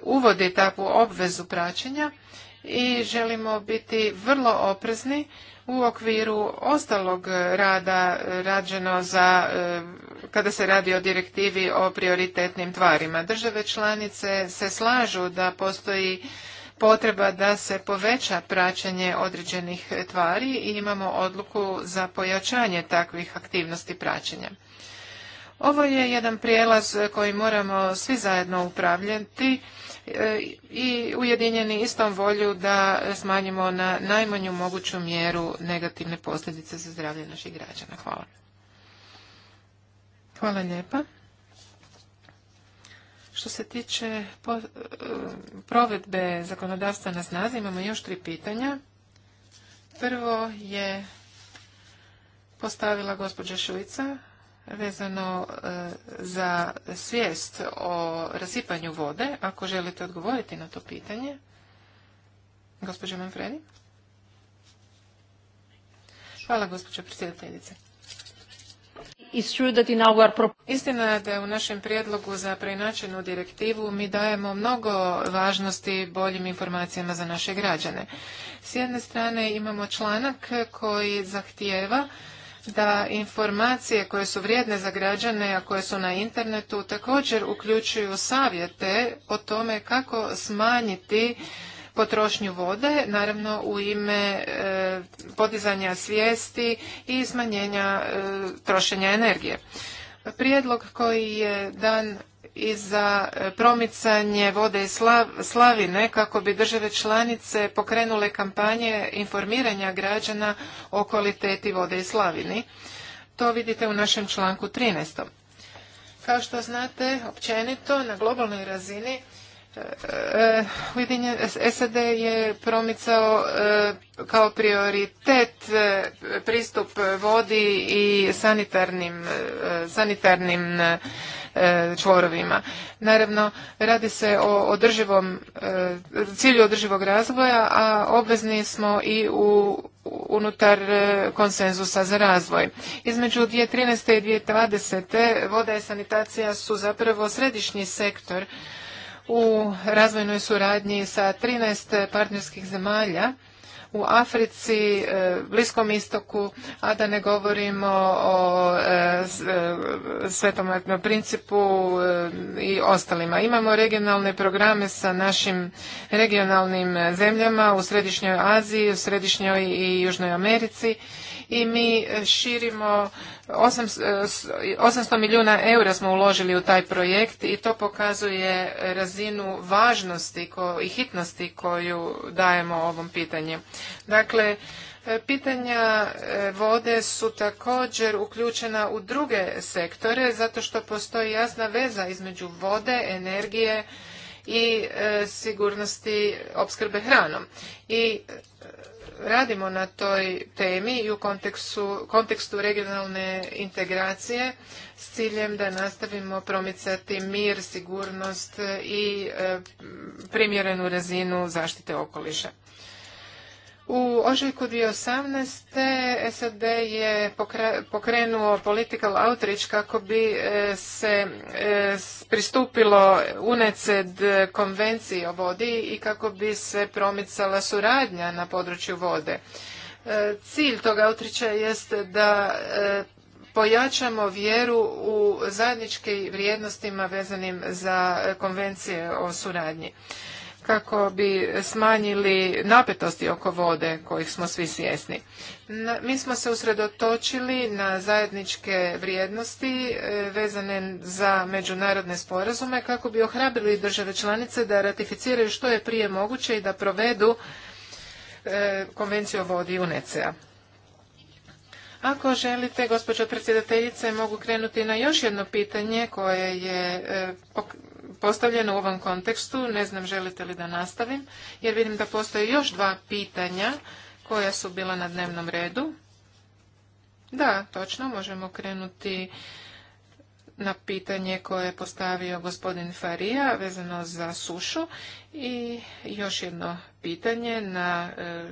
Speaker 2: uvodi takvu obvezu praćenja i želimo biti vrlo oprezni u okviru ostalog rada rađeno za e, kada se radi o direktivi o prioritetnim tvarima. Države članice se slažu da postoji potreba da se poveća praćenje određenih tvari i imamo odluku za pojačanje takvih aktivnosti praćenja. Ovo je jedan prijelaz koji moramo svi zajedno upravljati E, i ujedinjeni istom volju da smanjimo na najmanju moguću mjeru negativne posljedice za zdravlje naših građana. Hvala. Hvala lijepa. Što se tiče e, provedbe zakonodavstva na snazi, imamo još tri pitanja. Prvo je postavila gospođa Šuica vezano e, za svijest o rasipanju vode, ako želite odgovoriti na to pitanje. Gospođo Manfredi. Hvala, gospođo predsjedateljice. Istina je da u našem prijedlogu za preinačenu direktivu mi dajemo mnogo važnosti boljim informacijama za naše građane. S jedne strane imamo članak koji zahtijeva da informacije koje su vrijedne za građane, a koje su na internetu, također uključuju savjete o tome kako smanjiti potrošnju vode, naravno u ime e, podizanja svijesti i smanjenja e, trošenja energije. Prijedlog koji je dan i za e, promicanje vode i slavine kako bi države članice pokrenule kampanje informiranja građana o kvaliteti vode i slavini. To vidite u našem članku 13. Kao što znate, općenito na globalnoj razini e, e, SAD je promicao kao prioritet pristup vodi i sanitarnim, sanitarnim E, čvorovima. Naravno, radi se o održivom, e, cilju održivog razvoja, a obvezni smo i u unutar e, konsenzusa za razvoj. Između 2013. i 2020. voda i sanitacija su zapravo središnji sektor u razvojnoj suradnji sa 13 partnerskih zemalja u Africi, e, Bliskom istoku, a da ne govorimo o e, e, svetom principu i ostalima. Imamo regionalne programe sa našim regionalnim zemljama u Središnjoj Aziji, u Središnjoj i Južnoj Americi i mi e, širimo 800, e, milijuna eura smo uložili u taj projekt i to pokazuje razinu važnosti i hitnosti koju dajemo ovom pitanju. Dakle, e, Pitanja vode su također uključena u druge sektore zato što postoji jasna veza između vode, energije i sigurnosti opskrbe hranom. I radimo na toj temi i u kontekstu, kontekstu regionalne integracije s ciljem da nastavimo promicati mir, sigurnost i e, primjerenu razinu zaštite okoliša. U ožujku 2018. SAD je pokrenuo political outreach kako bi e, se e, pristupilo UNECED konvenciji o vodi i kako bi se promicala suradnja na području vode. E, cilj toga outreacha jest da pojačamo vjeru u zajedničke vrijednostima vezanim za konvencije o suradnji kako bi smanjili napetosti oko vode kojih smo svi svjesni. Mi smo se usredotočili na zajedničke vrijednosti e, vezane za međunarodne sporazume kako bi ohrabili države članice da ratificiraju što je prije moguće i da provedu e, konvenciju o vodi UNECE-a. Ako želite, gospođo predsjedateljice, mogu krenuti na još jedno pitanje koje je e, postavljeno u ovom kontekstu. Ne znam želite li da nastavim, jer vidim da postoje još dva pitanja koja su bila na dnevnom redu. Da, točno, možemo krenuti na pitanje koje je postavio gospodin Farija vezano za sušu i još jedno pitanje na, e,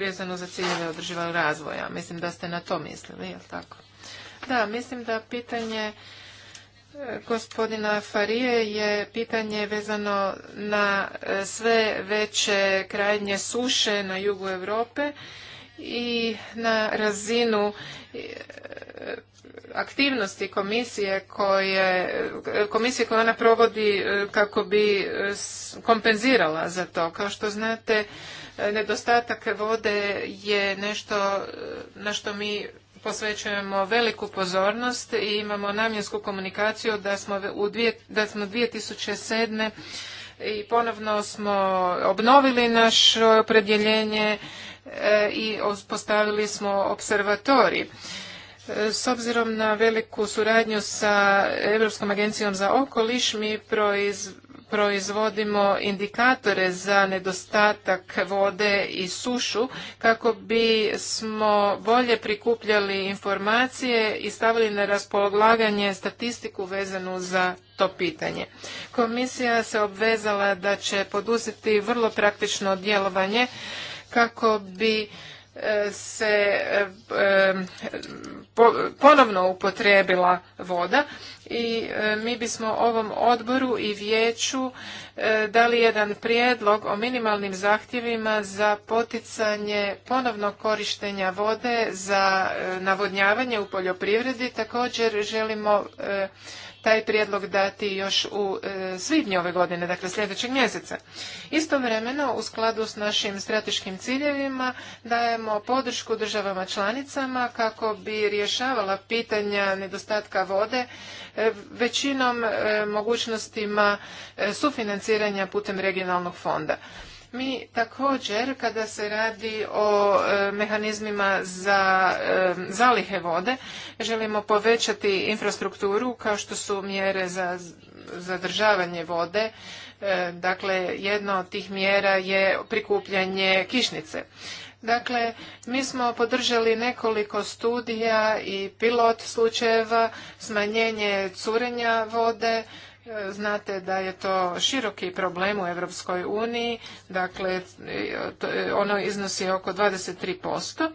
Speaker 2: vezano za ciljeve održivog razvoja. Mislim da ste na to mislili, je li tako? Da, mislim da pitanje gospodina Farije je pitanje vezano na e, sve veće krajnje suše na jugu Europe i na razinu e, aktivnosti komisije koje, komisije koja ona provodi e, kako bi kompenzirala za to. Kao što znate, nedostatak vode je nešto na što mi posvećujemo veliku pozornost i imamo namjensku komunikaciju da smo u dvije, da smo 2007. i ponovno smo obnovili naše opredjeljenje e, i postavili smo observatori. S obzirom na veliku suradnju sa Europskom agencijom za okoliš, mi proiz, proizvodimo indikatore za nedostatak vode i sušu kako bi smo bolje prikupljali informacije i stavili na raspolaganje statistiku vezanu za to pitanje. Komisija se obvezala da će poduzeti vrlo praktično djelovanje kako bi se e, ponovno upotrijebila voda i e, mi bismo ovom odboru i vijeću e, dali jedan prijedlog o minimalnim zahtjevima za poticanje ponovnog korištenja vode za navodnjavanje u poljoprivredi. Također želimo taj prijedlog dati još u e, svibnju ove godine, dakle sljedećeg mjeseca. Istovremeno, u skladu s našim strateškim ciljevima, dajemo podršku državama članicama kako bi rješavala pitanja nedostatka vode e, većinom e, mogućnostima sufinanciranja putem regionalnog fonda. Mi također, kada se radi o e, mehanizmima za e, zalihe vode, želimo povećati infrastrukturu kao što su mjere za zadržavanje vode. E, dakle, jedna od tih mjera je prikupljanje kišnice. Dakle, mi smo podržali nekoliko studija i pilot slučajeva, smanjenje curenja vode, Znate da je to široki problem u Europskoj uniji, dakle ono iznosi oko 23%.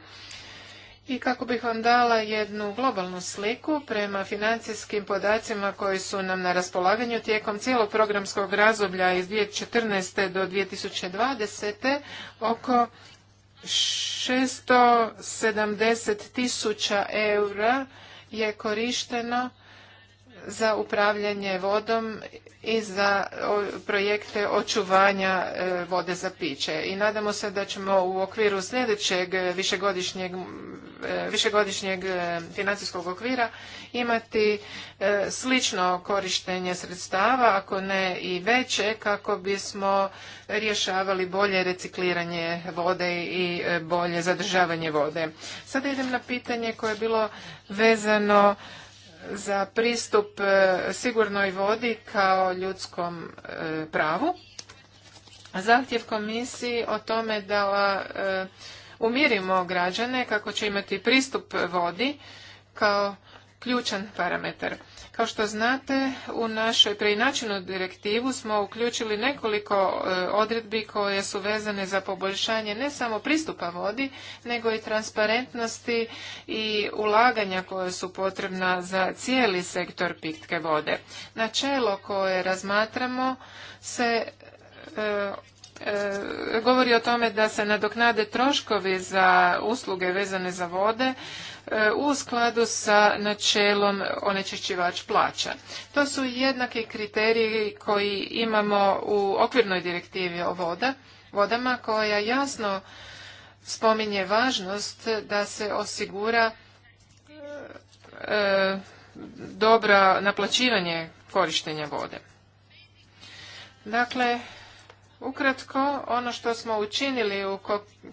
Speaker 2: I kako bih vam dala jednu globalnu sliku prema financijskim podacima koji su nam na raspolaganju tijekom cijelog programskog razdoblja iz 2014. do 2020. oko 670 tisuća eura je korišteno za upravljanje vodom i za projekte očuvanja e, vode za piće. I nadamo se da ćemo u okviru sljedećeg višegodišnjeg, e, višegodišnjeg e, financijskog okvira imati slično korištenje sredstava, ako ne i veće, kako bismo rješavali bolje recikliranje vode i bolje zadržavanje vode. Sada idem na pitanje koje je bilo vezano za pristup e, sigurnoj vodi kao ljudskom e, pravu. Zahtjev komisiji o tome da e, umirimo građane kako će imati pristup vodi kao ključan parametar. Kao što znate, u našoj preinačenu direktivu smo uključili nekoliko e, odredbi koje su vezane za poboljšanje ne samo pristupa vodi, nego i transparentnosti i ulaganja koje su potrebna za cijeli sektor pitke vode. Načelo koje razmatramo se e, E, govori o tome da se nadoknade troškovi za usluge vezane za vode e, u skladu sa načelom onečišćivač plaća. To su jednaki kriteriji koji imamo u okvirnoj direktivi o voda, vodama koja jasno spominje važnost da se osigura e, dobra naplaćivanje korištenja vode. Dakle, Ukratko, ono što smo učinili u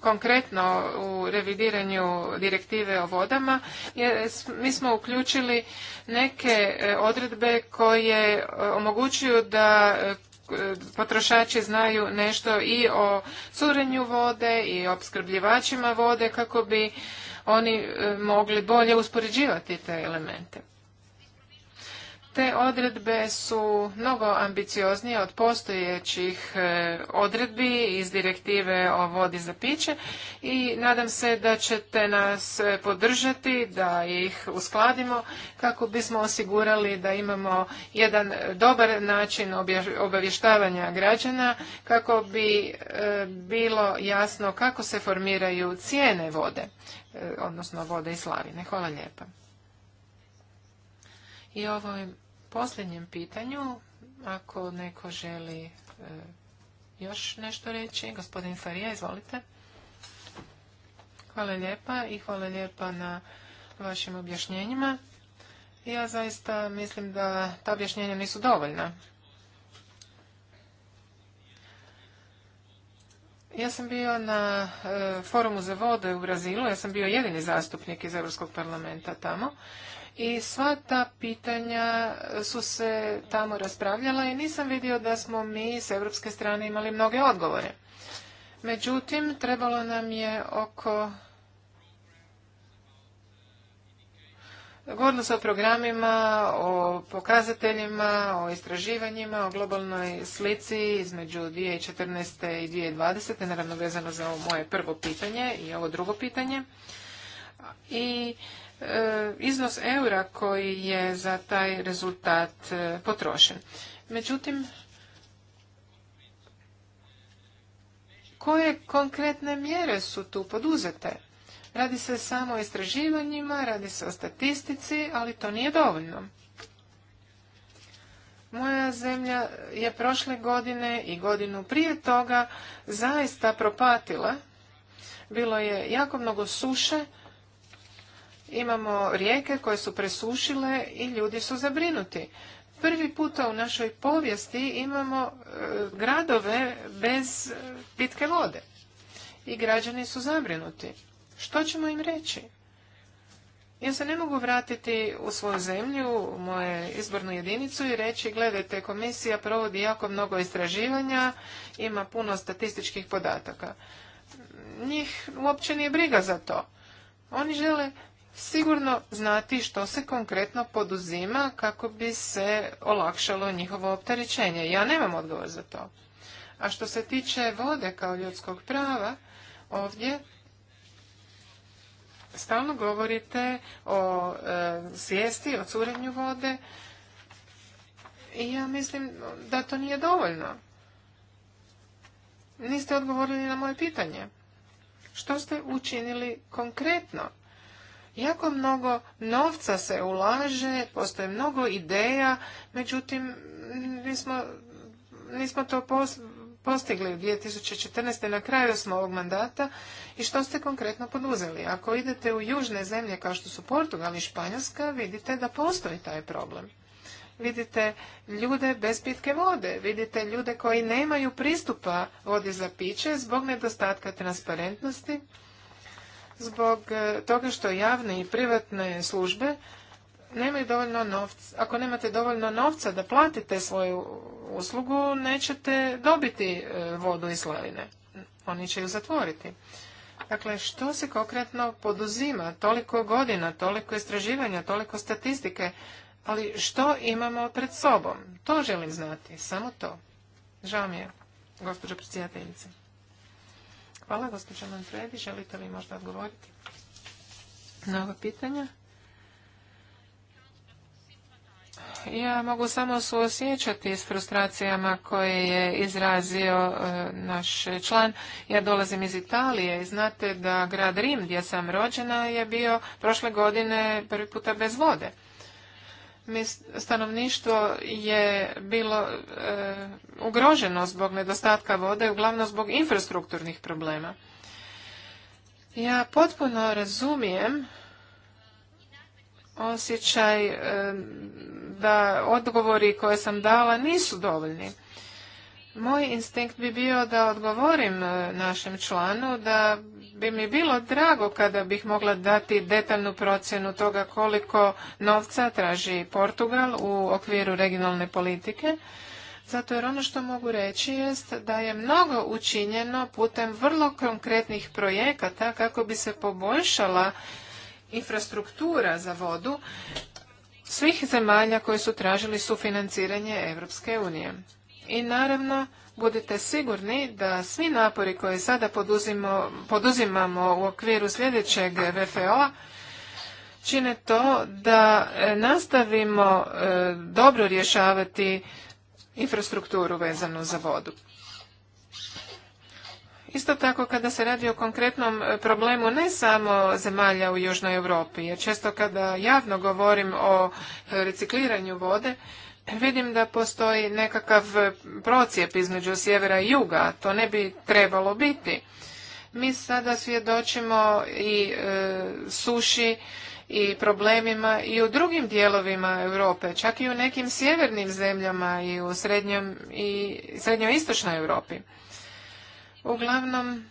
Speaker 2: konkretno u revidiranju direktive o vodama, je, mi smo uključili neke e, odredbe koje e, omogućuju da e, potrošači znaju nešto i o curenju vode i opskrbljivačima vode kako bi oni mogli bolje uspoređivati te elemente. Te odredbe su mnogo ambicioznije od postojećih e, odredbi iz direktive o vodi za piće i nadam se da ćete nas e, podržati da ih uskladimo kako bismo osigurali da imamo jedan dobar način obavještavanja građana kako bi e, bilo jasno kako se formiraju cijene vode, odnosno vode iz slavine. Hvala lijepa. I ovim posljednjem pitanju, ako neko želi e, još nešto reći, gospodin Farija, izvolite. Hvala lijepa i hvala lijepa na vašim objašnjenjima. Ja zaista mislim da ta objašnjenja nisu dovoljna. Ja sam bio na e, forumu za vode u Brazilu, ja sam bio jedini zastupnik iz Europskog parlamenta tamo i sva ta pitanja su se tamo raspravljala i nisam vidio da smo mi s europske strane imali mnoge odgovore. Međutim, trebalo nam je oko Govorilo se o programima, o pokazateljima, o istraživanjima, o globalnoj slici između 2014. i 2020. Naravno vezano za ovo moje prvo pitanje i ovo drugo pitanje. I E, iznos eura koji je za taj rezultat e, potrošen. Međutim, koje konkretne mjere su tu poduzete? Radi se samo o istraživanjima, radi se o statistici, ali to nije dovoljno. Moja zemlja je prošle godine i godinu prije toga zaista propatila. Bilo je jako mnogo suše, Imamo rijeke koje su presušile i ljudi su zabrinuti. Prvi puta u našoj povijesti imamo e, gradove bez e, pitke vode. I građani su zabrinuti. Što ćemo im reći? Ja se ne mogu vratiti u svoju zemlju, u moje izbornu jedinicu i reći, gledajte, komisija provodi jako mnogo istraživanja, ima puno statističkih podataka. Njih uopće nije briga za to. Oni žele sigurno znati što se konkretno poduzima kako bi se olakšalo njihovo opterećenje. Ja nemam odgovor za to. A što se tiče vode kao ljudskog prava, ovdje stalno govorite o e, svijesti, o curenju vode i ja mislim da to nije dovoljno. Niste odgovorili na moje pitanje. Što ste učinili konkretno Jako mnogo novca se ulaže, postoje mnogo ideja, međutim nismo, nismo to postigli u 2014. na kraju smo ovog mandata i što ste konkretno poduzeli. Ako idete u južne zemlje kao što su Portugal i Španjolska, vidite da postoji taj problem. Vidite ljude bez pitke vode, vidite ljude koji nemaju pristupa vodi za piće zbog nedostatka transparentnosti zbog e, toga što javne i privatne službe nemaju dovoljno novca. Ako nemate dovoljno novca da platite svoju uslugu, nećete dobiti e, vodu iz slavine. Oni će ju zatvoriti. Dakle, što se konkretno poduzima? Toliko godina, toliko istraživanja, toliko statistike, ali što imamo pred sobom? To želim znati, samo to. Žao mi je, gospođo predsjedateljice. Hvala, gospođo Manfredi. Želite li možda odgovoriti na ova pitanja? Ja mogu samo suosjećati s frustracijama koje je izrazio e, naš član. Ja dolazim iz Italije i znate da grad Rim, gdje sam rođena, je bio prošle godine prvi puta bez vode stanovništvo je bilo e, ugroženo zbog nedostatka vode, uglavnom zbog infrastrukturnih problema. Ja potpuno razumijem osjećaj e, da odgovori koje sam dala nisu dovoljni. Moj instinkt bi bio da odgovorim e, našem članu da bi mi bilo drago kada bih mogla dati detaljnu procjenu toga koliko novca traži Portugal u okviru regionalne politike. Zato jer ono što mogu reći jest da je mnogo učinjeno putem vrlo konkretnih projekata kako bi se poboljšala infrastruktura za vodu svih zemalja koje su tražili sufinanciranje Europske unije. I naravno, budite sigurni da svi napori koje sada poduzimamo u okviru sljedećeg VFO-a čine to da e, nastavimo e, dobro rješavati infrastrukturu vezanu za vodu. Isto tako kada se radi o konkretnom e, problemu ne samo zemalja u Južnoj Europi, jer često kada javno govorim o recikliranju vode, Vidim da postoji nekakav procijep između sjevera i juga, to ne bi trebalo biti. Mi sada svjedočimo i e, suši i problemima i u drugim dijelovima Europe, čak i u nekim sjevernim zemljama i u srednjom i srednjoistočnoj Europi. Uglavnom,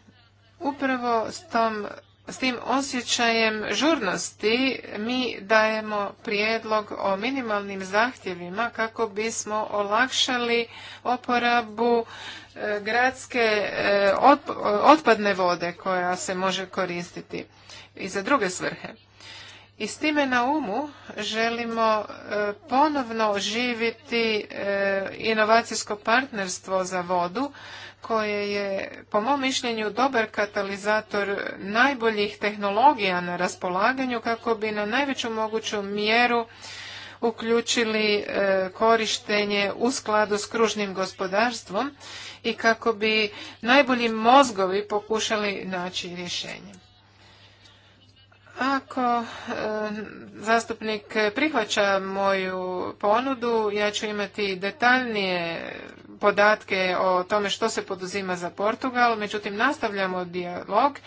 Speaker 2: upravo s tom s tim osjećajem žurnosti mi dajemo prijedlog o minimalnim zahtjevima kako bismo olakšali oporabu e, gradske e, otpadne vode koja se može koristiti i za druge svrhe. I s time na umu želimo e, ponovno oživiti e, inovacijsko partnerstvo za vodu koje je po mom mišljenju dobar katalizator najboljih tehnologija na raspolaganju kako bi na najveću moguću mjeru uključili e, korištenje u skladu s kružnim gospodarstvom i kako bi najbolji mozgovi pokušali naći rješenje. Ako e, zastupnik prihvaća moju ponudu, ja ću imati detaljnije podatke o tome što se poduzima za Portugal, međutim nastavljamo dijalog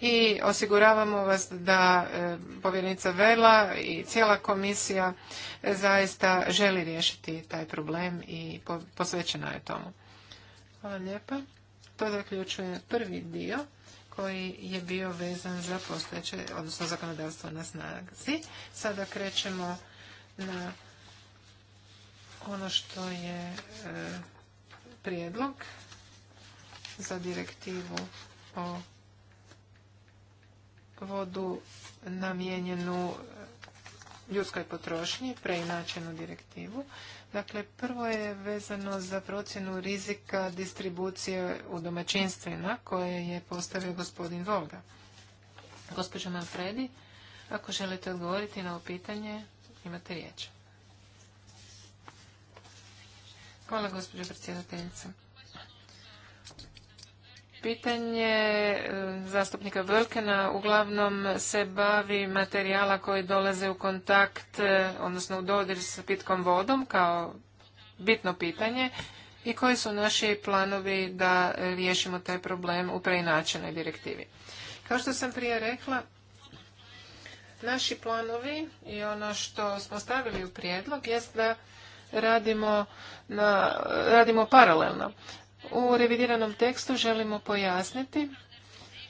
Speaker 2: i osiguravamo vas da e, povjerenica Vela i cijela komisija zaista želi riješiti taj problem i posvećena je tomu. Hvala lijepa. To zaključuje prvi dio koji je bio vezan za postojeće, odnosno zakonodavstvo na snazi. Sada krećemo na ono što je e, prijedlog za direktivu o vodu namijenjenu ljudskoj potrošnji, preinačenu direktivu. Dakle, prvo je vezano za procjenu rizika distribucije u domaćinstvima koje je postavio gospodin Volga. Gospođo Manfredi, ako želite odgovoriti na ovo pitanje, imate riječ. Hvala, gospođo predsjedateljica. Pitanje e, zastupnika Vrkena uglavnom se bavi materijala koji dolaze u kontakt, e, odnosno u dodir s pitkom vodom kao bitno pitanje i koji su naši planovi da riješimo taj problem u preinačenoj direktivi. Kao što sam prije rekla, naši planovi i ono što smo stavili u prijedlog jest da radimo, radimo paralelno. U revidiranom tekstu želimo pojasniti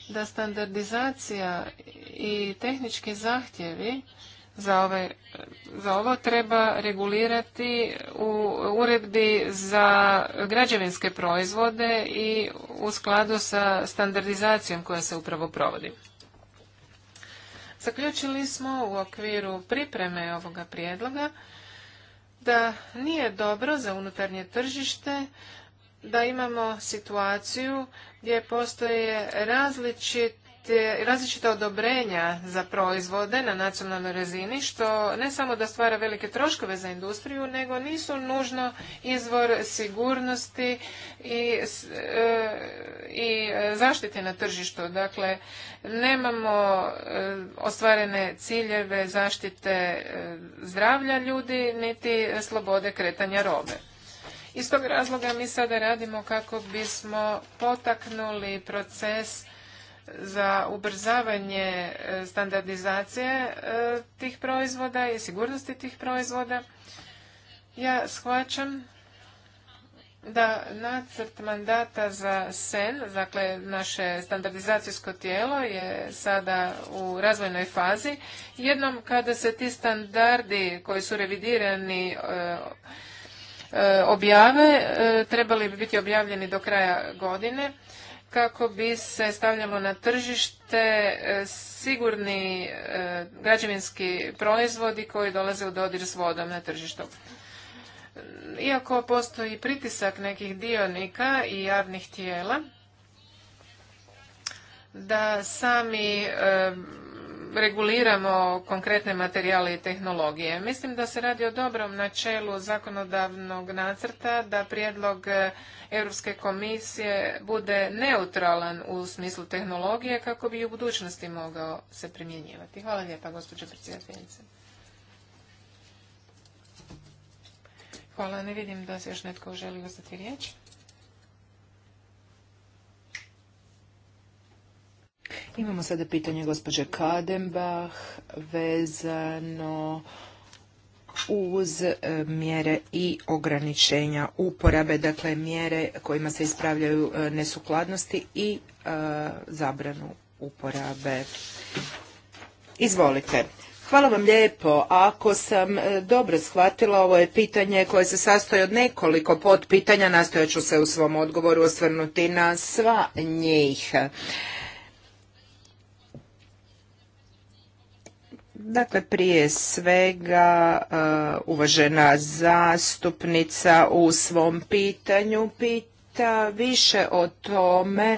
Speaker 2: da standardizacija i tehnički zahtjevi za, ove, za ovo treba regulirati u uredbi za građevinske proizvode i u skladu sa standardizacijom koja se upravo provodi. Zaključili smo u okviru pripreme ovoga prijedloga da nije dobro za unutarnje tržište da imamo situaciju gdje postoje različite, odobrenja za proizvode na nacionalnoj razini, što ne samo da stvara velike troškove za industriju, nego nisu nužno izvor sigurnosti i, e, i zaštite na tržištu. Dakle, nemamo e, ostvarene ciljeve zaštite e, zdravlja ljudi, niti slobode kretanja robe. Iz tog razloga mi sada radimo kako bismo potaknuli proces za ubrzavanje e, standardizacije e, tih proizvoda i sigurnosti tih proizvoda. Ja shvaćam da nacrt mandata za SEN, dakle naše standardizacijsko tijelo je sada u razvojnoj fazi. Jednom kada se ti standardi koji su revidirani e, E, objave e, trebali bi biti objavljeni do kraja godine kako bi se stavljalo na tržište e, sigurni građevinski proizvodi koji dolaze u dodir s vodom na tržištu. Iako postoji pritisak nekih dionika i javnih tijela da sami reguliramo konkretne materijale i tehnologije. Mislim da se radi o dobrom načelu zakonodavnog nacrta da prijedlog e, Europske komisije bude neutralan u smislu tehnologije kako bi u budućnosti mogao se primjenjivati. Hvala lijepa, gospođo predsjedateljice. Hvala, ne vidim da se još netko želi uzeti riječ.
Speaker 1: Imamo sada pitanje gospođe Kadenbach vezano uz e, mjere i ograničenja uporabe, dakle mjere kojima se ispravljaju e, nesukladnosti i e, zabranu uporabe. Izvolite. Hvala vam lijepo. Ako sam dobro shvatila, ovo je pitanje koje se sastoji od nekoliko potpitanja. Nastojat ću se u svom odgovoru osvrnuti na sva njih. Dakle, prije svega e, uvažena zastupnica u svom pitanju pita više o tome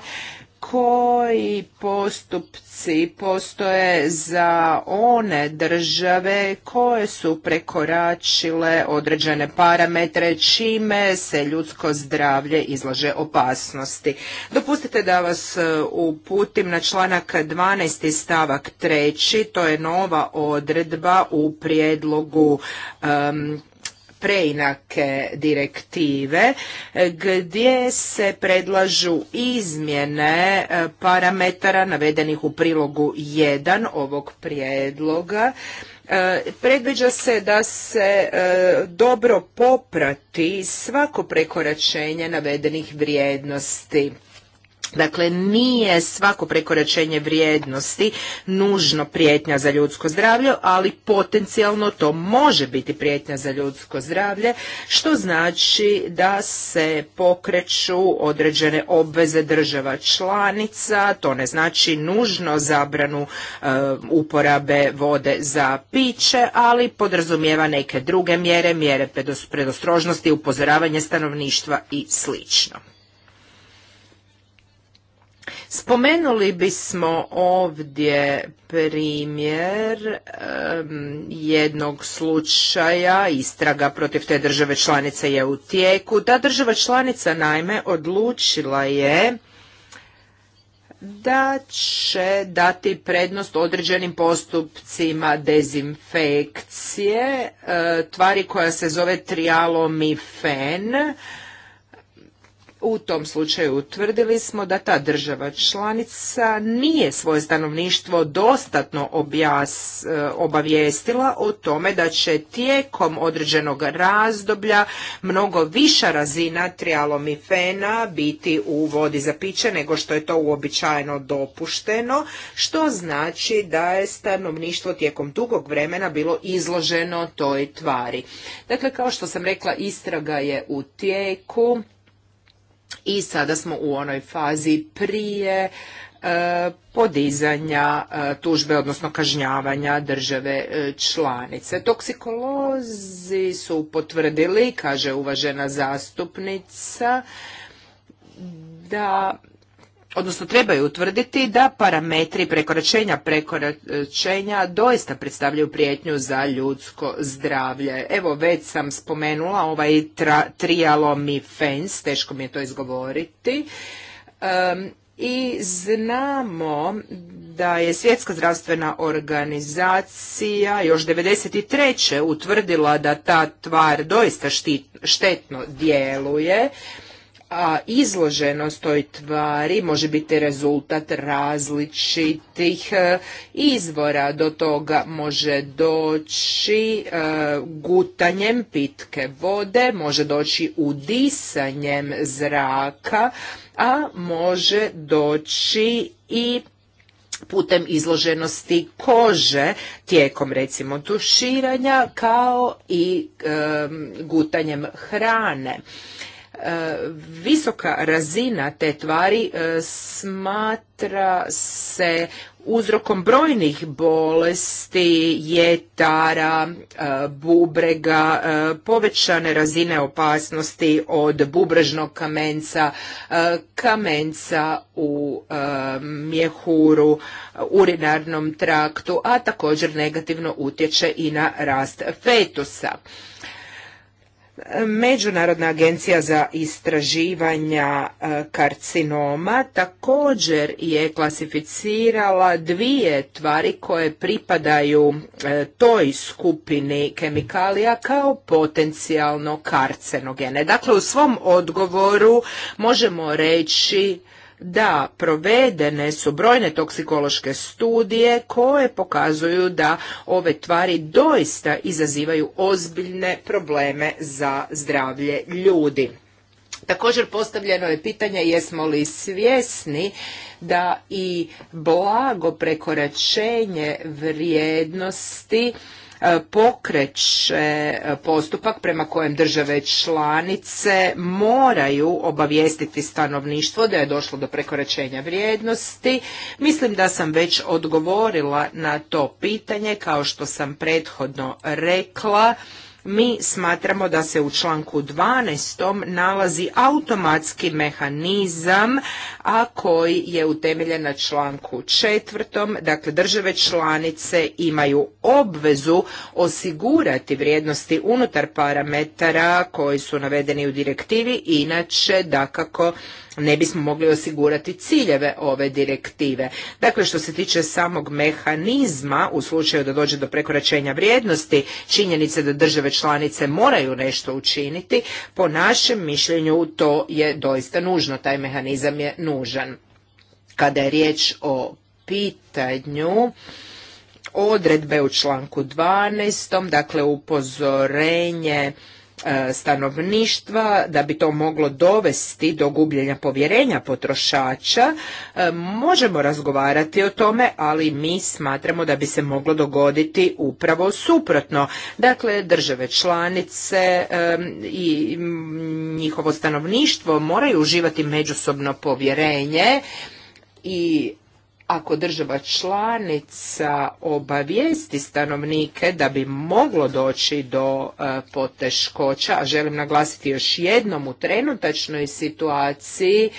Speaker 1: koji postupci postoje za one države koje su prekoračile određene parametre čime se ljudsko zdravlje izlaže opasnosti. Dopustite da vas e, uputim na članak 12. stavak 3. To je nova odredba u prijedlogu preinake direktive gdje se predlažu izmjene e, parametara navedenih u prilogu 1 ovog prijedloga. E, predviđa se da se e, dobro poprati svako prekoračenje navedenih vrijednosti. Dakle, nije svako prekoračenje vrijednosti nužno prijetnja za ljudsko zdravlje, ali potencijalno to može biti prijetnja za ljudsko zdravlje, što znači da se pokreću određene obveze država članica, to ne znači nužno zabranu e, uporabe vode za piće, ali podrazumijeva neke druge mjere, mjere predostrožnosti, upozoravanje stanovništva i slično. Spomenuli bismo ovdje primjer jednog slučaja, istraga protiv te države članice je u tijeku. Ta država članica naime odlučila je da će dati prednost određenim postupcima dezinfekcije, e, tvari koja se zove trialomifen, u tom slučaju utvrdili smo da ta država članica nije svoje stanovništvo dostatno e, obavijestila o tome da će tijekom određenog razdoblja mnogo viša razina trialomifena biti u vodi za piće nego što je to uobičajeno dopušteno, što znači da je stanovništvo tijekom dugog vremena bilo izloženo toj tvari. Dakle, kao što sam rekla, istraga je u tijeku i sada smo u onoj fazi prije e, podizanja e, tužbe, odnosno kažnjavanja države e, članice. Toksikolozi su potvrdili, kaže uvažena zastupnica, da odnosno trebaju utvrditi da parametri prekoračenja prekoračenja doista predstavljaju prijetnju za ljudsko zdravlje. Evo već sam spomenula ovaj trialomifens, teško mi je to izgovoriti. i znamo da je Svjetska zdravstvena organizacija još 1993. utvrdila da ta tvar doista štetno djeluje a izloženost toj tvari može biti rezultat različitih e, izvora. Do toga može doći e, gutanjem pitke vode, može doći udisanjem zraka, a može doći i putem izloženosti kože tijekom recimo tuširanja kao i e, gutanjem hrane E, visoka razina te tvari e, smatra se uzrokom brojnih bolesti, jetara, e, bubrega, povećane razine opasnosti od bubrežnog kamenca, kamenca u mjehuru, urinarnom traktu, a također negativno utječe i na rast fetusa. Međunarodna agencija za istraživanja e, karcinoma također je klasificirala dvije tvari koje pripadaju e, toj skupini kemikalija kao potencijalno karcenogene. Dakle, u svom odgovoru možemo reći da provedene su brojne toksikološke studije koje pokazuju da ove tvari doista izazivaju ozbiljne probleme za zdravlje ljudi. Također postavljeno je pitanje jesmo li svjesni da i blago prekoračenje vrijednosti E, pokreće e, postupak prema kojem države članice moraju obavijestiti stanovništvo da je došlo do prekoračenja vrijednosti. Mislim da sam već odgovorila na to pitanje kao što sam prethodno rekla. Mi smatramo da se u članku 12. nalazi automatski mehanizam, a koji je utemeljen na članku 4. Dakle, države članice imaju obvezu osigurati vrijednosti unutar parametara koji su navedeni u direktivi, inače dakako ne bismo mogli osigurati ciljeve ove direktive. Dakle, što se tiče samog mehanizma, u slučaju da dođe do prekoračenja vrijednosti, činjenice da države članice moraju nešto učiniti, po našem mišljenju to je doista nužno, taj mehanizam je nužan. Kada je riječ o pitanju odredbe u članku 12, dakle upozorenje E, stanovništva, da bi to moglo dovesti do gubljenja povjerenja potrošača. E, možemo razgovarati o tome, ali mi smatramo da bi se moglo dogoditi upravo suprotno. Dakle, države članice e, i njihovo stanovništvo moraju uživati međusobno povjerenje i ako država članica obavijesti stanovnike da bi moglo doći do e, poteškoća, a želim naglasiti još jednom u trenutačnoj situaciji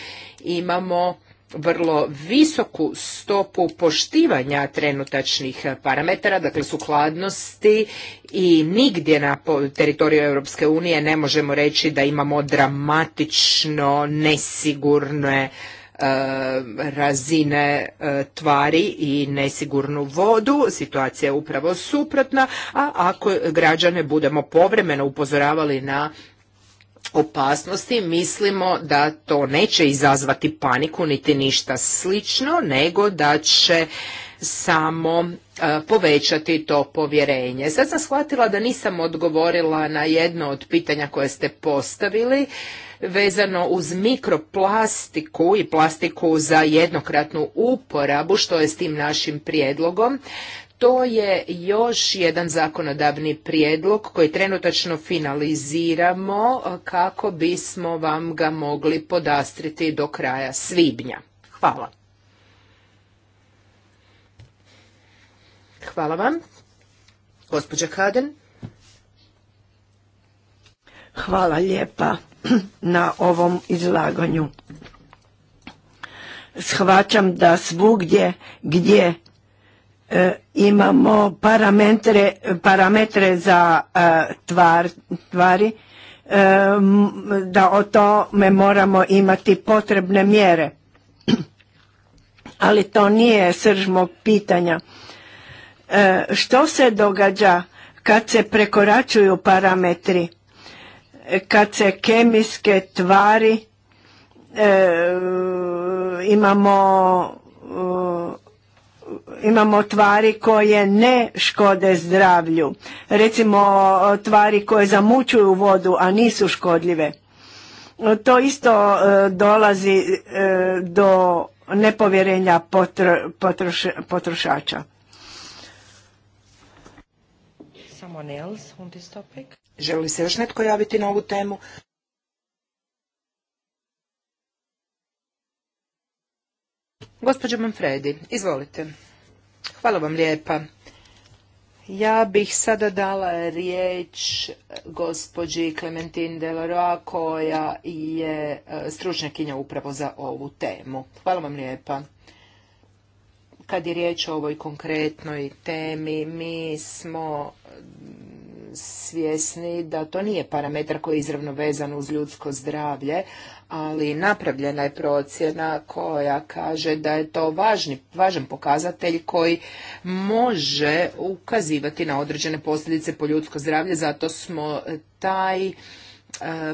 Speaker 1: imamo vrlo visoku stopu poštivanja trenutačnih e, parametara, dakle sukladnosti i nigdje na teritoriju Europske unije ne možemo reći da imamo dramatično nesigurne Eh, razine eh, tvari i nesigurnu vodu, situacija je upravo suprotna, a ako građane budemo povremeno upozoravali na opasnosti mislimo da to neće izazvati paniku niti ništa slično, nego da će samo eh, povećati to povjerenje. Sad sam shvatila da nisam odgovorila na jedno od pitanja koje ste postavili vezano uz mikroplastiku i plastiku za jednokratnu uporabu, što je s tim našim prijedlogom. To je još jedan zakonodavni prijedlog koji trenutačno finaliziramo kako bismo vam ga mogli podastriti do kraja svibnja. Hvala. Hvala vam. Gospođa Kaden.
Speaker 3: Hvala lijepa. *clears throat* na ovom izlaganju. Shvaćam da svugdje gdje e, imamo parametre, za e, tvari, e, da o tome moramo imati potrebne mjere. *clears throat* Ali to nije srž mog pitanja. Što se događa kad se prekoračuju parametri? kad se kemijske tvari e, imamo e, imamo tvari koje ne škode zdravlju recimo tvari koje zamućuju vodu a nisu škodljive to isto e, dolazi do nepovjerenja potr, potroš, potrošača Želi se još netko javiti
Speaker 1: na ovu temu? Gospođo Manfredi, izvolite. Hvala vam lijepa. Ja bih sada dala riječ gospođi Clementine Delaroa koja je e, stručnjakinja upravo za ovu temu. Hvala vam lijepa. Kad je riječ o ovoj konkretnoj temi, mi smo svjesni da to nije parametar koji je izravno vezan uz ljudsko zdravlje, ali napravljena je procjena koja kaže da je to važni, važan pokazatelj koji može ukazivati na određene posljedice po ljudsko zdravlje, zato smo taj e,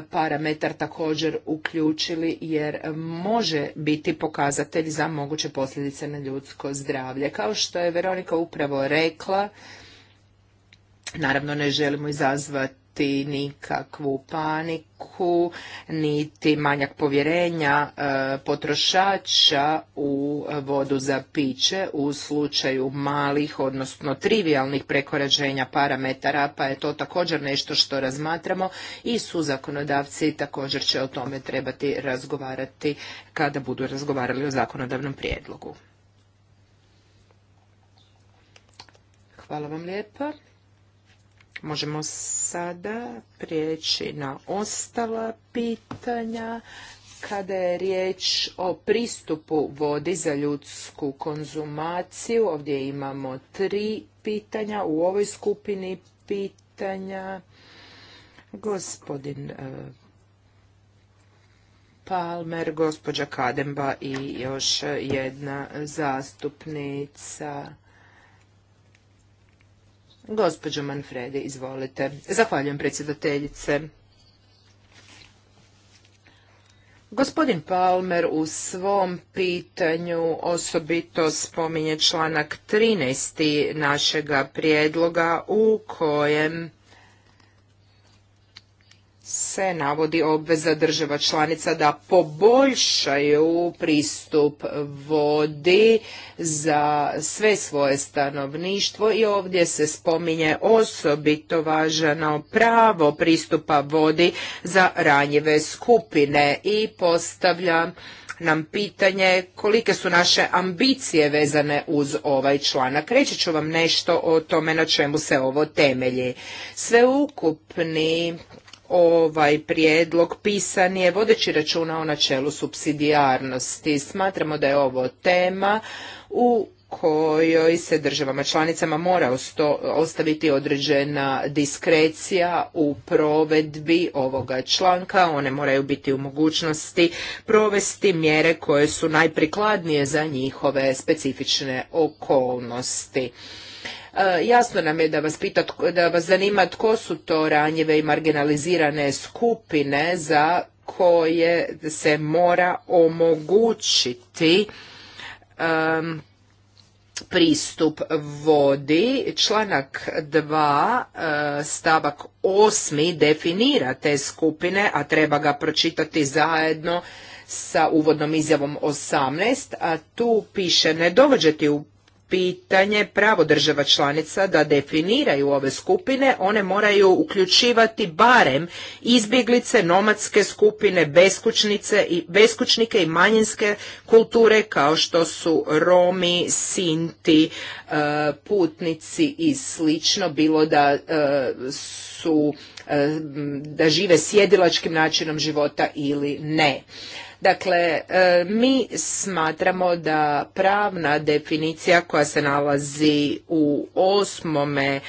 Speaker 1: parametar također uključili jer može biti pokazatelj za moguće posljedice na ljudsko zdravlje. Kao što je Veronika upravo rekla, Naravno ne želimo izazvati nikakvu paniku, niti manjak povjerenja e, potrošača u vodu za piće u slučaju malih, odnosno trivialnih prekorađenja parametara, pa je to također nešto što razmatramo i su zakonodavci također će o tome trebati razgovarati kada budu razgovarali o zakonodavnom prijedlogu. Hvala vam lijepa. Možemo sada prijeći na ostala pitanja. Kada je riječ o pristupu vodi za ljudsku konzumaciju, ovdje imamo tri pitanja u ovoj skupini pitanja. Gospodin e, Palmer, gospođa Kademba i još jedna zastupnica. Gospođo Manfredi, izvolite. Zahvaljujem predsjedateljice. Gospodin Palmer u svom pitanju osobito spominje članak 13. našega prijedloga u kojem se navodi obveza država članica da poboljšaju pristup vodi za sve svoje stanovništvo i ovdje se spominje osobito važano pravo pristupa vodi za ranjive skupine i postavlja nam pitanje kolike su naše ambicije vezane uz ovaj članak. Reći ću vam nešto o tome na čemu se ovo temelji. Sveukupni ovaj prijedlog pisan je vodeći računa o načelu subsidijarnosti. Smatramo da je ovo tema u kojoj se državama članicama mora ostaviti određena diskrecija u provedbi ovoga članka. One moraju biti u mogućnosti provesti mjere koje su najprikladnije za njihove specifične okolnosti. E, jasno nam je da vas, pita, da vas zanima tko su to ranjive i marginalizirane skupine za koje se mora omogućiti pristup vodi. Članak 2 e, stavak 8 definira te skupine, a treba ga pročitati zajedno sa uvodnom izjavom 18, a tu piše ne dovođeti u pitanje pravo država članica da definiraju ove skupine, one moraju uključivati barem izbjeglice, nomadske skupine, i beskućnike i manjinske kulture kao što su Romi, Sinti, e, putnici i slično, bilo da e, su e, da žive sjedilačkim načinom života ili ne. Dakle, e, mi smatramo da pravna definicija koja se nalazi u osmome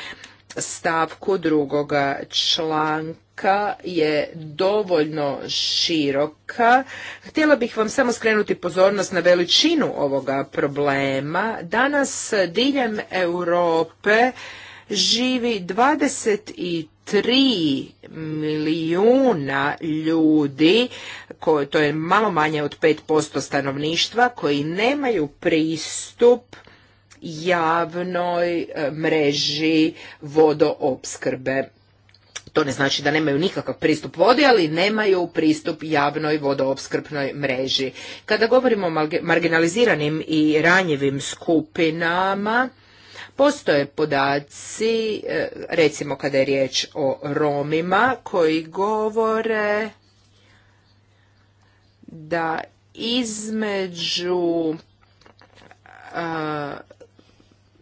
Speaker 1: stavku drugoga članka je dovoljno široka. Htjela bih vam samo skrenuti pozornost na veličinu ovoga problema. Danas diljem Europe živi 23 milijuna ljudi, to je malo manje od 5% stanovništva, koji nemaju pristup javnoj e, mreži vodoopskrbe. To ne znači da nemaju nikakav pristup vodi, ali nemaju pristup javnoj vodoopskrbnoj mreži. Kada govorimo o marginaliziranim i ranjivim skupinama, Postoje podaci, e, recimo kada je riječ o Romima, koji govore da između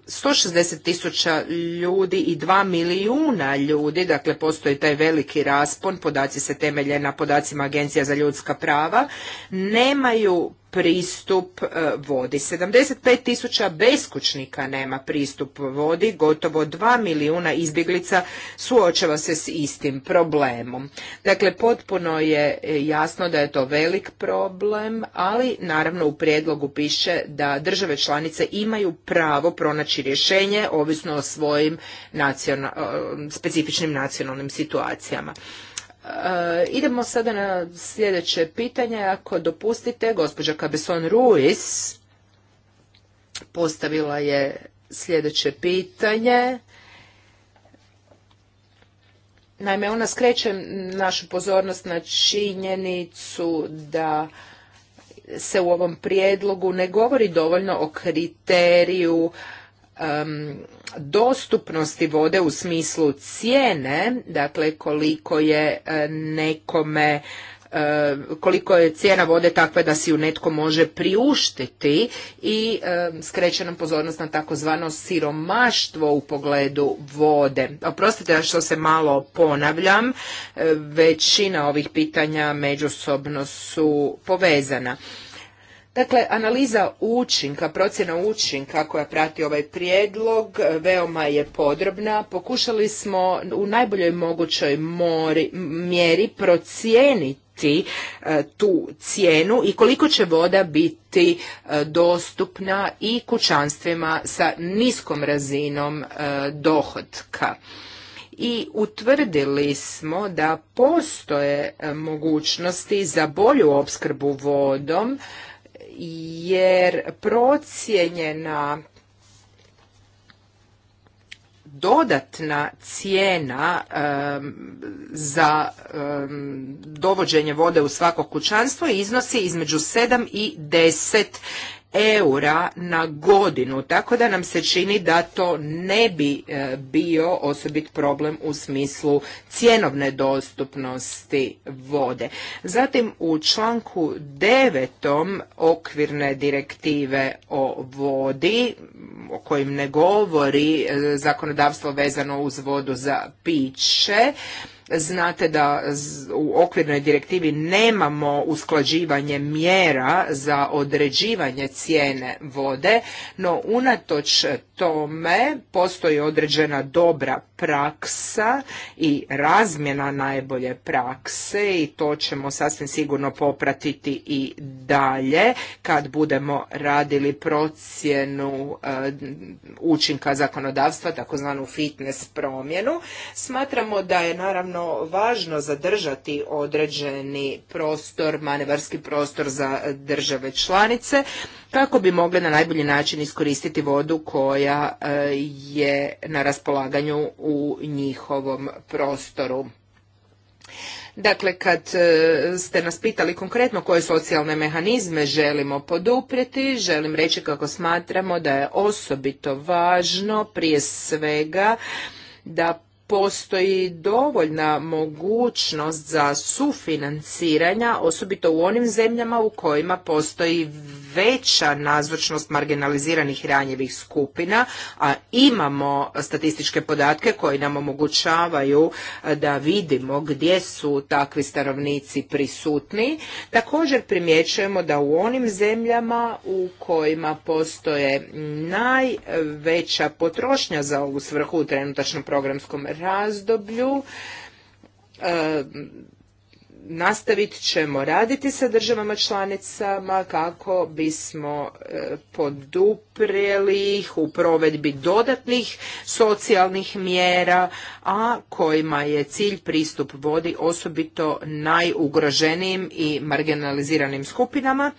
Speaker 1: 160 e, tisuća ljudi i 2 milijuna ljudi, dakle postoji taj veliki raspon, podaci se temelje na podacima Agencija za ljudska prava, nemaju pristup e, vodi. 75 tisuća beskućnika nema pristup vodi, gotovo 2 milijuna izbjeglica suočava se s istim problemom. Dakle, potpuno je e, jasno da je to velik problem, ali naravno u prijedlogu piše da države članice imaju pravo pronaći rješenje ovisno o svojim e, specifičnim nacionalnim situacijama. E, idemo sada na sljedeće pitanje. Ako dopustite, gospođa Cabeson Ruiz postavila je sljedeće pitanje. Naime, ona skreće našu pozornost na činjenicu da se u ovom prijedlogu ne govori dovoljno o kriteriju dostupnosti vode u smislu cijene, dakle koliko je e, nekome e, koliko je cijena vode takva da si ju netko može priuštiti i e, skreće nam pozornost na takozvano siromaštvo u pogledu vode. Oprostite što se malo ponavljam, većina ovih pitanja međusobno su povezana. Dakle, analiza učinka, procjena učinka koja prati ovaj prijedlog e, veoma je podrobna. Pokušali smo u najboljoj mogućoj mori, mjeri procijeniti e, tu cijenu i koliko će voda biti e, dostupna i kućanstvima sa niskom razinom dohodka. dohotka i utvrdili smo da postoje mogućnosti za bolju opskrbu vodom jer procijenjena dodatna cijena za dovođenje vode u svako kućanstvo iznosi između 7 i 10 eura na godinu, tako da nam se čini da to ne bi e, bio osobit problem u smislu cjenovne dostupnosti vode. Zatim u članku 9. okvirne direktive o vodi, o kojim ne govori e, zakonodavstvo vezano uz vodu za piće, Znate da u okvirnoj direktivi nemamo usklađivanje mjera za određivanje cijene vode, no unatoč tome postoji određena dobra praksa i razmjena najbolje prakse i to ćemo sasvim sigurno popratiti i dalje kad budemo radili procjenu e, učinka zakonodavstva, takozvanu fitness promjenu. Smatramo da je naravno važno zadržati određeni prostor, manevarski prostor za države članice kako bi mogle na najbolji način iskoristiti vodu koja e, je na raspolaganju u njihovom prostoru. Dakle, kad e, ste nas pitali konkretno koje socijalne mehanizme želimo poduprijeti, želim reći kako smatramo da je osobito važno prije svega da postoji dovoljna mogućnost za sufinanciranja, osobito u onim zemljama u kojima postoji veća nazočnost marginaliziranih ranjivih skupina, a imamo statističke podatke koji nam omogućavaju eh, da vidimo gdje su takvi stanovnici prisutni. Također primjećujemo da u onim zemljama u kojima postoje najveća potrošnja za ovu svrhu u trenutačnom programskom razdoblju eh, nastavit ćemo raditi sa državama članicama kako bismo eh, podupreli ih u provedbi dodatnih socijalnih mjera, a kojima je cilj pristup vodi osobito najugroženijim i marginaliziranim skupinama.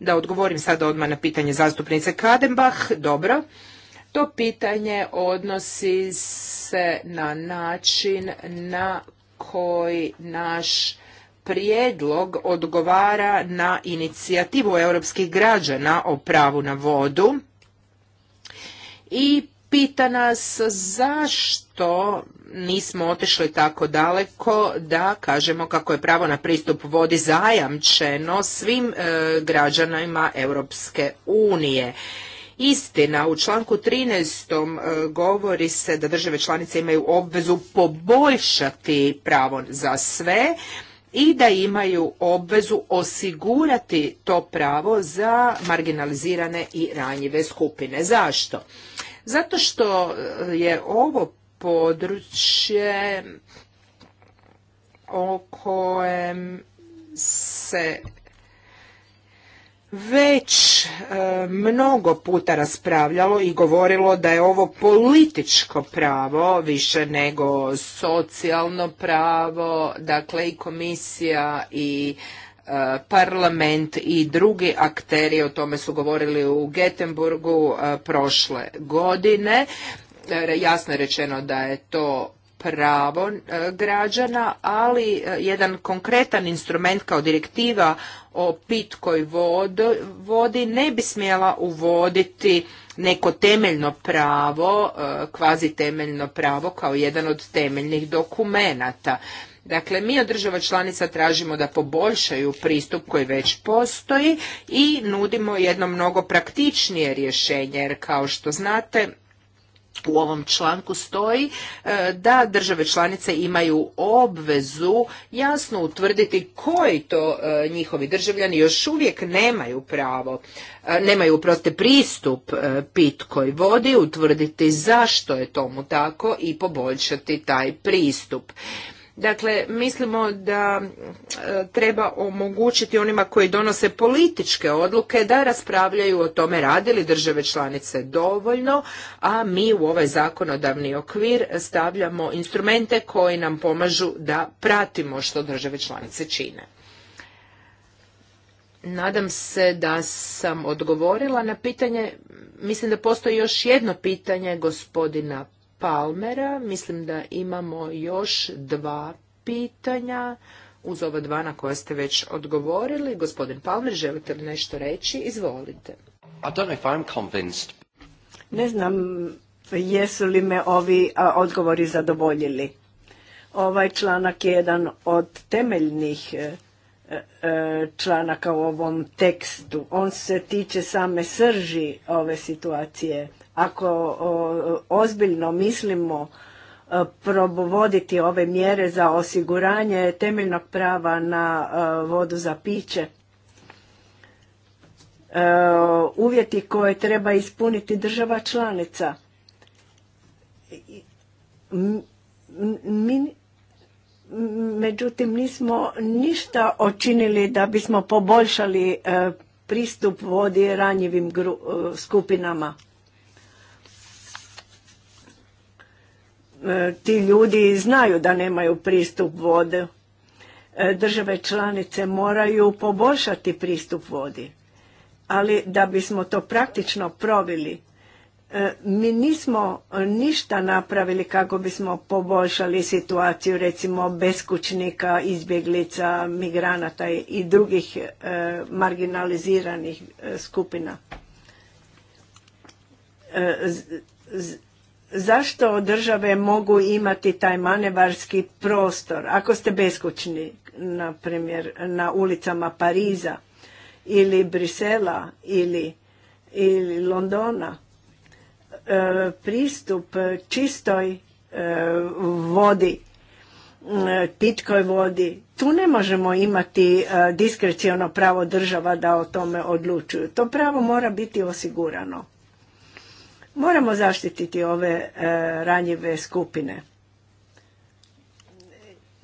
Speaker 1: Da odgovorim sada odmah na pitanje zastupnice Kadenbach. Dobro. To pitanje odnosi se na način na koji naš prijedlog odgovara na inicijativu europskih građana o pravu na vodu i pita nas zašto nismo otišli tako daleko da kažemo kako je pravo na pristup vodi zajamčeno svim e, građanima Europske unije istina. U članku 13. E, govori se da države članice imaju obvezu poboljšati pravo za sve i da imaju obvezu osigurati to pravo za marginalizirane i ranjive skupine. Zašto? Zato što e, je ovo područje o kojem se već e, mnogo puta raspravljalo i govorilo da je ovo političko pravo više nego socijalno pravo, dakle i komisija i e, parlament i drugi akteri, o tome su govorili u Getenburgu e, prošle godine. Jasno je rečeno da je to pravo e, građana, ali e, jedan konkretan instrument kao direktiva o pitkoj vodi ne bi smjela uvoditi neko temeljno pravo, e, kvazi temeljno pravo kao jedan od temeljnih dokumenata. Dakle, mi od država članica tražimo da poboljšaju pristup koji već postoji i nudimo jedno mnogo praktičnije rješenje, jer kao što znate, u ovom članku stoji e, da države članice imaju obvezu jasno utvrditi koji to e, njihovi državljani još uvijek nemaju pravo, e, nemaju proste pristup pitkoj vodi, utvrditi zašto je tomu tako i poboljšati taj pristup. Dakle, mislimo da e, treba omogućiti onima koji donose političke odluke da raspravljaju o tome radi li države članice dovoljno, a mi u ovaj zakonodavni okvir stavljamo instrumente koji nam pomažu da pratimo što države članice čine. Nadam se da sam odgovorila na pitanje. Mislim da postoji još jedno pitanje gospodina Palmera. Mislim da imamo još dva pitanja uz ova dva na koja ste već odgovorili. Gospodin Palmer, želite li nešto reći? Izvolite.
Speaker 3: Ne znam jesu li me ovi odgovori zadovoljili. Ovaj članak je jedan od temeljnih e, e, e, članaka u ovom tekstu. On se tiče same srži ove situacije. Ako ozbiljno mislimo e, provoditi ove mjere za osiguranje temeljnog prava na e, vodu za piće, e, uvjeti koje treba ispuniti država članica. međutim, nismo ništa očinili da bismo poboljšali pristup vodi ranjivim skupinama. E, ti ljudi znaju da nemaju pristup vode. E, države članice moraju poboljšati pristup vodi. Ali da bismo to praktično provili, e, mi nismo ništa napravili kako bismo poboljšali situaciju recimo beskućnika, izbjeglica, migranata i drugih marginaliziranih skupina. Zašto države mogu imati taj manevarski prostor? Ako ste beskućni, na primjer, na ulicama Pariza ili Brisela ili, ili Londona, e, pristup čistoj e, vodi, e, pitkoj vodi, tu ne možemo imati diskrecijno pravo država da o tome odlučuju. To pravo mora biti osigurano. Moramo zaštititi ove e, ranjive skupine.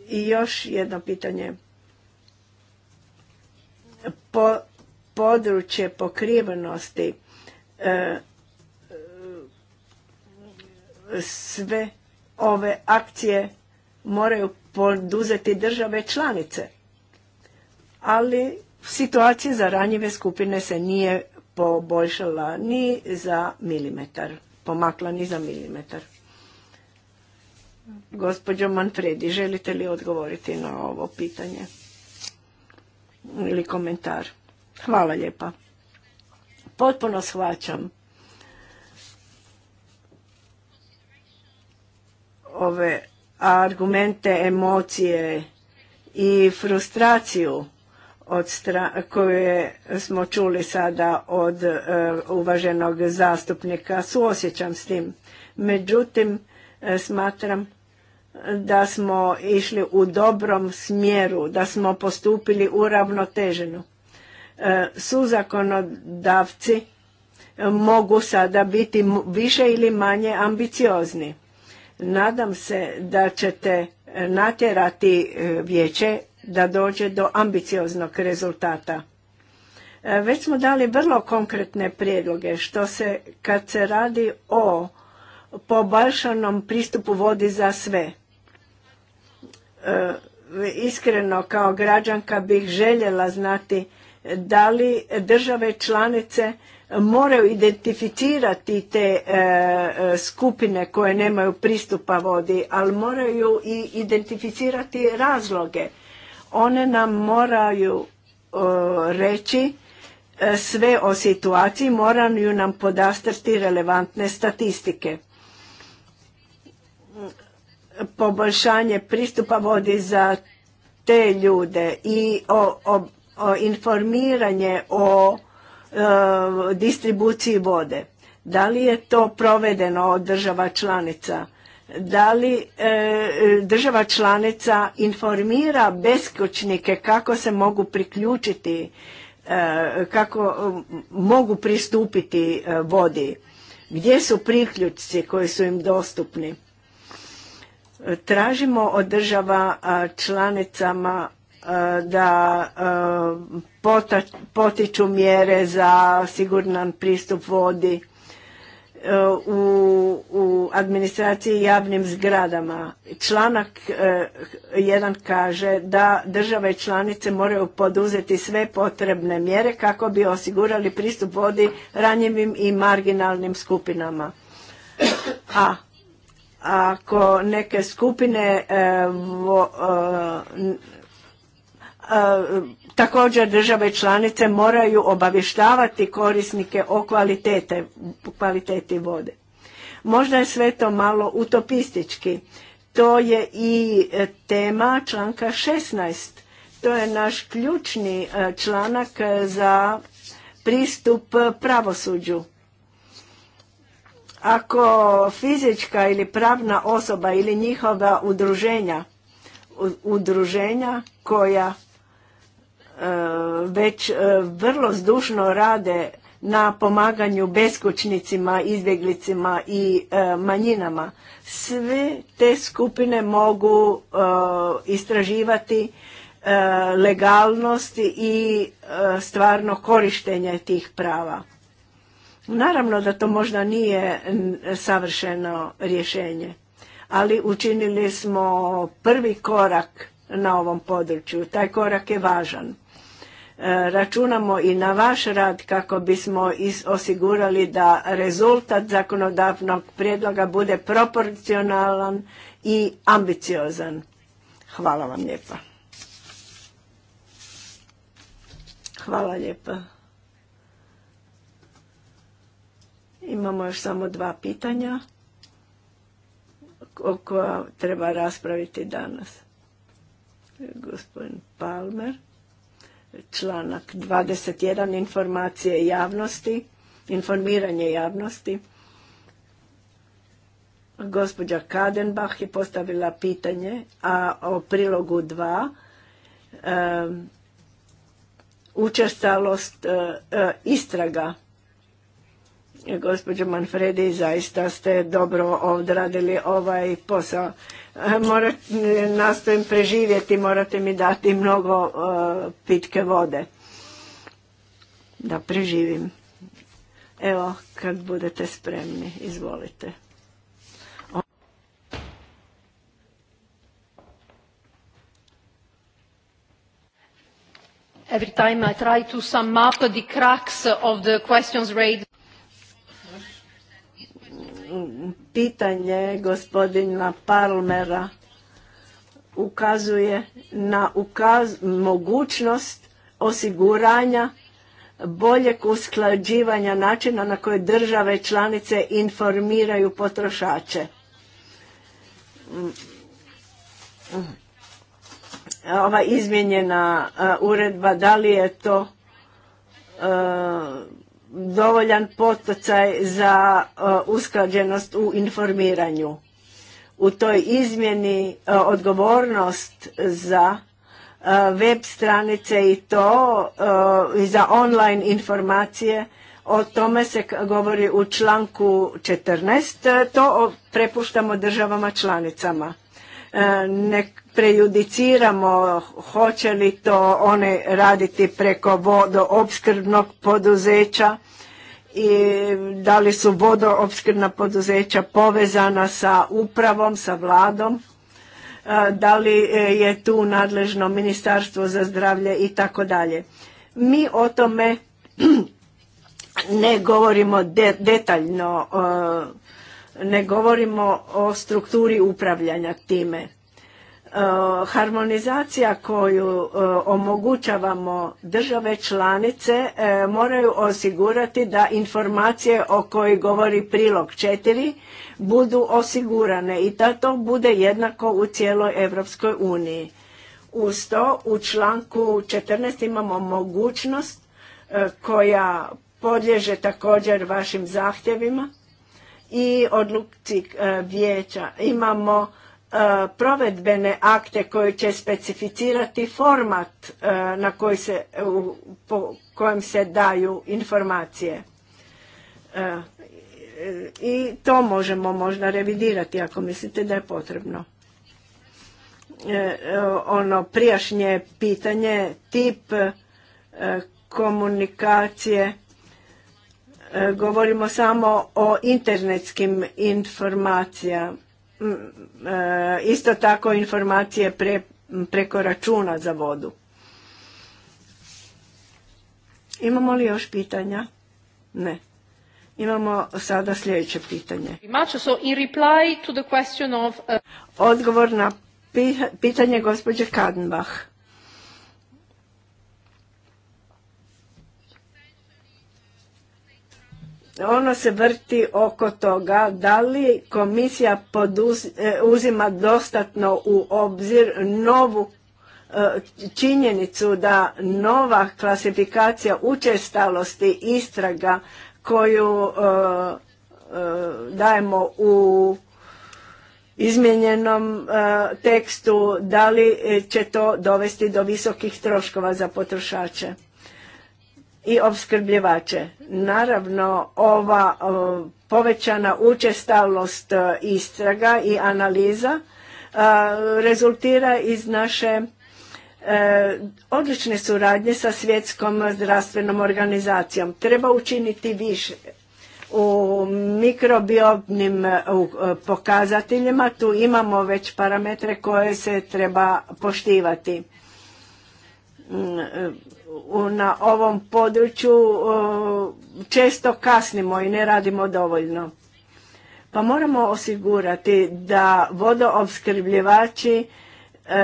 Speaker 3: I još jedno pitanje. Po područje pokrivenosti e, sve ove akcije moraju poduzeti države članice. Ali situacija za ranjive skupine se nije poboljšala ni za milimetar, pomakla ni za milimetar. Gospođo Manfredi, želite li odgovoriti na ovo pitanje ili komentar? Hvala lijepa. Potpuno shvaćam ove argumente, emocije i frustraciju od stra- koje smo čuli sada od e, uvaženog zastupnika. Suosjećam s tim. Međutim, e, smatram da smo išli u dobrom smjeru, da smo postupili uravnoteženo. E, zakonodavci mogu sada biti više ili manje ambiciozni. Nadam se da ćete natjerati e, vijeće da dođe do ambicioznog rezultata. E, već smo dali vrlo konkretne prijedloge što se kad se radi o poboljšanom pristupu vodi za sve. E, iskreno kao građanka bih željela znati da li države članice moraju identificirati te e, skupine koje nemaju pristupa vodi, ali moraju i identificirati razloge one nam moraju reći e, sve o situaciji, moraju nam podastrti relevantne statistike. Poboljšanje pristupa vodi za te ljude i o, o, informiranje o e, distribuciji vode. Da li je to provedeno od država članica? da li e, e, država članica informira beskućnike kako se mogu priključiti, e, kako mogu pristupiti vodi, gdje su priključci koji su im dostupni. Tražimo od država članicama da potiču mjere za siguran pristup vodi E, u, u administraciji javnim zgradama. Članak e, jedan kaže da države i članice moraju poduzeti sve potrebne mjere kako bi osigurali pristup vodi ranjivim i marginalnim skupinama. A ako neke skupine e, Također države članice moraju obavještavati korisnike o kvalitete, kvaliteti vode. Možda je sve to malo utopistički. To je i e, tema članka 16. To je naš ključni e, članak e, za pristup pravosuđu. Ako fizička ili pravna osoba ili njihova udruženja, udruženja koja E, već e, vrlo zdušno rade na pomaganju beskućnicima, izbjeglicima i e, manjinama. Sve te skupine mogu istraživati legalnost i stvarno korištenje tih prava. Naravno da to možda nije savršeno rješenje, ali učinili smo prvi korak na ovom području. Taj korak je važan. E, računamo i na vaš rad kako bismo osigurali da rezultat zakonodavnog prijedloga bude proporcionalan i ambiciozan. Hvala vam lijepa. Hvala lijepa. Imamo još samo dva pitanja o koja treba raspraviti danas. Gospodin Palmer članak 21 informacije javnosti, informiranje javnosti. Gospođa Kadenbach je postavila pitanje, a o prilogu 2 učestalost e, e, istraga Gospođo Manfredi, zaista ste dobro odradili ovaj posao. Morat, nastojim preživjeti, morate mi dati mnogo e, pitke vode. Da preživim. Evo, kad budete spremni, izvolite. Every time I try to sum up the cracks of the questions raised pitanje gospodina Palmera ukazuje na mogućnost osiguranja boljeg usklađivanja načina na koje države članice informiraju potrošače. Ova izmjenjena uredba, da li je to dovoljan potocaj za e, usklađenost u informiranju. U toj izmjeni e, odgovornost za e, web stranice i to i za online informacije o tome se govori u članku 14. To prepuštamo državama članicama. Nek prejudiciramo hoće li to one raditi preko vodoopskrbnog poduzeća i da li su vodoopskrbna poduzeća povezana sa upravom, sa vladom, e, da li e, je tu nadležno ministarstvo za zdravlje i tako dalje. Mi o tome *clears throat* ne govorimo de detaljno, e, ne govorimo o strukturi upravljanja time. E, harmonizacija koju e, omogućavamo države članice e, moraju osigurati da informacije o kojoj govori prilog četiri budu osigurane i da to bude jednako u cijeloj Europskoj uniji. Uz to u članku 14 imamo mogućnost koja podliježe također vašim zahtjevima i odluci vijeća. Imamo E, provedbene akte koje će specificirati format e, na koji se, po kojem se daju informacije. E, I to možemo možda revidirati ako mislite da je potrebno. Ono prijašnje pitanje, tip komunikacije, govorimo samo o internetskim informacijama E, isto tako informacije pre, preko računa za vodu. Imamo li još pitanja? Ne. Imamo sada sljedeće pitanje. Uh, Odgovor na pitanje gospođe Kadenbach. ono se vrti oko toga da li komisija e, uzima dostatno u obzir novu e, činjenicu da nova klasifikacija učestalosti istraga koju e, dajemo u izmijenjenom tekstu, da li će to dovesti do visokih troškova za potrošače i opskrbljivače. Naravno, ova povećana učestalost, e, istraga i analiza e, rezultira iz naše e, odlične suradnje sa svjetskom zdravstvenom organizacijom. Treba učiniti više u mikrobiobnim pokazateljima. Tu imamo već parametre koje se treba poštivati mm, na ovom području često kasnimo i ne radimo dovoljno. Pa moramo osigurati da vodoopskrbljivači e,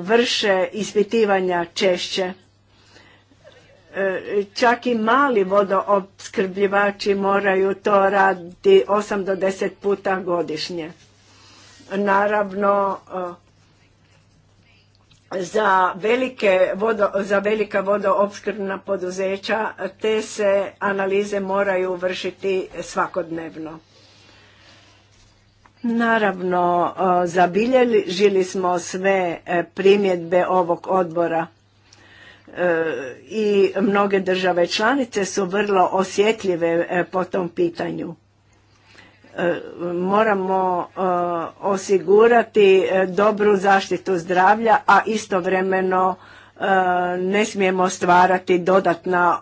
Speaker 3: vrše ispitivanja češće. E, čak i mali vodoopskrbljivači moraju to raditi 8 do 10 puta godišnje. Naravno, za, vodo, velika vodoopskrbna poduzeća te se analize moraju vršiti svakodnevno. Naravno, e, zabilježili smo sve e, primjedbe ovog odbora e, i mnoge države članice su vrlo osjetljive po tom pitanju moramo e, osigurati e, dobru zaštitu zdravlja, a istovremeno e, ne smijemo stvarati dodatna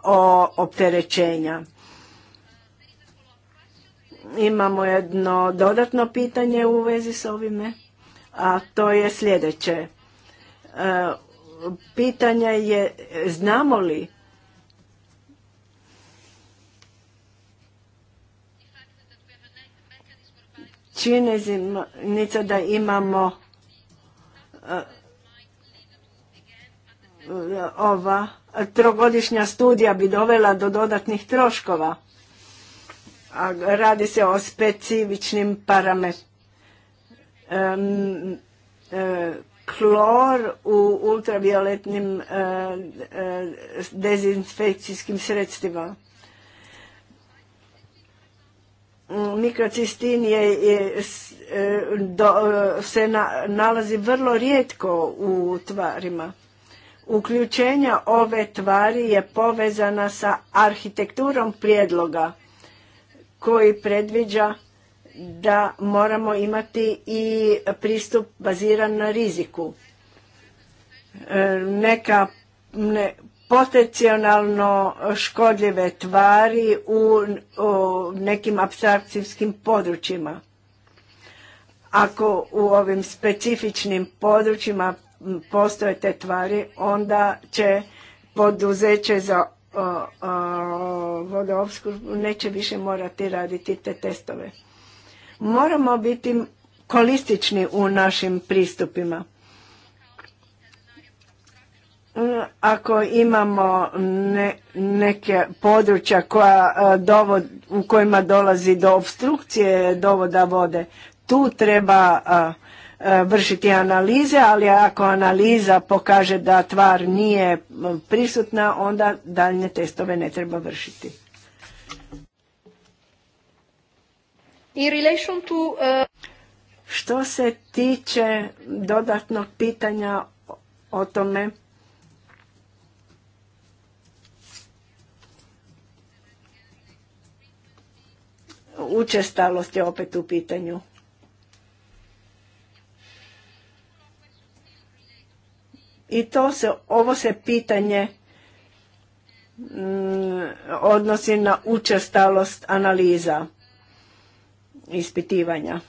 Speaker 3: opterećenja. Imamo jedno dodatno pitanje u vezi s ovime, a to je sljedeće. Pitanje je znamo li činjenica da imamo eh, ova trogodišnja studija bi dovela do dodatnih troškova. A radi se o specifičnim parametrima. Eh, klor u ultravioletnim eh, dezinfekcijskim sredstvima. Mikrocistin je, je e, e, se nalazi vrlo rijetko u tvarima. Uključenja ove tvari je povezana sa arhitekturom prijedloga koji predviđa da moramo imati i pristup baziran na riziku. E, neka ne, potencijalno škodljive tvari u, nekim abstrakcijskim područjima. Ako u ovim specifičnim područjima postoje te tvari, onda će poduzeće za vodoopskrbu neće više morati raditi te testove. Moramo biti kolistični u našim pristupima. Ako imamo ne, neke područja koja e, dovod, u kojima dolazi do obstrukcije dovoda vode, tu treba e, e, vršiti analize, ali ako analiza pokaže da tvar nije prisutna, onda daljne testove ne treba vršiti. In relation to, Što se tiče dodatnog pitanja o tome, učestalost je opet u pitanju. I to se, ovo se pitanje mm, odnosi na učestalost analiza ispitivanja.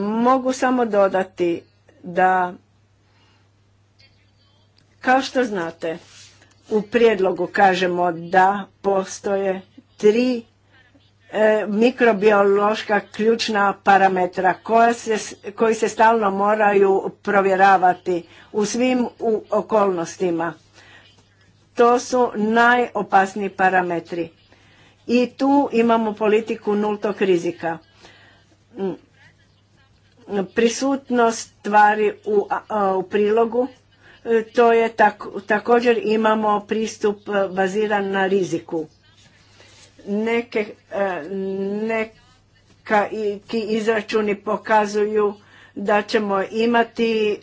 Speaker 3: Mogu samo dodati da, kao što znate, u prijedlogu kažemo da postoje tri E, mikrobiološka ključna parametra koji se stalno moraju provjeravati u svim okolnostima. To su najopasniji parametri. I tu imamo politiku nultog rizika. Mm. Prisutnost tvari u, prilogu, e, to je također imamo pristup e, baziran na riziku Neke, e, neka izračuni pokazuju da ćemo imati e,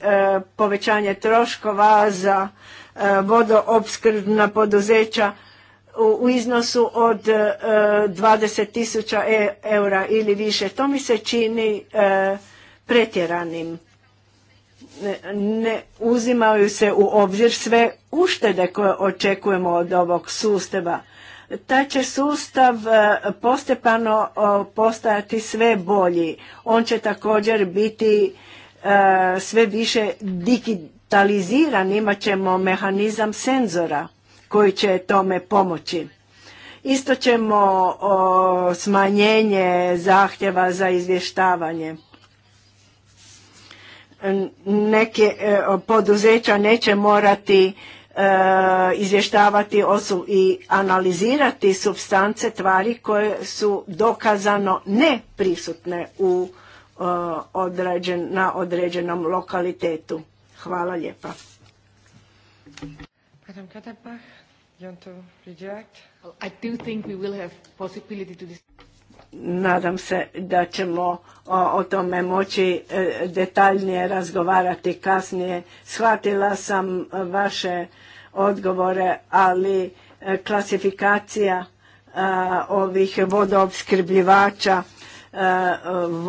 Speaker 3: povećanje troškova za e, vodoopskrbna poduzeća u iznosu od 20.000 tisuća eura ili više. To mi se čini pretjeranim. Ne uzimaju se u obzir sve uštede koje očekujemo od ovog sustava taj će sustav e, postepano postajati sve bolji. On će također biti e, sve više digitaliziran, imat ćemo mehanizam senzora koji će tome pomoći. Isto ćemo smanjenje zahtjeva za izvještavanje. Neke e, poduzeća neće morati E, izvještavati i analizirati substance tvari koje su dokazano neprisutne u e, određen, na određenom lokalitetu. Hvala lijepa. Nadam se da ćemo o, o tome moći e, detaljnije razgovarati kasnije. Shvatila sam vaše odgovore, ali e, klasifikacija e, ovih vodoopskrbljivača, e,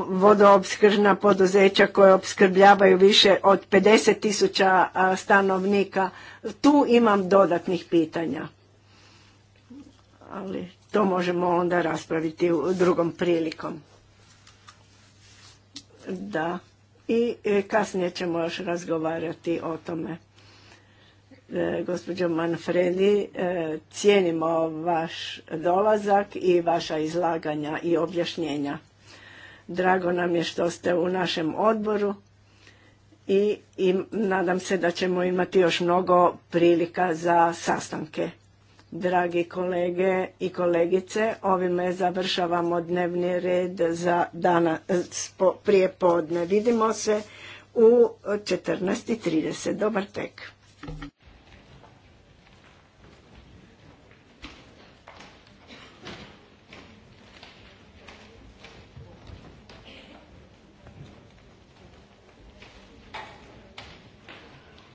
Speaker 3: vodoopskrbna poduzeća koje opskrbljavaju više od 50 tisuća stanovnika. Tu imam dodatnih pitanja. Ali to možemo onda raspraviti u drugom prilikom. Da, i kasnije ćemo još razgovarati o tome. E, gospođo Manfredi, e, cijenimo vaš dolazak i vaša izlaganja i objašnjenja. Drago nam je što ste u našem odboru i, nadam se da ćemo imati još mnogo prilika za sastanke. Dragi kolege i kolegice, ovime završavamo dnevni red za dana, prije podne. Vidimo se u 14.30. Dobar tek.